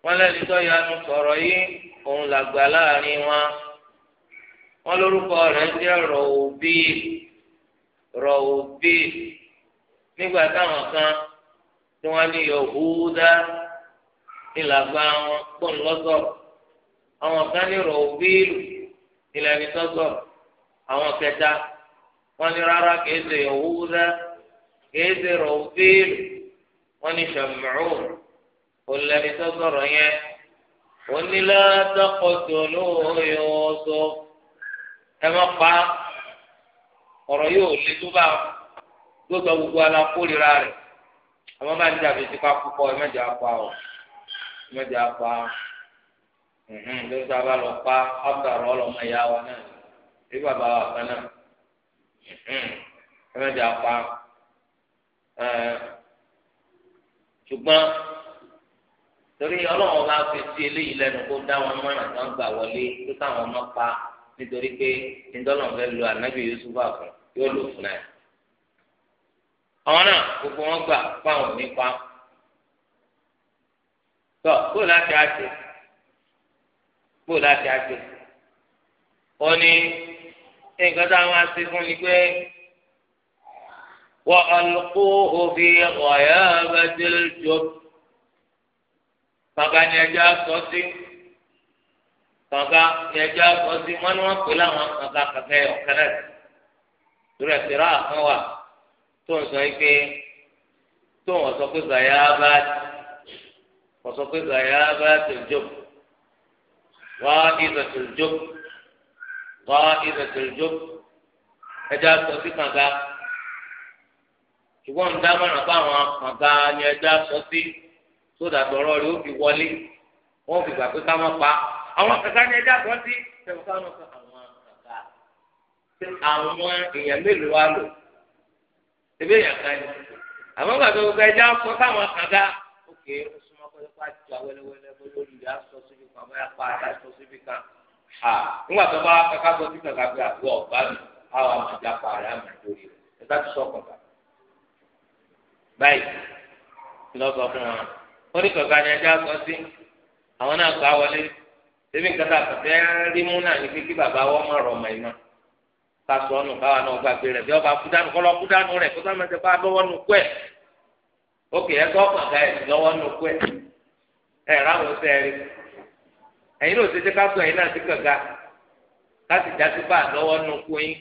wọ́n lẹ́ni tó yanu sọ̀rọ̀ yìí òun làgbà láàrin wọn wọ́n lórúkọ rẹ̀ ń jẹ́ rọ̀ òbí. rọ̀wùbí nígbà táwọn kan tí wọ́n ní Yahuda ìlàgbà wọn pọ̀ lọ́sọ̀rọ̀ àwọn kan ní rọ̀wùbílù ìlànà sọ̀sọ̀rọ̀ àwọn kẹta wọ́n ní rárá kìí ṣe Yahuda kìí ṣe wọ́n ní yẹn ẹ ọ̀rọ̀ yóò lé tó bá gbogbo gbogbo ala kórìíra rẹ̀ àwọn máa ń dàbí tipa púpọ̀ ẹ mẹ́jọ apá o ẹ mẹ́jọ apá lọ pa ọlọ́mọ ìyá wa náà bí bàbá wa kan náà ẹ mẹ́jọ apá ṣùgbọ́n torí ọlọ́run bá fi ti eléyìí lẹ́nu kó dá wọn mọ́ràn tó ń gbà wọlé tó táwọn ọmọ pa. nítorí pé ndọ́nà fẹ́ lu ànábì Yusuf àfọ̀ yóò lò fún náà àwọn náà gbogbo wọn gbà fáwọn nípa tọ kó láti àjẹ kó láti àjẹ ó ní nǹkan táwọn á ṣe fún ni pé. وألقوه في غيابة الجب فقد يجاسس kànga ìyẹjọ ọsì wọn ni wọn pè láwọn kànga kànga yọ kẹlẹ lórí ẹsẹrọ àkàn wà tó ń sọ yìí pé tó ń sọ pé gbàyà bá wọ́n sọ pé gbàyà bá tẹ̀jọ́ wá ibẹ̀ tẹ̀jọ́ wá ibẹ̀ tẹ̀jọ́ ẹjọ sọ sí kànga ṣùgbọ́n ń dámọ̀ràn bá àwọn ni ẹjọ sọ sí sódà tọrọ rẹ ó fi wọlé wọ́n fi gbà pé ká má pa á àwọn kankan ní ẹja kan sí tẹ̀wọ́n káwọn kan àwọn kankan àwọn èèyàn mélòó wá lò ebe èèyàn kan ní àwọn gbàgbé gbogbo ẹja kọ káwọn kankan òkè ọsùnmọ́ kọ́lé kó àjọ awẹ́lẹ́wẹ́lẹ́ bó lórí rẹ̀ síbi kan bóyá pa àti aṣọ síbi kan ha nígbà tó bá kankan sọ sí kankan bí àgọ́ ọ̀gbá mi àwọn àmàjà pa àrẹ àmàjò rẹ̀ ẹ bá ti sọ kankan báyìí lọ́sọ̀ fún wọn ó ní kankan ní ẹja kọ sí àwọn náà gbá wọlé ebi nǹkan tá a kàn fẹ́ rí mú náà ní kíkí bàbá wọn mọ̀ ọ̀rọ̀ ọmọ ìmọ̀ ká sọ ọ́nù káwa náà gbàgbé rẹ̀ bí ọba kúdánù kọ́ lọ kúdánù rẹ̀ kó sáà máa ṣe pa lọ́wọ́ nù kú ẹ̀ ókè ẹ̀ gbọ́ kàkà ẹ̀ lọ́wọ́ nù kú ẹ̀ ẹ̀ ráwọn ṣe ẹ̀ rí ẹ̀yin ló ṣe ṣe ká sọ ẹ̀yin náà sí kàkà ká já sí bá lọ́wọ́ nù kú yín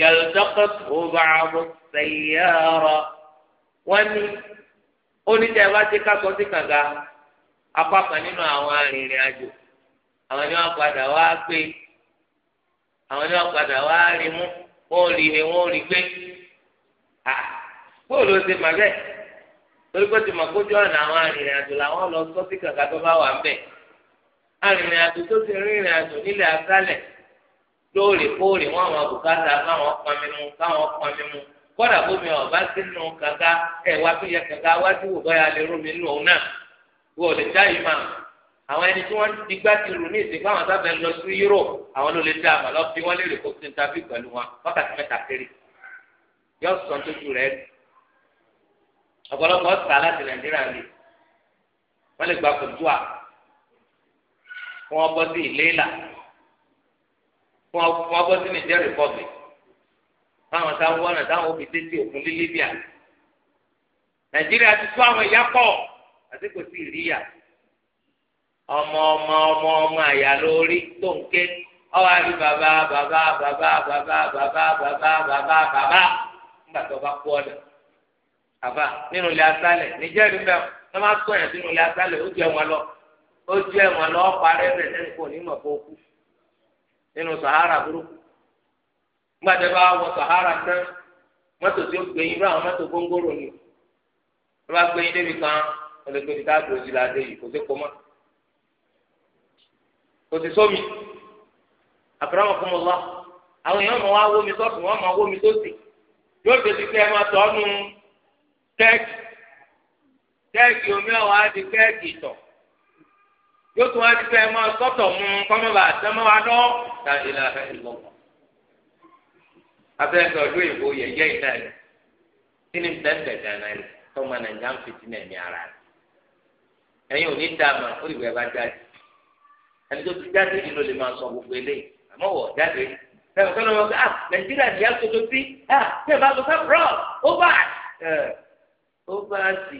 yàtọ̀kọ̀tò bá àwọn sẹ̀yẹ́rọ wọ́n ní oníjà ìwádìí ká sọ sí kàkà apá kan nínú àwọn arìnrìn àwọn ni wọ́n padà wá gbé àwọn ni wọ́n padà wá rí mú wọ́n rí ni wọ́n rí gbé à bóòlù ó ti mà bẹ́ẹ̀ torí pé ti mà kójú ọ̀nà àwọn arìnrìn àjò làwọn lọ sọ sí kàkà tó bá wà ń bẹ̀ arìnrìn àjò tó ti rìnrìn àjò nílẹ̀ asálẹ̀ lóòrèkóòrè wọn àwọn bùkátà káwọn pọnmi mu káwọn pọnmi mu kódà bómi ọba sínú kàga ẹ wá tó yẹ kàga wájú wò báyà lè rómi nù òun náà wọ́n lè dá yìí máa àwọn ẹni tí wọ́n ti gbá ti rù ní ìsìnkú àwọn sábẹ́ lọ sí Europe àwọn ló lè dá àmà lọ bí wọ́n lè rè kó sí interview pẹ̀lú wọn wákàtí mẹ́ta péré yóò sọ tójú rẹ̀ ọ̀pọ̀lọpọ̀ ọ̀sà láti Nàìjíríà lè wọ́n lè gba kòtùà wọ́n bọ́ sí ìléèlà wọ́n bọ́ sí Niger Republic báwọn táwọn wọ́n náà táwọn òbí tètè òkun ní Nàìjíríà ti tó àwọn ìyá pọ̀. àti kò sí ìríyà ọmọ ọmọ ọmọ ọmọ àyà lórí tó ń ké ọwọ́ àbí bàbá bàbá bàbá bàbá bàbá bàbá bàbá bàbá nígbà tó bá kú ọ̀dà bàbá nínú ilé sọ yẹn ilé ó lọ ó lọ kò ní kó kú nínú sahara burúkú nígbà tó bá wọ sahara tí ó àwọn ni bá débi ó lè tóbi dáàbò sí ládé yìí kò sí kó mọ́ kò sí sómi àkàràmọ̀ fún mi lọ àwọn èèyàn máa wá wómi sọ́ọ̀tún wọ́n máa wómi sósì yóò tètè kẹ́ ẹ máa tọ́ nu kẹ́ẹ̀kì kẹ́ẹ̀kì omi ọ̀wá di kẹ́ẹ̀kì ìtọ̀ yóò tún wá di kẹ́ ẹ máa sọ́tọ̀ mu kọ́mọ́bà àtẹ́mọ́wá dọ́ ta ìlà ìlọ́wọ́ abẹ́rẹ́ ọdún ìbò yẹ̀yẹ́ ìlànà kí ni bẹ́ẹ̀ bẹ́ẹ̀ gánà tọ́mọ nàìjíríà fi ti nẹ̀mí ara rẹ̀ ẹ̀yin ò ní dá ma ó lè wẹ bá jáde ẹni tó ti jáde yìí ló lè máa sọ gbogbo eléyìí àmọ́ wọ jáde sẹbi kọlọ wọn ah nàìjíríà ní yàtò tó sí ah sẹbi bá gbọ́dọ̀ rọ ó bá ẹ ó bá sì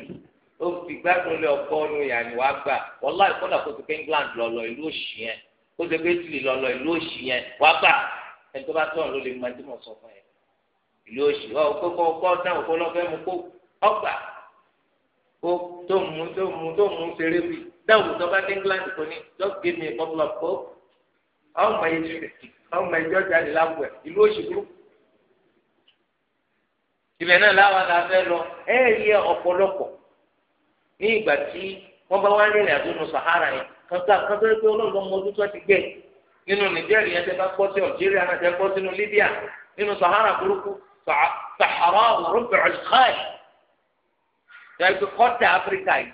ó fi gbádùn lé ọkọ ọnu yàrá wàá gbà wọlá ìkọlà kó ti pé England lọlọ ìlú òsì yẹn kó ti pé Italy lọlọ ìlú òsì yẹn wàá gbà ẹni tó bá tọ̀hún ló lè máa dé mọ̀ sọ fún ẹ ìlú òsì ọ̀ kó kọ́ ọkọ̀ náà kó ó tó mú tó mú tó mú ṣeré bi dáwù tó bá dé England kò ní just give me a couple of cups àwọn ọmọ yìí àwọn ọmọ yìí jọjà lè lápò ẹ ìlú òṣìṣẹ́ ibẹ̀ náà láwa la fẹ́ lọ ẹ yẹ ọ̀pọ̀lọpọ̀ ní ìgbà tí wọ́n bá wá rìnrìn àjò nù Sahara yẹn kankan kankan pé ọlọ́run ọmọ ọdún tó ti gbẹ nínú Nàìjíríà yẹn tẹ bá pọ́ sí Algeria náà tẹ pọ́ sínú Libya nínú Sahara burúkú Sahara rọ̀bẹ̀rẹ̀ káyì tẹ́lifí kọ́tà áfíríkà yìí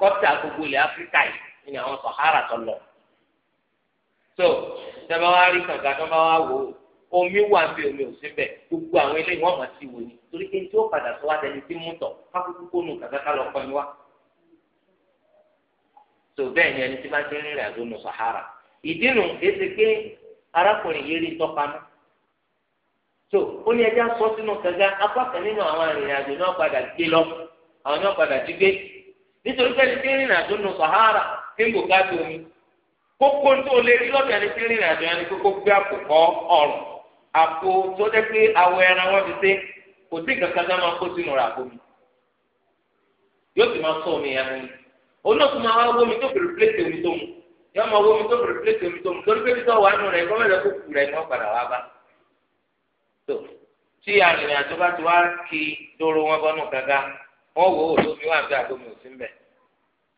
kọ́tà gbogbo ilẹ̀ áfíríkà yìí ni àwọn sahara tó lọ. so tẹ́lifí wá rí kàkà tó bá wá wò ó omi wà ń bẹ omi ò sí bẹ gbogbo àwọn eléyìí wọn máa ti wò ni torí pé tí ó padà sọ wá tẹni tí mú tọ kákúkú kónú kàkà ká lọ pọn ní wá. so bẹ́ẹ̀ ni ẹni tí bá ti rìnrìn àjò nù sahara ìdí nù kí ẹ ti pé arákùnrin yìí rí tọ́pamọ́ so ó ní ẹjẹ sọ sínú kànga apá kan nínú àwọn arìnrìnàjò náà padà gbé lọ àwọn náà padà ti gbé nítorí pé ní kírìn àjò nù sahara kí n kò ká tó ní kókó tó lè rí lọ́dọ̀ ní kírìn àjò yẹn ni kókó gbé àkùkọ ọrùn àpò tó dẹ́ pé awọ ẹran wọn fi ṣe kò sí kankan ká máa kó sínú rà bómi yóò sì máa sọ omi yẹn mú mi olóòtú máa wá wómi tó fèrè pléte omi tó mu yóò máa wómi tó fèrè pléte omi tó mu torí pé bí sọ wàá nù rẹ gọ́mẹ̀lẹ́ kó kù rẹ ní ọ̀padà wá bá. tó tí arìnrìn àjò bá ti wá kí dóró wọn bọ́nù gàgà wọn wò ó lómi wà bí àgbọ̀mù òsín bẹ̀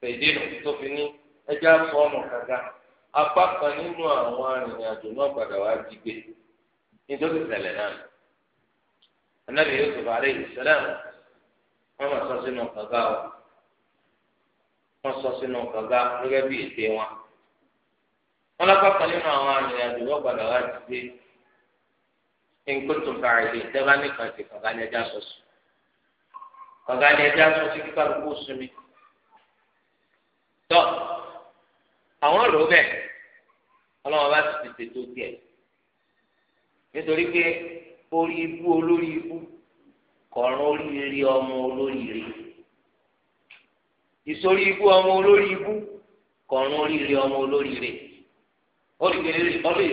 fèdí nù tó fi ní ẹjọ́ fọ́ọ̀mù gàgà apá kan nínú àwọn arìnrìnàjò náà padà wá jí gbé náà anábì wọn máa sọ sínú gàgà o wọn sọ sínú gàgà nkutu fàáyé dẹ́gbà nìkan ti kọ̀ọ̀gá ni ẹja sọ sí kọ̀ọ̀gá ni ẹja sọ sí kíkọ́ àlùkò sunmi tọ́ àwọn rò bẹ́ẹ̀ ọlọ́wọ́n bá ti tètè tó tiẹ̀ nítorí pé orí ibú olórí ibú kọ̀ọ̀rọ̀ oríire ọmọ olóríire ìsorí ibú ọmọ olórí ibú kọ̀ọ̀rọ̀ oríire ọmọ olóríire ó lè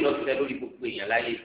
lọ sílẹ̀ lórí gbogbo èèyàn láyé yìí.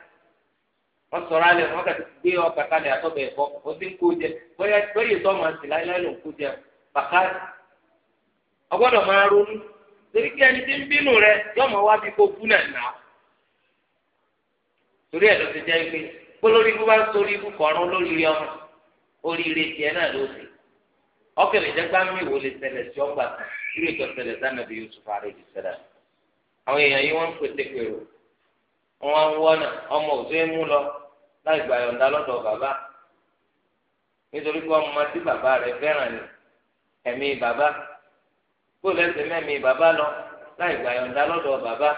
wọ́n sọ̀rọ̀ alẹ́ wọ́n kàtí gbé ọkà kalẹ̀ àtọ́bẹ̀ ẹ̀fọ́ wọ́n ti ń kó jẹ bóyá bóyá tó máa ń sì láyé ló ń kó jẹ bàkà ọgbọ́dọ̀ máa ronú torí kí ẹni tí ń bínú rẹ yọ mọ̀ wá bí kó kú náà nà ó torí ẹ̀ ló ti jẹ́ pé kólórí ikú bá ń sórí ikú kọ̀ọ̀rún lóríire ọmọ oríire tiẹ̀ náà ló sì ọkẹ̀lẹ̀ jẹ́ gbámi wo lè ṣẹlẹ̀ sí ọgbà kan irú ìtọ́ ṣẹlẹ̀ sánàbí Yusuf àrèjì ṣẹlẹ̀ àwọn èèyàn yìí wọ́n ń láì gbà yọ̀ǹda lọ́dọ̀ bàbá nítorí pé ọmọ tí bàbá rẹ̀ fẹ́ràn ni ẹ̀mí bàbá kó lẹ́sẹ̀ mẹ́mí bàbá lọ láì gbà yọ̀ǹda lọ́dọ̀ bàbá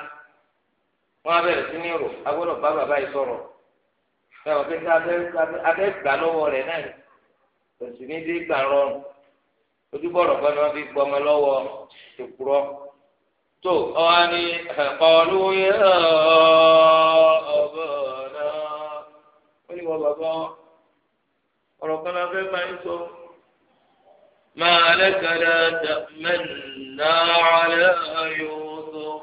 wọn abẹ́rẹ́ sí ní rò agbọ́dọ̀ bá bàbá yìí sọ̀rọ̀ fẹ́ràn pé abẹ́ gbà lọ́wọ́ rẹ̀ náà òsì ní dé gbà rọrùn ojúbọ̀rọ̀ kan ni wọ́n fi gbọmọ lọ́wọ́ ìkúrọ́ tó ọ ó ní wọ bàbá ọ̀rọ̀ kan la fẹ́ máa ń sọ. ما لك لا تأمنا على يوسف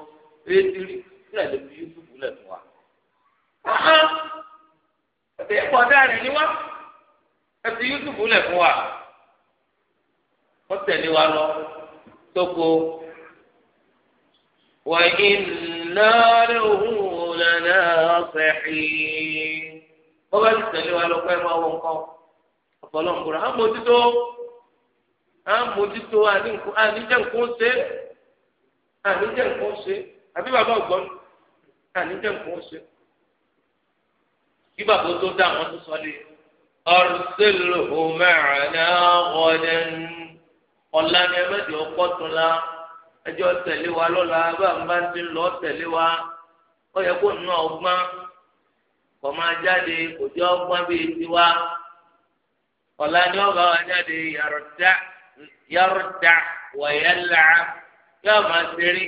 ادري لا لم يوسف ولا توا ẹ̀kọ́ dára ni wá ẹ̀sìn yusuf lẹ̀ fún wa wọ́n tẹ̀lé wa lọ sóko wà iná lóhùn wọ́n bá ti tẹ̀lé wa lọ́kọ́ ẹ̀ máa wọ nǹkan ọ̀pọ̀lọpọ̀ à ń mójútó à ń mójútó àníjẹ́ nǹkan ṣe àníjẹ́ nǹkan ṣe àbí bàbá ọ̀gbọ́n àníjẹ́ nǹkan ṣe kí bàbá tó dá àwọn tó sọ lé ọ̀rùsẹ̀lòhò mẹ́rànlá ọ̀dẹ́n ọ̀la ni ẹ̀mẹ́jọ ọ̀pọ̀tunla ẹjọ́ tẹ̀lé wa lọ́la bá ń bá ti lọ tẹ̀lé wa ó nù ọgbọ́n kọ́má jáde òjò ọgbọ́n bíi tiwa ọ̀la ni ọba wa jáde yàrá yàrá wọ̀yẹ́lá yóò máa ṣeré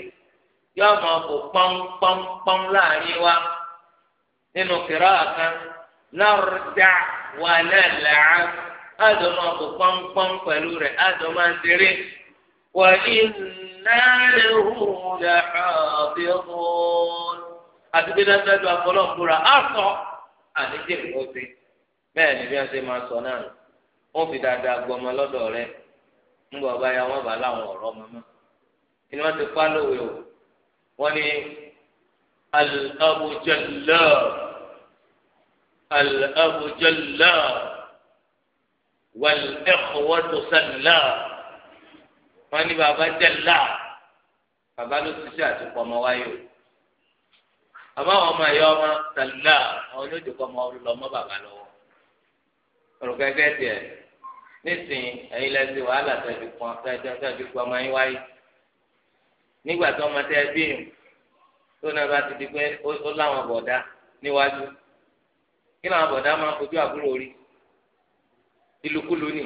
yóò máa fò pọ́npọ́npọ́n láàrin wa nínú kìrọ́ àkàn lọ́rọ̀dá wàlẹ́lá àdó máa fò pọ́npọ́n pẹ̀lú rẹ̀ àdó máa ṣeré wà ní nàlẹ́ hùwà lẹ́hàbíhùn àti pé dájúdájú afọlọ́ọ̀kúra á sọ àníjẹ́ ìkóse bẹ́ẹ̀ ni bí wọ́n ṣe máa sọ náà wọ́n fi dáadáa gbọmọ lọ́dọ̀ rẹ ńgbà ọba ya wọn bá láwọn ọ̀rọ̀ mọ́mọ́ inú wọn ti pa lóore o wọ́n ní al-abujalla al-abujalla wal-ikhwatu wọ́n ní baba jalla baba ló ti ṣe àtúpọ̀ ọmọ wáyé o àmọ́ àwọn ọmọ ẹ̀yọ́ ọmọ sàlùlà àwọn onídìkọ́ ọmọ ọlọ́mọ bàbá lọ́wọ́ olùkọ́ ẹgbẹ́ tiẹ̀ nísìnyí ẹ̀yin lẹ́sẹ̀ wàhálà tẹ̀bi kan tẹ̀bi kan ọmọ yín wáyé nígbà tó ọmọ tẹ́ bí yìí tó náà bá ti di pé ó láwọn bọ̀dá níwájú kí làwọn bọ̀dá máa fojú àbúrò rí ìlúkulù ni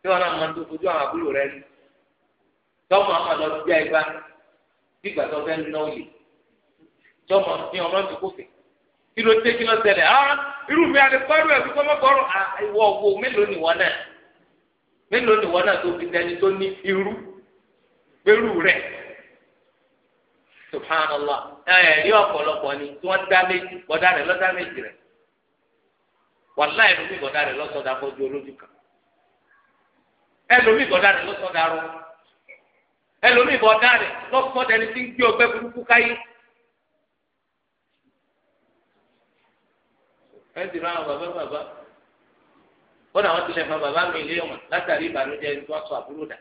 tí wọn náà máa tó fojú àbúrò rẹ rí tọ́mọ àwọn lọ tí ọmọ mi ọmọ mi kò fè kí ló dé kí ló ṣẹlẹ̀ ah irú mi àti kọ́rù ẹ̀ fífọ́ mọ́kọ́rù ah, ìwọ wo mélòó ni wọ́n náà mélòó ni wọ́n náà tó fi dẹni tó ní irú pẹ̀lú rẹ̀ subhanallah ẹ̀ẹ́dì ọ̀pọ̀lọpọ̀ ni tí wọ́n dá méjì bọ́dá rẹ̀ lọ́dá méjì rẹ̀ wàláì lómi bọ́dá rẹ̀ lọ́sọ̀dá fọ́jú olójú kan ẹlòmí bọ́dá rẹ̀ lọ́sọ̀dá rọ ẹlòmí bọ́dá rẹ̀ lọ́sọ̀dá ẹni tí ń gbé ọgbẹ́ burúkú káyé ẹ sì rán àwọn bàbá bàbá ó náà wọ́n tilẹ̀ fún bàbá mi ilé wọn látàrí ìbànújẹ́ ẹni tó wá sọ àbúrò dà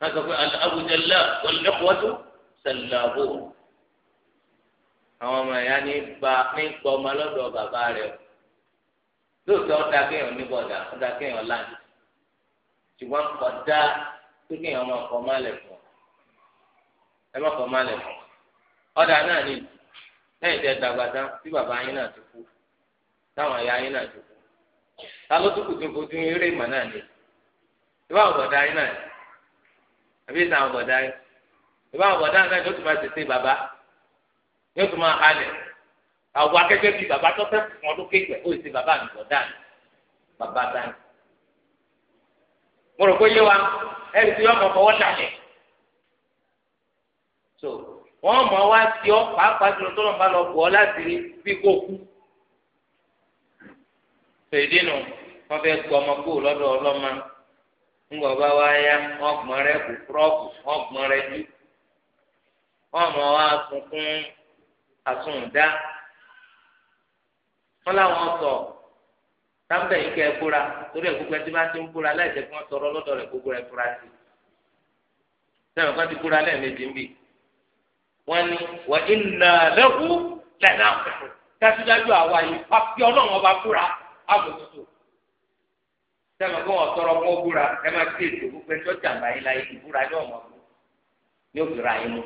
wọ́n sọ pé abujalla wal-ikhwatu sallabu àwọn ọmọ ẹ̀yà ní gba ní gbọ́ ọmọ lọ́dọ̀ bàbá rẹ̀ lóòótọ́ ọ̀dà kéèyàn níbọ̀dà ọ̀dà kéèyàn láǹdì ṣùgbọ́n kọ̀dá kéèyàn máa kọ́ má lẹ̀ fún ẹ má kọ́ má lẹ̀ fún ọ̀dà náà ni lẹ́yìn tẹ́ dàgbà tán tí bàbá yín náà ti kú táwọn ẹ̀yà ayé náà tó kù ta ló tó kù tó fojú eré ìmọ̀ náà ni ìbá àwọn bọ̀dá ayé náà àbí ìta àwọn bọ̀dá ayé ìbá àwọn bọ̀dá náà yóò tún máa tètè bàbá yóò tún máa halẹ̀ àwọn akẹ́kẹ́ bíi bàbá tó fẹ́ fún ọdún kéèké ó sì bàbá mi bọ̀dá mi bàbá dání. mo rò pé yé wa ẹni tí yọmọ fọwọ́ dàlẹ̀ so wọ́n mọ̀ wá sí ọ pàápàá jùlọ tó lọ́nba lọ bọ̀ ọ́ láti rí bí kú fèdínù wọn fẹẹ gbọ ọmọ kúrò lọ́dọ̀ ọlọmọ ńgbọ bá wá yá wọn gbọn rẹ kú kúrọọkù wọn gbọn rẹ jù wọn mọ wá sunkún àsundá wọn làwọn sọ sáńbẹ yìí kẹ ẹ kóra torí ẹkú pẹ tí bá ti ń kóra láìsẹ kí wọn sọ̀rọ̀ lọ́dọ̀ rẹ gbogbo rẹ kóra sí sẹwọn kan ti kóra lẹ́ẹ̀mejì ń bì wọn ni wọn ìnà lẹkú lẹnà dájúdájú àwa yìí pàpẹ Ọlọ́run ọba kóra. àbùtùtù sẹ́mi kó wọ́n tọrọ búra ẹ máa kí ètò gbogbo ẹjọ́ jàmbá yín láyé ìbúra ní ọ̀mọ́ ní òbíra yín mú.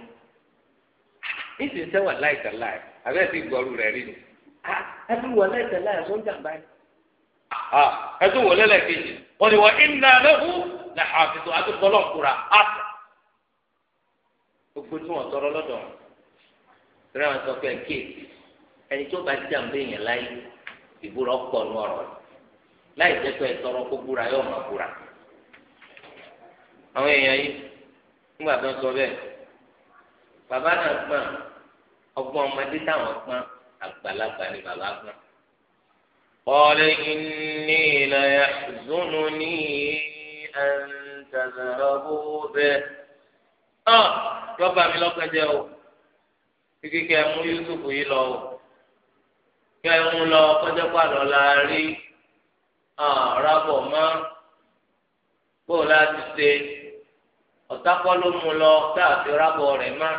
nísìnyí sẹ́wọ̀n láìka láì àbẹ́ẹ̀ ti gbọ́rù rẹ̀ rí ni. Ah, ẹdún wọlé ẹ̀sẹ̀ láì ẹ̀sọ́ jàmbá yín. Ah, ah, ẹdún wọlé lẹ́ẹ̀kejì wọ́n ni wọ́n iná lẹ́hu ní àfihàn àdúgbọ́lọ̀ kura àtẹ. gbogbo tí wọ́n tọrọ lọ́dọ̀ rẹ̀ wọ́n sọ pé kéèkì ìbúra ọ̀pọ̀ nù ọ̀rọ̀ láì jẹ́ pé ẹ̀tọ́ ọ̀rọ̀ kó búra yóò máa búra. àwọn èèyàn yìí nígbà tó ń sọ bẹ́ẹ̀ bàbá náà gbọ́n ọgbọ́n ọmọdé táwọn gbọ́n àgbàlagbà ni bàbá gbọ́n. ọ̀rẹ́ ìní ìlànà zónú ní ẹ̀ńtàzàrọ̀bù bẹ́ẹ̀. ọ̀ dọ́gba mi lọ́kàn jẹ́ o kíkíkẹ́ mú Yusuf kẹ́ ń lọ kọjá pàdọ̀ la ọ̀rábọ̀ mọ́ kó láti ṣe ọ̀tákọ́ ló mú lọ tá a fi rábọ̀ rẹ̀ mọ́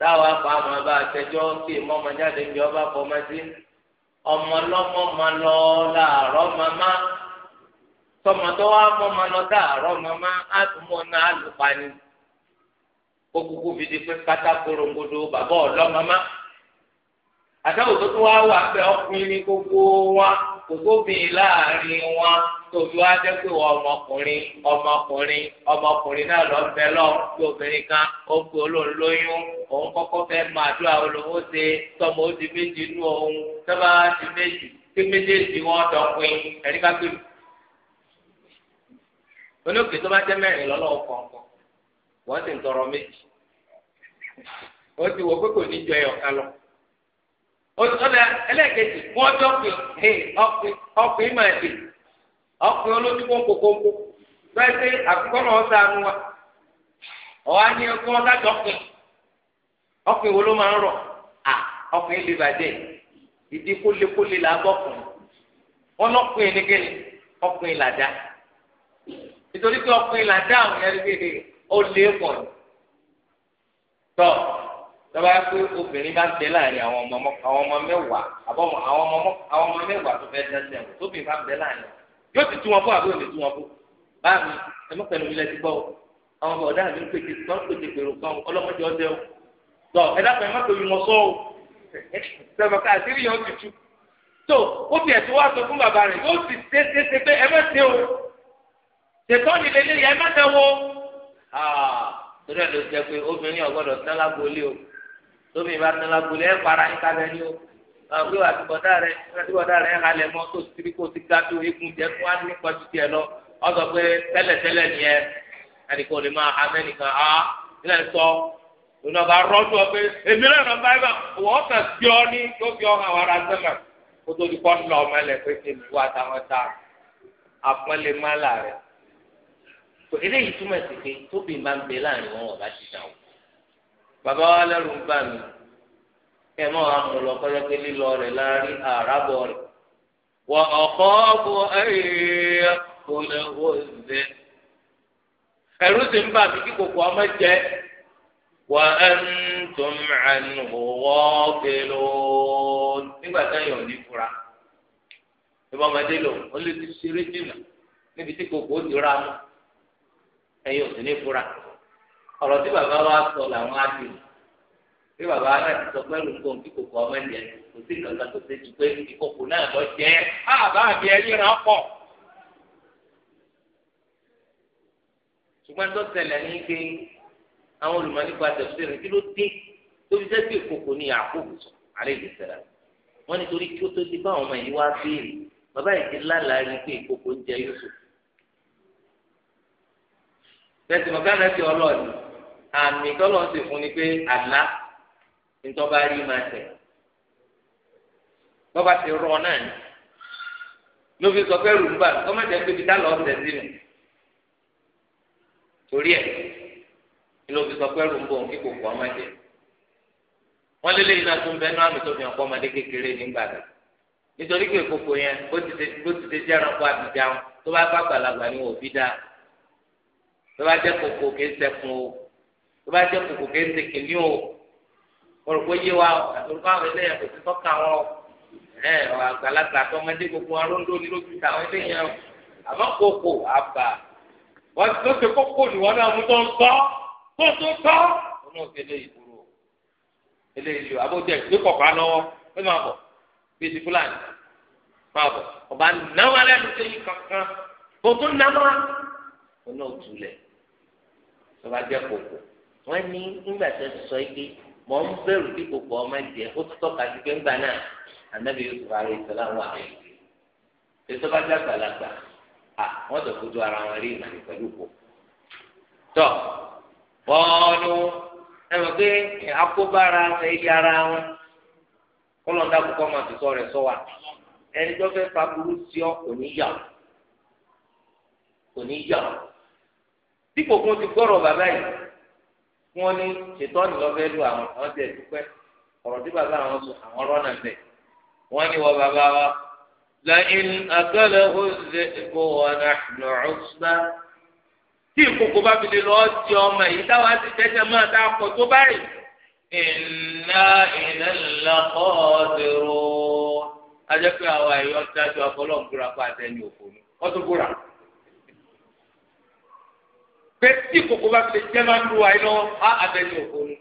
táwa fa àwọn ọba àtẹjọ́ sí ìmọ̀ ọmọdéjáde ọba fọmọ sí ma lọ ma lọ dàárọ̀ náà fi di pé pátákó rongodo bàbá àtàwọn tó tún wá wà pé ọkùnrin ní gbogbo wọn kò tóbi láàrin wọn tóbi wá jẹ́ pé ọmọkùnrin ọmọkùnrin ọmọkùnrin náà lọ bẹ lọ bí obìnrin kan ó ń pe olóhùn lóyún òun kọ́kọ́ fẹ́ máa dúrà olówó ṣe tọmọ ó di méjì inú òun tọ́ba di méjì tí méjèèjì wọn dọ̀pin ẹ̀rí ká pè mí. olóògbé tó bá jẹ́ mẹ́rin lọ́lọ́wọ́ kọ̀ọ̀kan wọ́n sì ń tọrọ méjì ó ti wọ pé kò ní jọ ẹ̀yọ̀kan lọ. ọ̀dà ẹlẹ́ẹ̀kejì wọ́n jọ pé ọkùnrin máa dè ọkùnrin olójú kónkó kónkó bẹ́ẹ̀ pé àkọ́kọ́ náà sànù wa ọ̀wá ní ẹkún ọ̀dà jọ̀kìn ọkùnrin wo ló máa ń rọ̀ à lè bàjẹ́ ìdí kólékólé là á bọ̀ wọn nítorí pé àwọn ẹ̀rí ó lé pọ̀ tọ́. tọ́ba pé obìnrin bá ń bẹ láàrin àwọn ọmọ àwọn ọmọ mẹ́wàá àbọ̀ àwọn ọmọ àwọn ọmọ mẹ́wàá tó fẹ́ dẹ́sẹ̀ wọn tóbi bá ń bẹ láàrin yóò ti tú wọn fún àbúrò mi tú wọn fún báàmì ẹmọ pẹ̀lú mi lẹ́tí gbọ́ àwọn ọmọ ọ̀dá mi ń pète tó ń pète pèrò kan ọlọ́mọdé ọdẹ o tọ ẹ dákun ẹ má pè wọn sọ o sọ̀rọ̀ ká àṣírí yẹn ó ti tú tó ó fi ẹ̀sùn wá sọ fún bàbá rẹ̀ yóò tóbi ìbá tán lágbólé ẹ para yín kábẹ ní o àwọn ìwà àtibọ̀dá rẹ àtibọ̀dá rẹ halẹ̀ mọ́ tó tiri kó ti ga tó egun jẹ fún wa nípa ti tiẹ̀ lọ ọsọ pé tẹ́lẹ̀tẹ́lẹ̀ ni ẹ ẹnìkan ò lè máa ha mẹ́nìkan á nílẹ̀ sọ lónà bá rọ́jú ọ pé èmi náà nà bá ibà wọ́n kà sí ọ ní tó fi ọ hàn wàrà sẹ́mà kó tó di kọ́ ńlọ ọmọ ẹlẹ́ pé kí ni wà táwọn ta àpọ́nlé má là rẹ̀ eléyìí túmọ̀ sí pé tóbi máa ń gbé láàrin wọn wọ̀ bá ti dà wọ́ bàbá wa lẹ́rù ń bà mí kẹ́ ẹ mọ̀ wá mú lọ kọ́jọ́ pé lílọ rẹ̀ láàrin àràbọ̀ rẹ̀ wọ ọ̀kọ́ bu ẹ̀yẹ kò lè wọ ẹ̀ ẹ̀rù sì ń bà mí kí kòkò ọmọ jẹ wà á ń tún àánú wọ́ọ̀kẹ́lò nígbà táyọ̀ ní fura ìbọn ọmọdé lò ó lè ti ṣeré jìnnà níbi tí kòkò ti ra mọ́ ẹ̀yọ̀ sì ní fura ọ̀rọ̀ tí bàbá wa sọ làwọn á ti bí bàbá náà ti sọ pẹ́lú kó tí kò kọ́ mẹ́lì ẹ̀ kò sí ìkàkà tó ṣe jù pé ìkòkò náà lọ jẹ́ àbá àbí ẹni ràn pọ̀. ṣùgbọ́n tó ṣẹlẹ̀ ní pé àwọn olùmọ̀ nípa tẹ̀síìrì kí ló dé tó fi jẹ́ ìkòkò ni àkókò sọ àlẹ́ ìlú sẹ̀rẹ̀ wọ́n nítorí kí ó tó di bá ọmọ yìí wá béèrè bàbá yìí ti lálàá rí pé ìkòkò ń jẹ Yusuf. bẹ́ẹ̀ àmì tọ́lọ́ ń sì fún ni pé àlá ntọ́ba rí máa tẹ̀ bọ́ba ti rọ náà ni ló fi sọ pé rúmbà kọ́mọ̀tì ẹ̀ pébi dálọ́ ọ̀sẹ̀ sínú torí ẹ̀ ló fi sọ pé rúmbà òun kíkò kọ́ ọmọdé wọ́n lé lẹ́yìn náà tó ń bẹ́ẹ̀ náà àmì tó fi hàn kọ́ ọmọdé kékeré nígbà rẹ̀ nítorí pé koko yẹn bó ti ṣe jẹ́ ẹranko àbíjà tó bá bá gbàlagbà ni wò bí dáa tó bá jẹ́ koko kì í sẹ́kùn o tó bá jẹ́ kòkò kéńté kìíní o mo yé wa àtòlùkọ àwọn eléyà kò sí tọ́ka wọn ẹ àgbàlagbà tọmọdé gbogbo wọn lóńdó ní lóṣù táwọn eléyà àmọ́ kòkò àbà wọ́n ti tó ṣe kókó ni wọ́n náà mú tó ń tọ́ tó tó tọ́ wọn náà fi eléyìí dúró eléyìí lò abóde ẹ̀ ní kọ̀ọ̀kan lọ́wọ́ ẹ máa bọ̀ bí ti fúlàní máa bọ̀ ọba náwó alẹ́ ló ṣe yín kankan kò tó náwó ọ̀nà òtúlẹ̀ tó bá jẹ́ kòkò wọ́n ní nígbà tó ti sọ ike mọ̀ ń bẹ̀rù bí kòkò ọmọ ìjẹ́ ó ti tọ́ka sí pé ńgbà náà ànábì yóò fara ìsọlá wà rẹ̀ ètò bá dá gbàlagbà à wọ́n tó fojú ara wọn rí ìmọ̀lẹ̀ pẹ̀lú kò tọ́ bọ́ọ̀lù ẹ mọ̀ pé akóbára ẹ̀yí ara wọn kọ́lọ́ńdà kókó máa ti sọ sọ wa ẹni tó fẹ́ fa burú sí ọ kò ní yà kò ní yà dípò kó ti gbọ́rọ̀ bàbá yìí wọn ní ṣètọ́nù lọ́fẹ́ lu àwọn àwọn tẹ̀ dúpẹ́ ọ̀rọ̀ tí bàbá àwọn sọ àwọn rọ́nà bẹ̀ wọ́n ní wọ bàbá wa lẹ́yìn àgọ́lẹ̀ ó ṣe èkó wọn àlọ́ ọ̀ṣùnà tí ìkókó bá fi lè lọ́ọ́ ti ọmọ yìí táwa ti tẹ́tẹ́ máa tá a tó báyìí iná iná ńlá kọ́ ọ́ ti rò ó ajẹ́ pé àwa ẹ̀yọ́ dájú ọpọlọ́ ń búra pa àtẹ̀yìn òfò ni wọ́n pé tí kòkó bá fi lè jẹ́ máa ń lu àyè lọ́wọ́ á abẹ́lé òkú ni.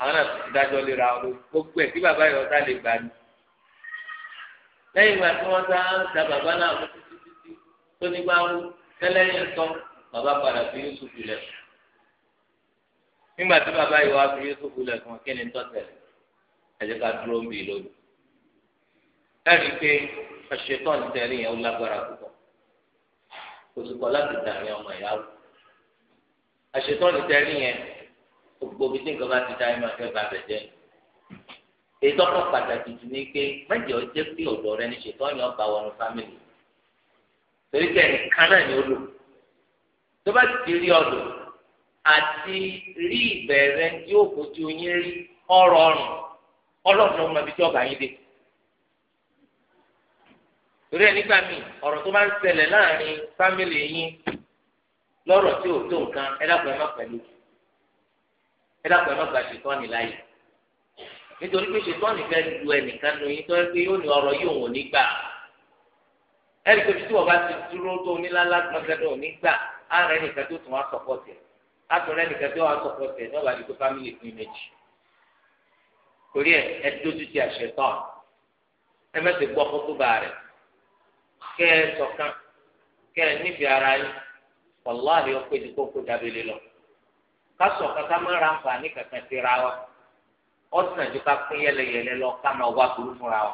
àwọn náà ti dájọ́ lè ra ọ̀rọ̀ gbogbo ẹ̀ kí bàbá yọ̀ ọ̀tá lè gbà ní. lẹ́yìn ìgbà tí wọ́n sáá ń da bàbá náà mú títí títí tó ní bá wú tẹ́lẹ̀ yẹn sọ bàbá padà fi Yusuf lẹ̀. nígbà tí bàbá yìí wá fi Yusuf lẹ̀ fún kí ni tọ́ tẹ̀lé ẹ̀jẹ̀ ká dúró ń bì lónìí. ẹ̀rí pé ọ̀ṣẹ̀tọ̀ ń tẹ̀lé àṣetán lè tẹ́rí yẹn gbogbo bí tí nǹkan bá ti dáhùn máa fẹ́ bá bẹ̀ jẹ́ ètò pàtàkì ti ní pé mẹ́jọ jẹ́ pé ọ̀dọ̀ rẹ ní ṣetán wọnú fámìlì torí pé ẹnìkan náà tó bá ti rí ọ̀dọ̀ àti rí ìbẹ̀rẹ̀ rí ọba yín dé torí ẹ lọ́rọ̀ tí ò tó nǹkan ẹ dákun ẹ má pẹ̀lú ẹ dákun ẹ má gbà ṣètọ́ni láyè nítorí pé ṣètọ́ni fẹ́ lu ẹnìkan nu yín tó yẹ pé yóò ní ọ̀rọ̀ yóò wò ní gbà ẹnì kejì tí wọ́n bá ti dúró tó onílàlá gbọ́ngàdọ̀ ní gbà á rẹ̀ nìkan tó tún wá sọ̀pọ̀ tẹ̀ á tún rẹ̀ nìkan tó wá sọ̀pọ̀ tẹ̀ ní ọ̀bàdì tó fámìlì fún méjì torí ẹ dójú ti àṣetọ́n ẹ mẹ́sẹ̀ gbọ́ fún tó bá rẹ̀ kẹ́ ẹ ṣọ̀kan kẹ́ ẹ nífẹ̀ẹ́ ara yín wàláhì ó péjú kókó dábìlì lọ kásọ kàkà má ra nǹkan ní kankan sí ra wa ọ̀sán ju ká yẹlẹyẹlẹ lọ ká máa wá burú fúnra wa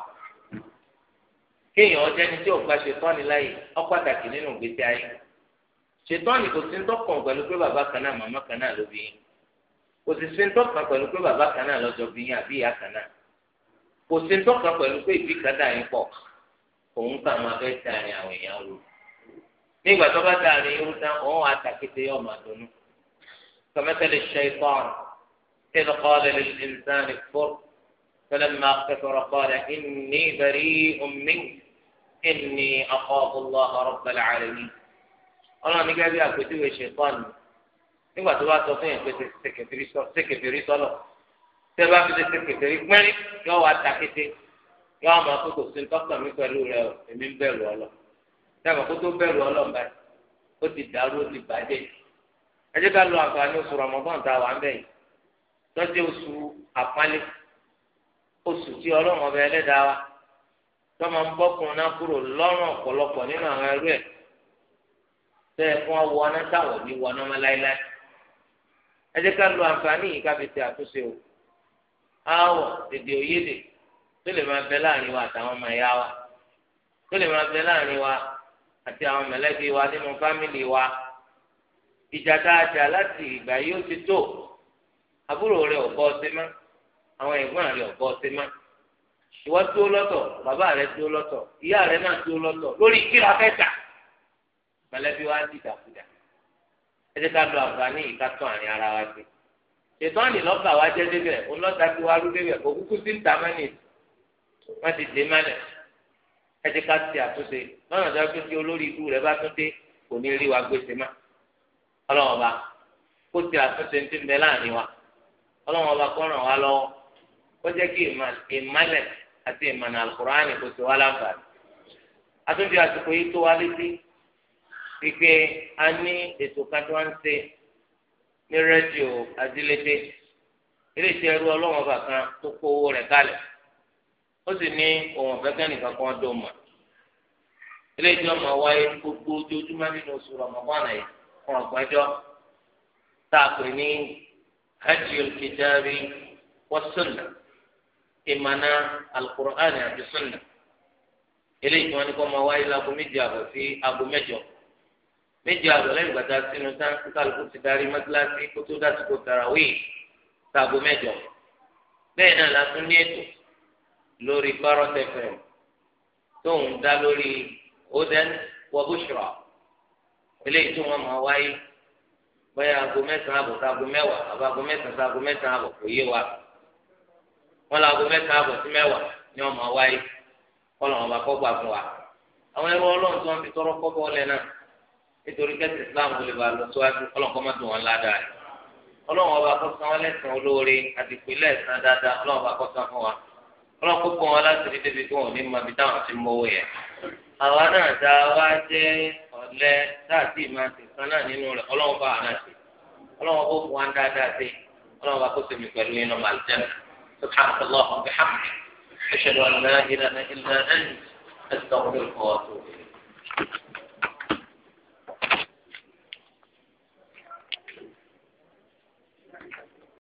kéèyàn ọjọ́ ẹni tí ògbà ṣetán láyè ó nínú ìgbésí ayé ṣetán kò sí ń pẹ̀lú pé bàbá kan náà màmá kan náà kò sì sí pẹ̀lú pé bàbá kan náà lọ́jọ́ àbí kò sí pẹ̀lú pé ìbí kan òun kà fẹ́ àwọn èèyàn nígbà tó bá dàrí irú tán òun àtàkété yóò máa dùnnú. kọ́mẹ́tẹ́lì ṣẹ́tọ́n إذ قال للإنسان اكفر فلما كفر قال إني بريء منك إني أخاف الله رب العالمين ọlọ́run nígbà bí àpèjúwe ṣètọ́nù nígbà tó bá sọ fún yẹn pé ṣèkèfèrí sọlọ tẹ bá fi ṣe ṣèkèfèrí pẹ́rín yóò wá takété yóò sábà kó tó bẹ̀rù ọlọ́mọba yìí ó ti dàrú ó ti bàjẹ́ ẹ ká lo àǹfààní oṣù rọmọbọ́n tá a wà ń bẹ̀ yìí tọ́jú oṣù àpálẹ́ oṣù tí ọlọ́run ọba ẹlẹ́dàá wa tọ́mọ ń bọ́kùn náà kúrò lọ́rùn ọ̀pọ̀lọpọ̀ nínú àwọn ẹrú ẹ̀ tẹ́ ẹ fún ọwọ́ náà ní o áwọ̀ èdè òyédè tó lè máa bẹ láàrin wa àtàwọn ọmọ ẹ̀yà àti àwọn mẹ̀lẹ́bí wa nínú fámìlì wa ìjà dáadáa láti ìgbà yóò ti tó àbúrò rẹ ò bọ ọtí mọ́ àwọn ẹ̀gbọ́n rẹ ò bọ ọtí mọ́ ìwọ dúró lọ́tọ̀ bàbá rẹ dúró lọ́tọ̀ ìyá rẹ náà dúró lọ́tọ̀ lórí kíra fẹ́ tà mẹ̀lẹ́bí wa ti dàkúdà ẹ jẹ́ ká lo àǹfààní yìí ká tán àárín ara wa sí ètò àná lọ́ba wa jẹ́ débẹ̀ òun lọ́ta ti wá rú débẹ̀ kò sí ń ta ti dé mẹ́nìtì ẹ jẹ́ ká ti àtúnṣe lọ́nà tó yẹ kí olórí ikú rẹ̀ bá tún dé kò ní rí wa gbèsè má ọlọ́run ọba kó ti àtúnṣe ti ń bẹ láàrin wa ọlọ́run ọba kó ràn wá lọ́wọ́ kó jẹ́ kí ìmálẹ̀ àti ìmọ̀nà alukur'ani kò sí wá láǹfààní àtúnṣe àsìkò yìí tó wá létí wípé a ní ètò kan tó ń ṣe ní rédíò adílété ilé iṣẹ́ ẹrú ọlọ́run ọba kan tó kó owó rẹ̀ kalẹ̀ ó sì ní ohun ọ̀fẹ́kẹ́ nìkan kan dó mà eléyìí tí wọ́n máa wáyé gbogbo ojoojúmọ́ nínú oṣù rọ̀mọ́bọ́nà yìí fún ọ̀gbẹ́jọ́ tá a pè ní hajjul kitabi wa sunna ìmànà alukur'ani àti sunna eléyìí tí wọ́n ní kó máa wáyé láago méje àbọ̀ sí aago mẹ́jọ méje àbọ̀ lẹ́yìn gbàtà sínú sáńtì kálukú ti darí mọ́tíláṣí kó tó tarawih sáago mẹ́jọ bẹ́ẹ̀ náà la ní ètò lórí parrot fm tó ń dá lórí oden wabushra eléyìí tó wọn máa wáyé bóyá aago mẹ́sàn-án àbọ̀ sí aago mẹ́wàá àbọ̀ aago mẹ́sàn-án sí aago mẹ́sàn-án àbọ̀ kò wa wọn lọ aago mẹ́sàn-án àbọ̀ sí mẹ́wàá ni wọn máa wáyé kọlọ̀ wọn bá wa àwọn ẹrú ọlọ́run tí wọ́n fi náà nítorí kẹ́sì islam kò lè lọ síwájú kọ́ má dùn wọn ládàá rẹ̀ san olóore ọba ọlọ́run kó kọ́ wọn láti rí débi kí wọn ò ní máa bí táwọn ti mọ owó yẹn. àwa náà tá a wá jẹ́ ọ̀lẹ dáàtì máa ti kan náà nínú rẹ̀ ọlọ́run bá wà náà sí ọlọ́run kó fún wa ń dáadáa sí ọlọ́run bá kó sèmi pẹ̀lú iná màlìjẹ́nà سبحانك اللهم وبحمدك أشهد أن لا إله إلا أنت أستغفرك وأتوب إليك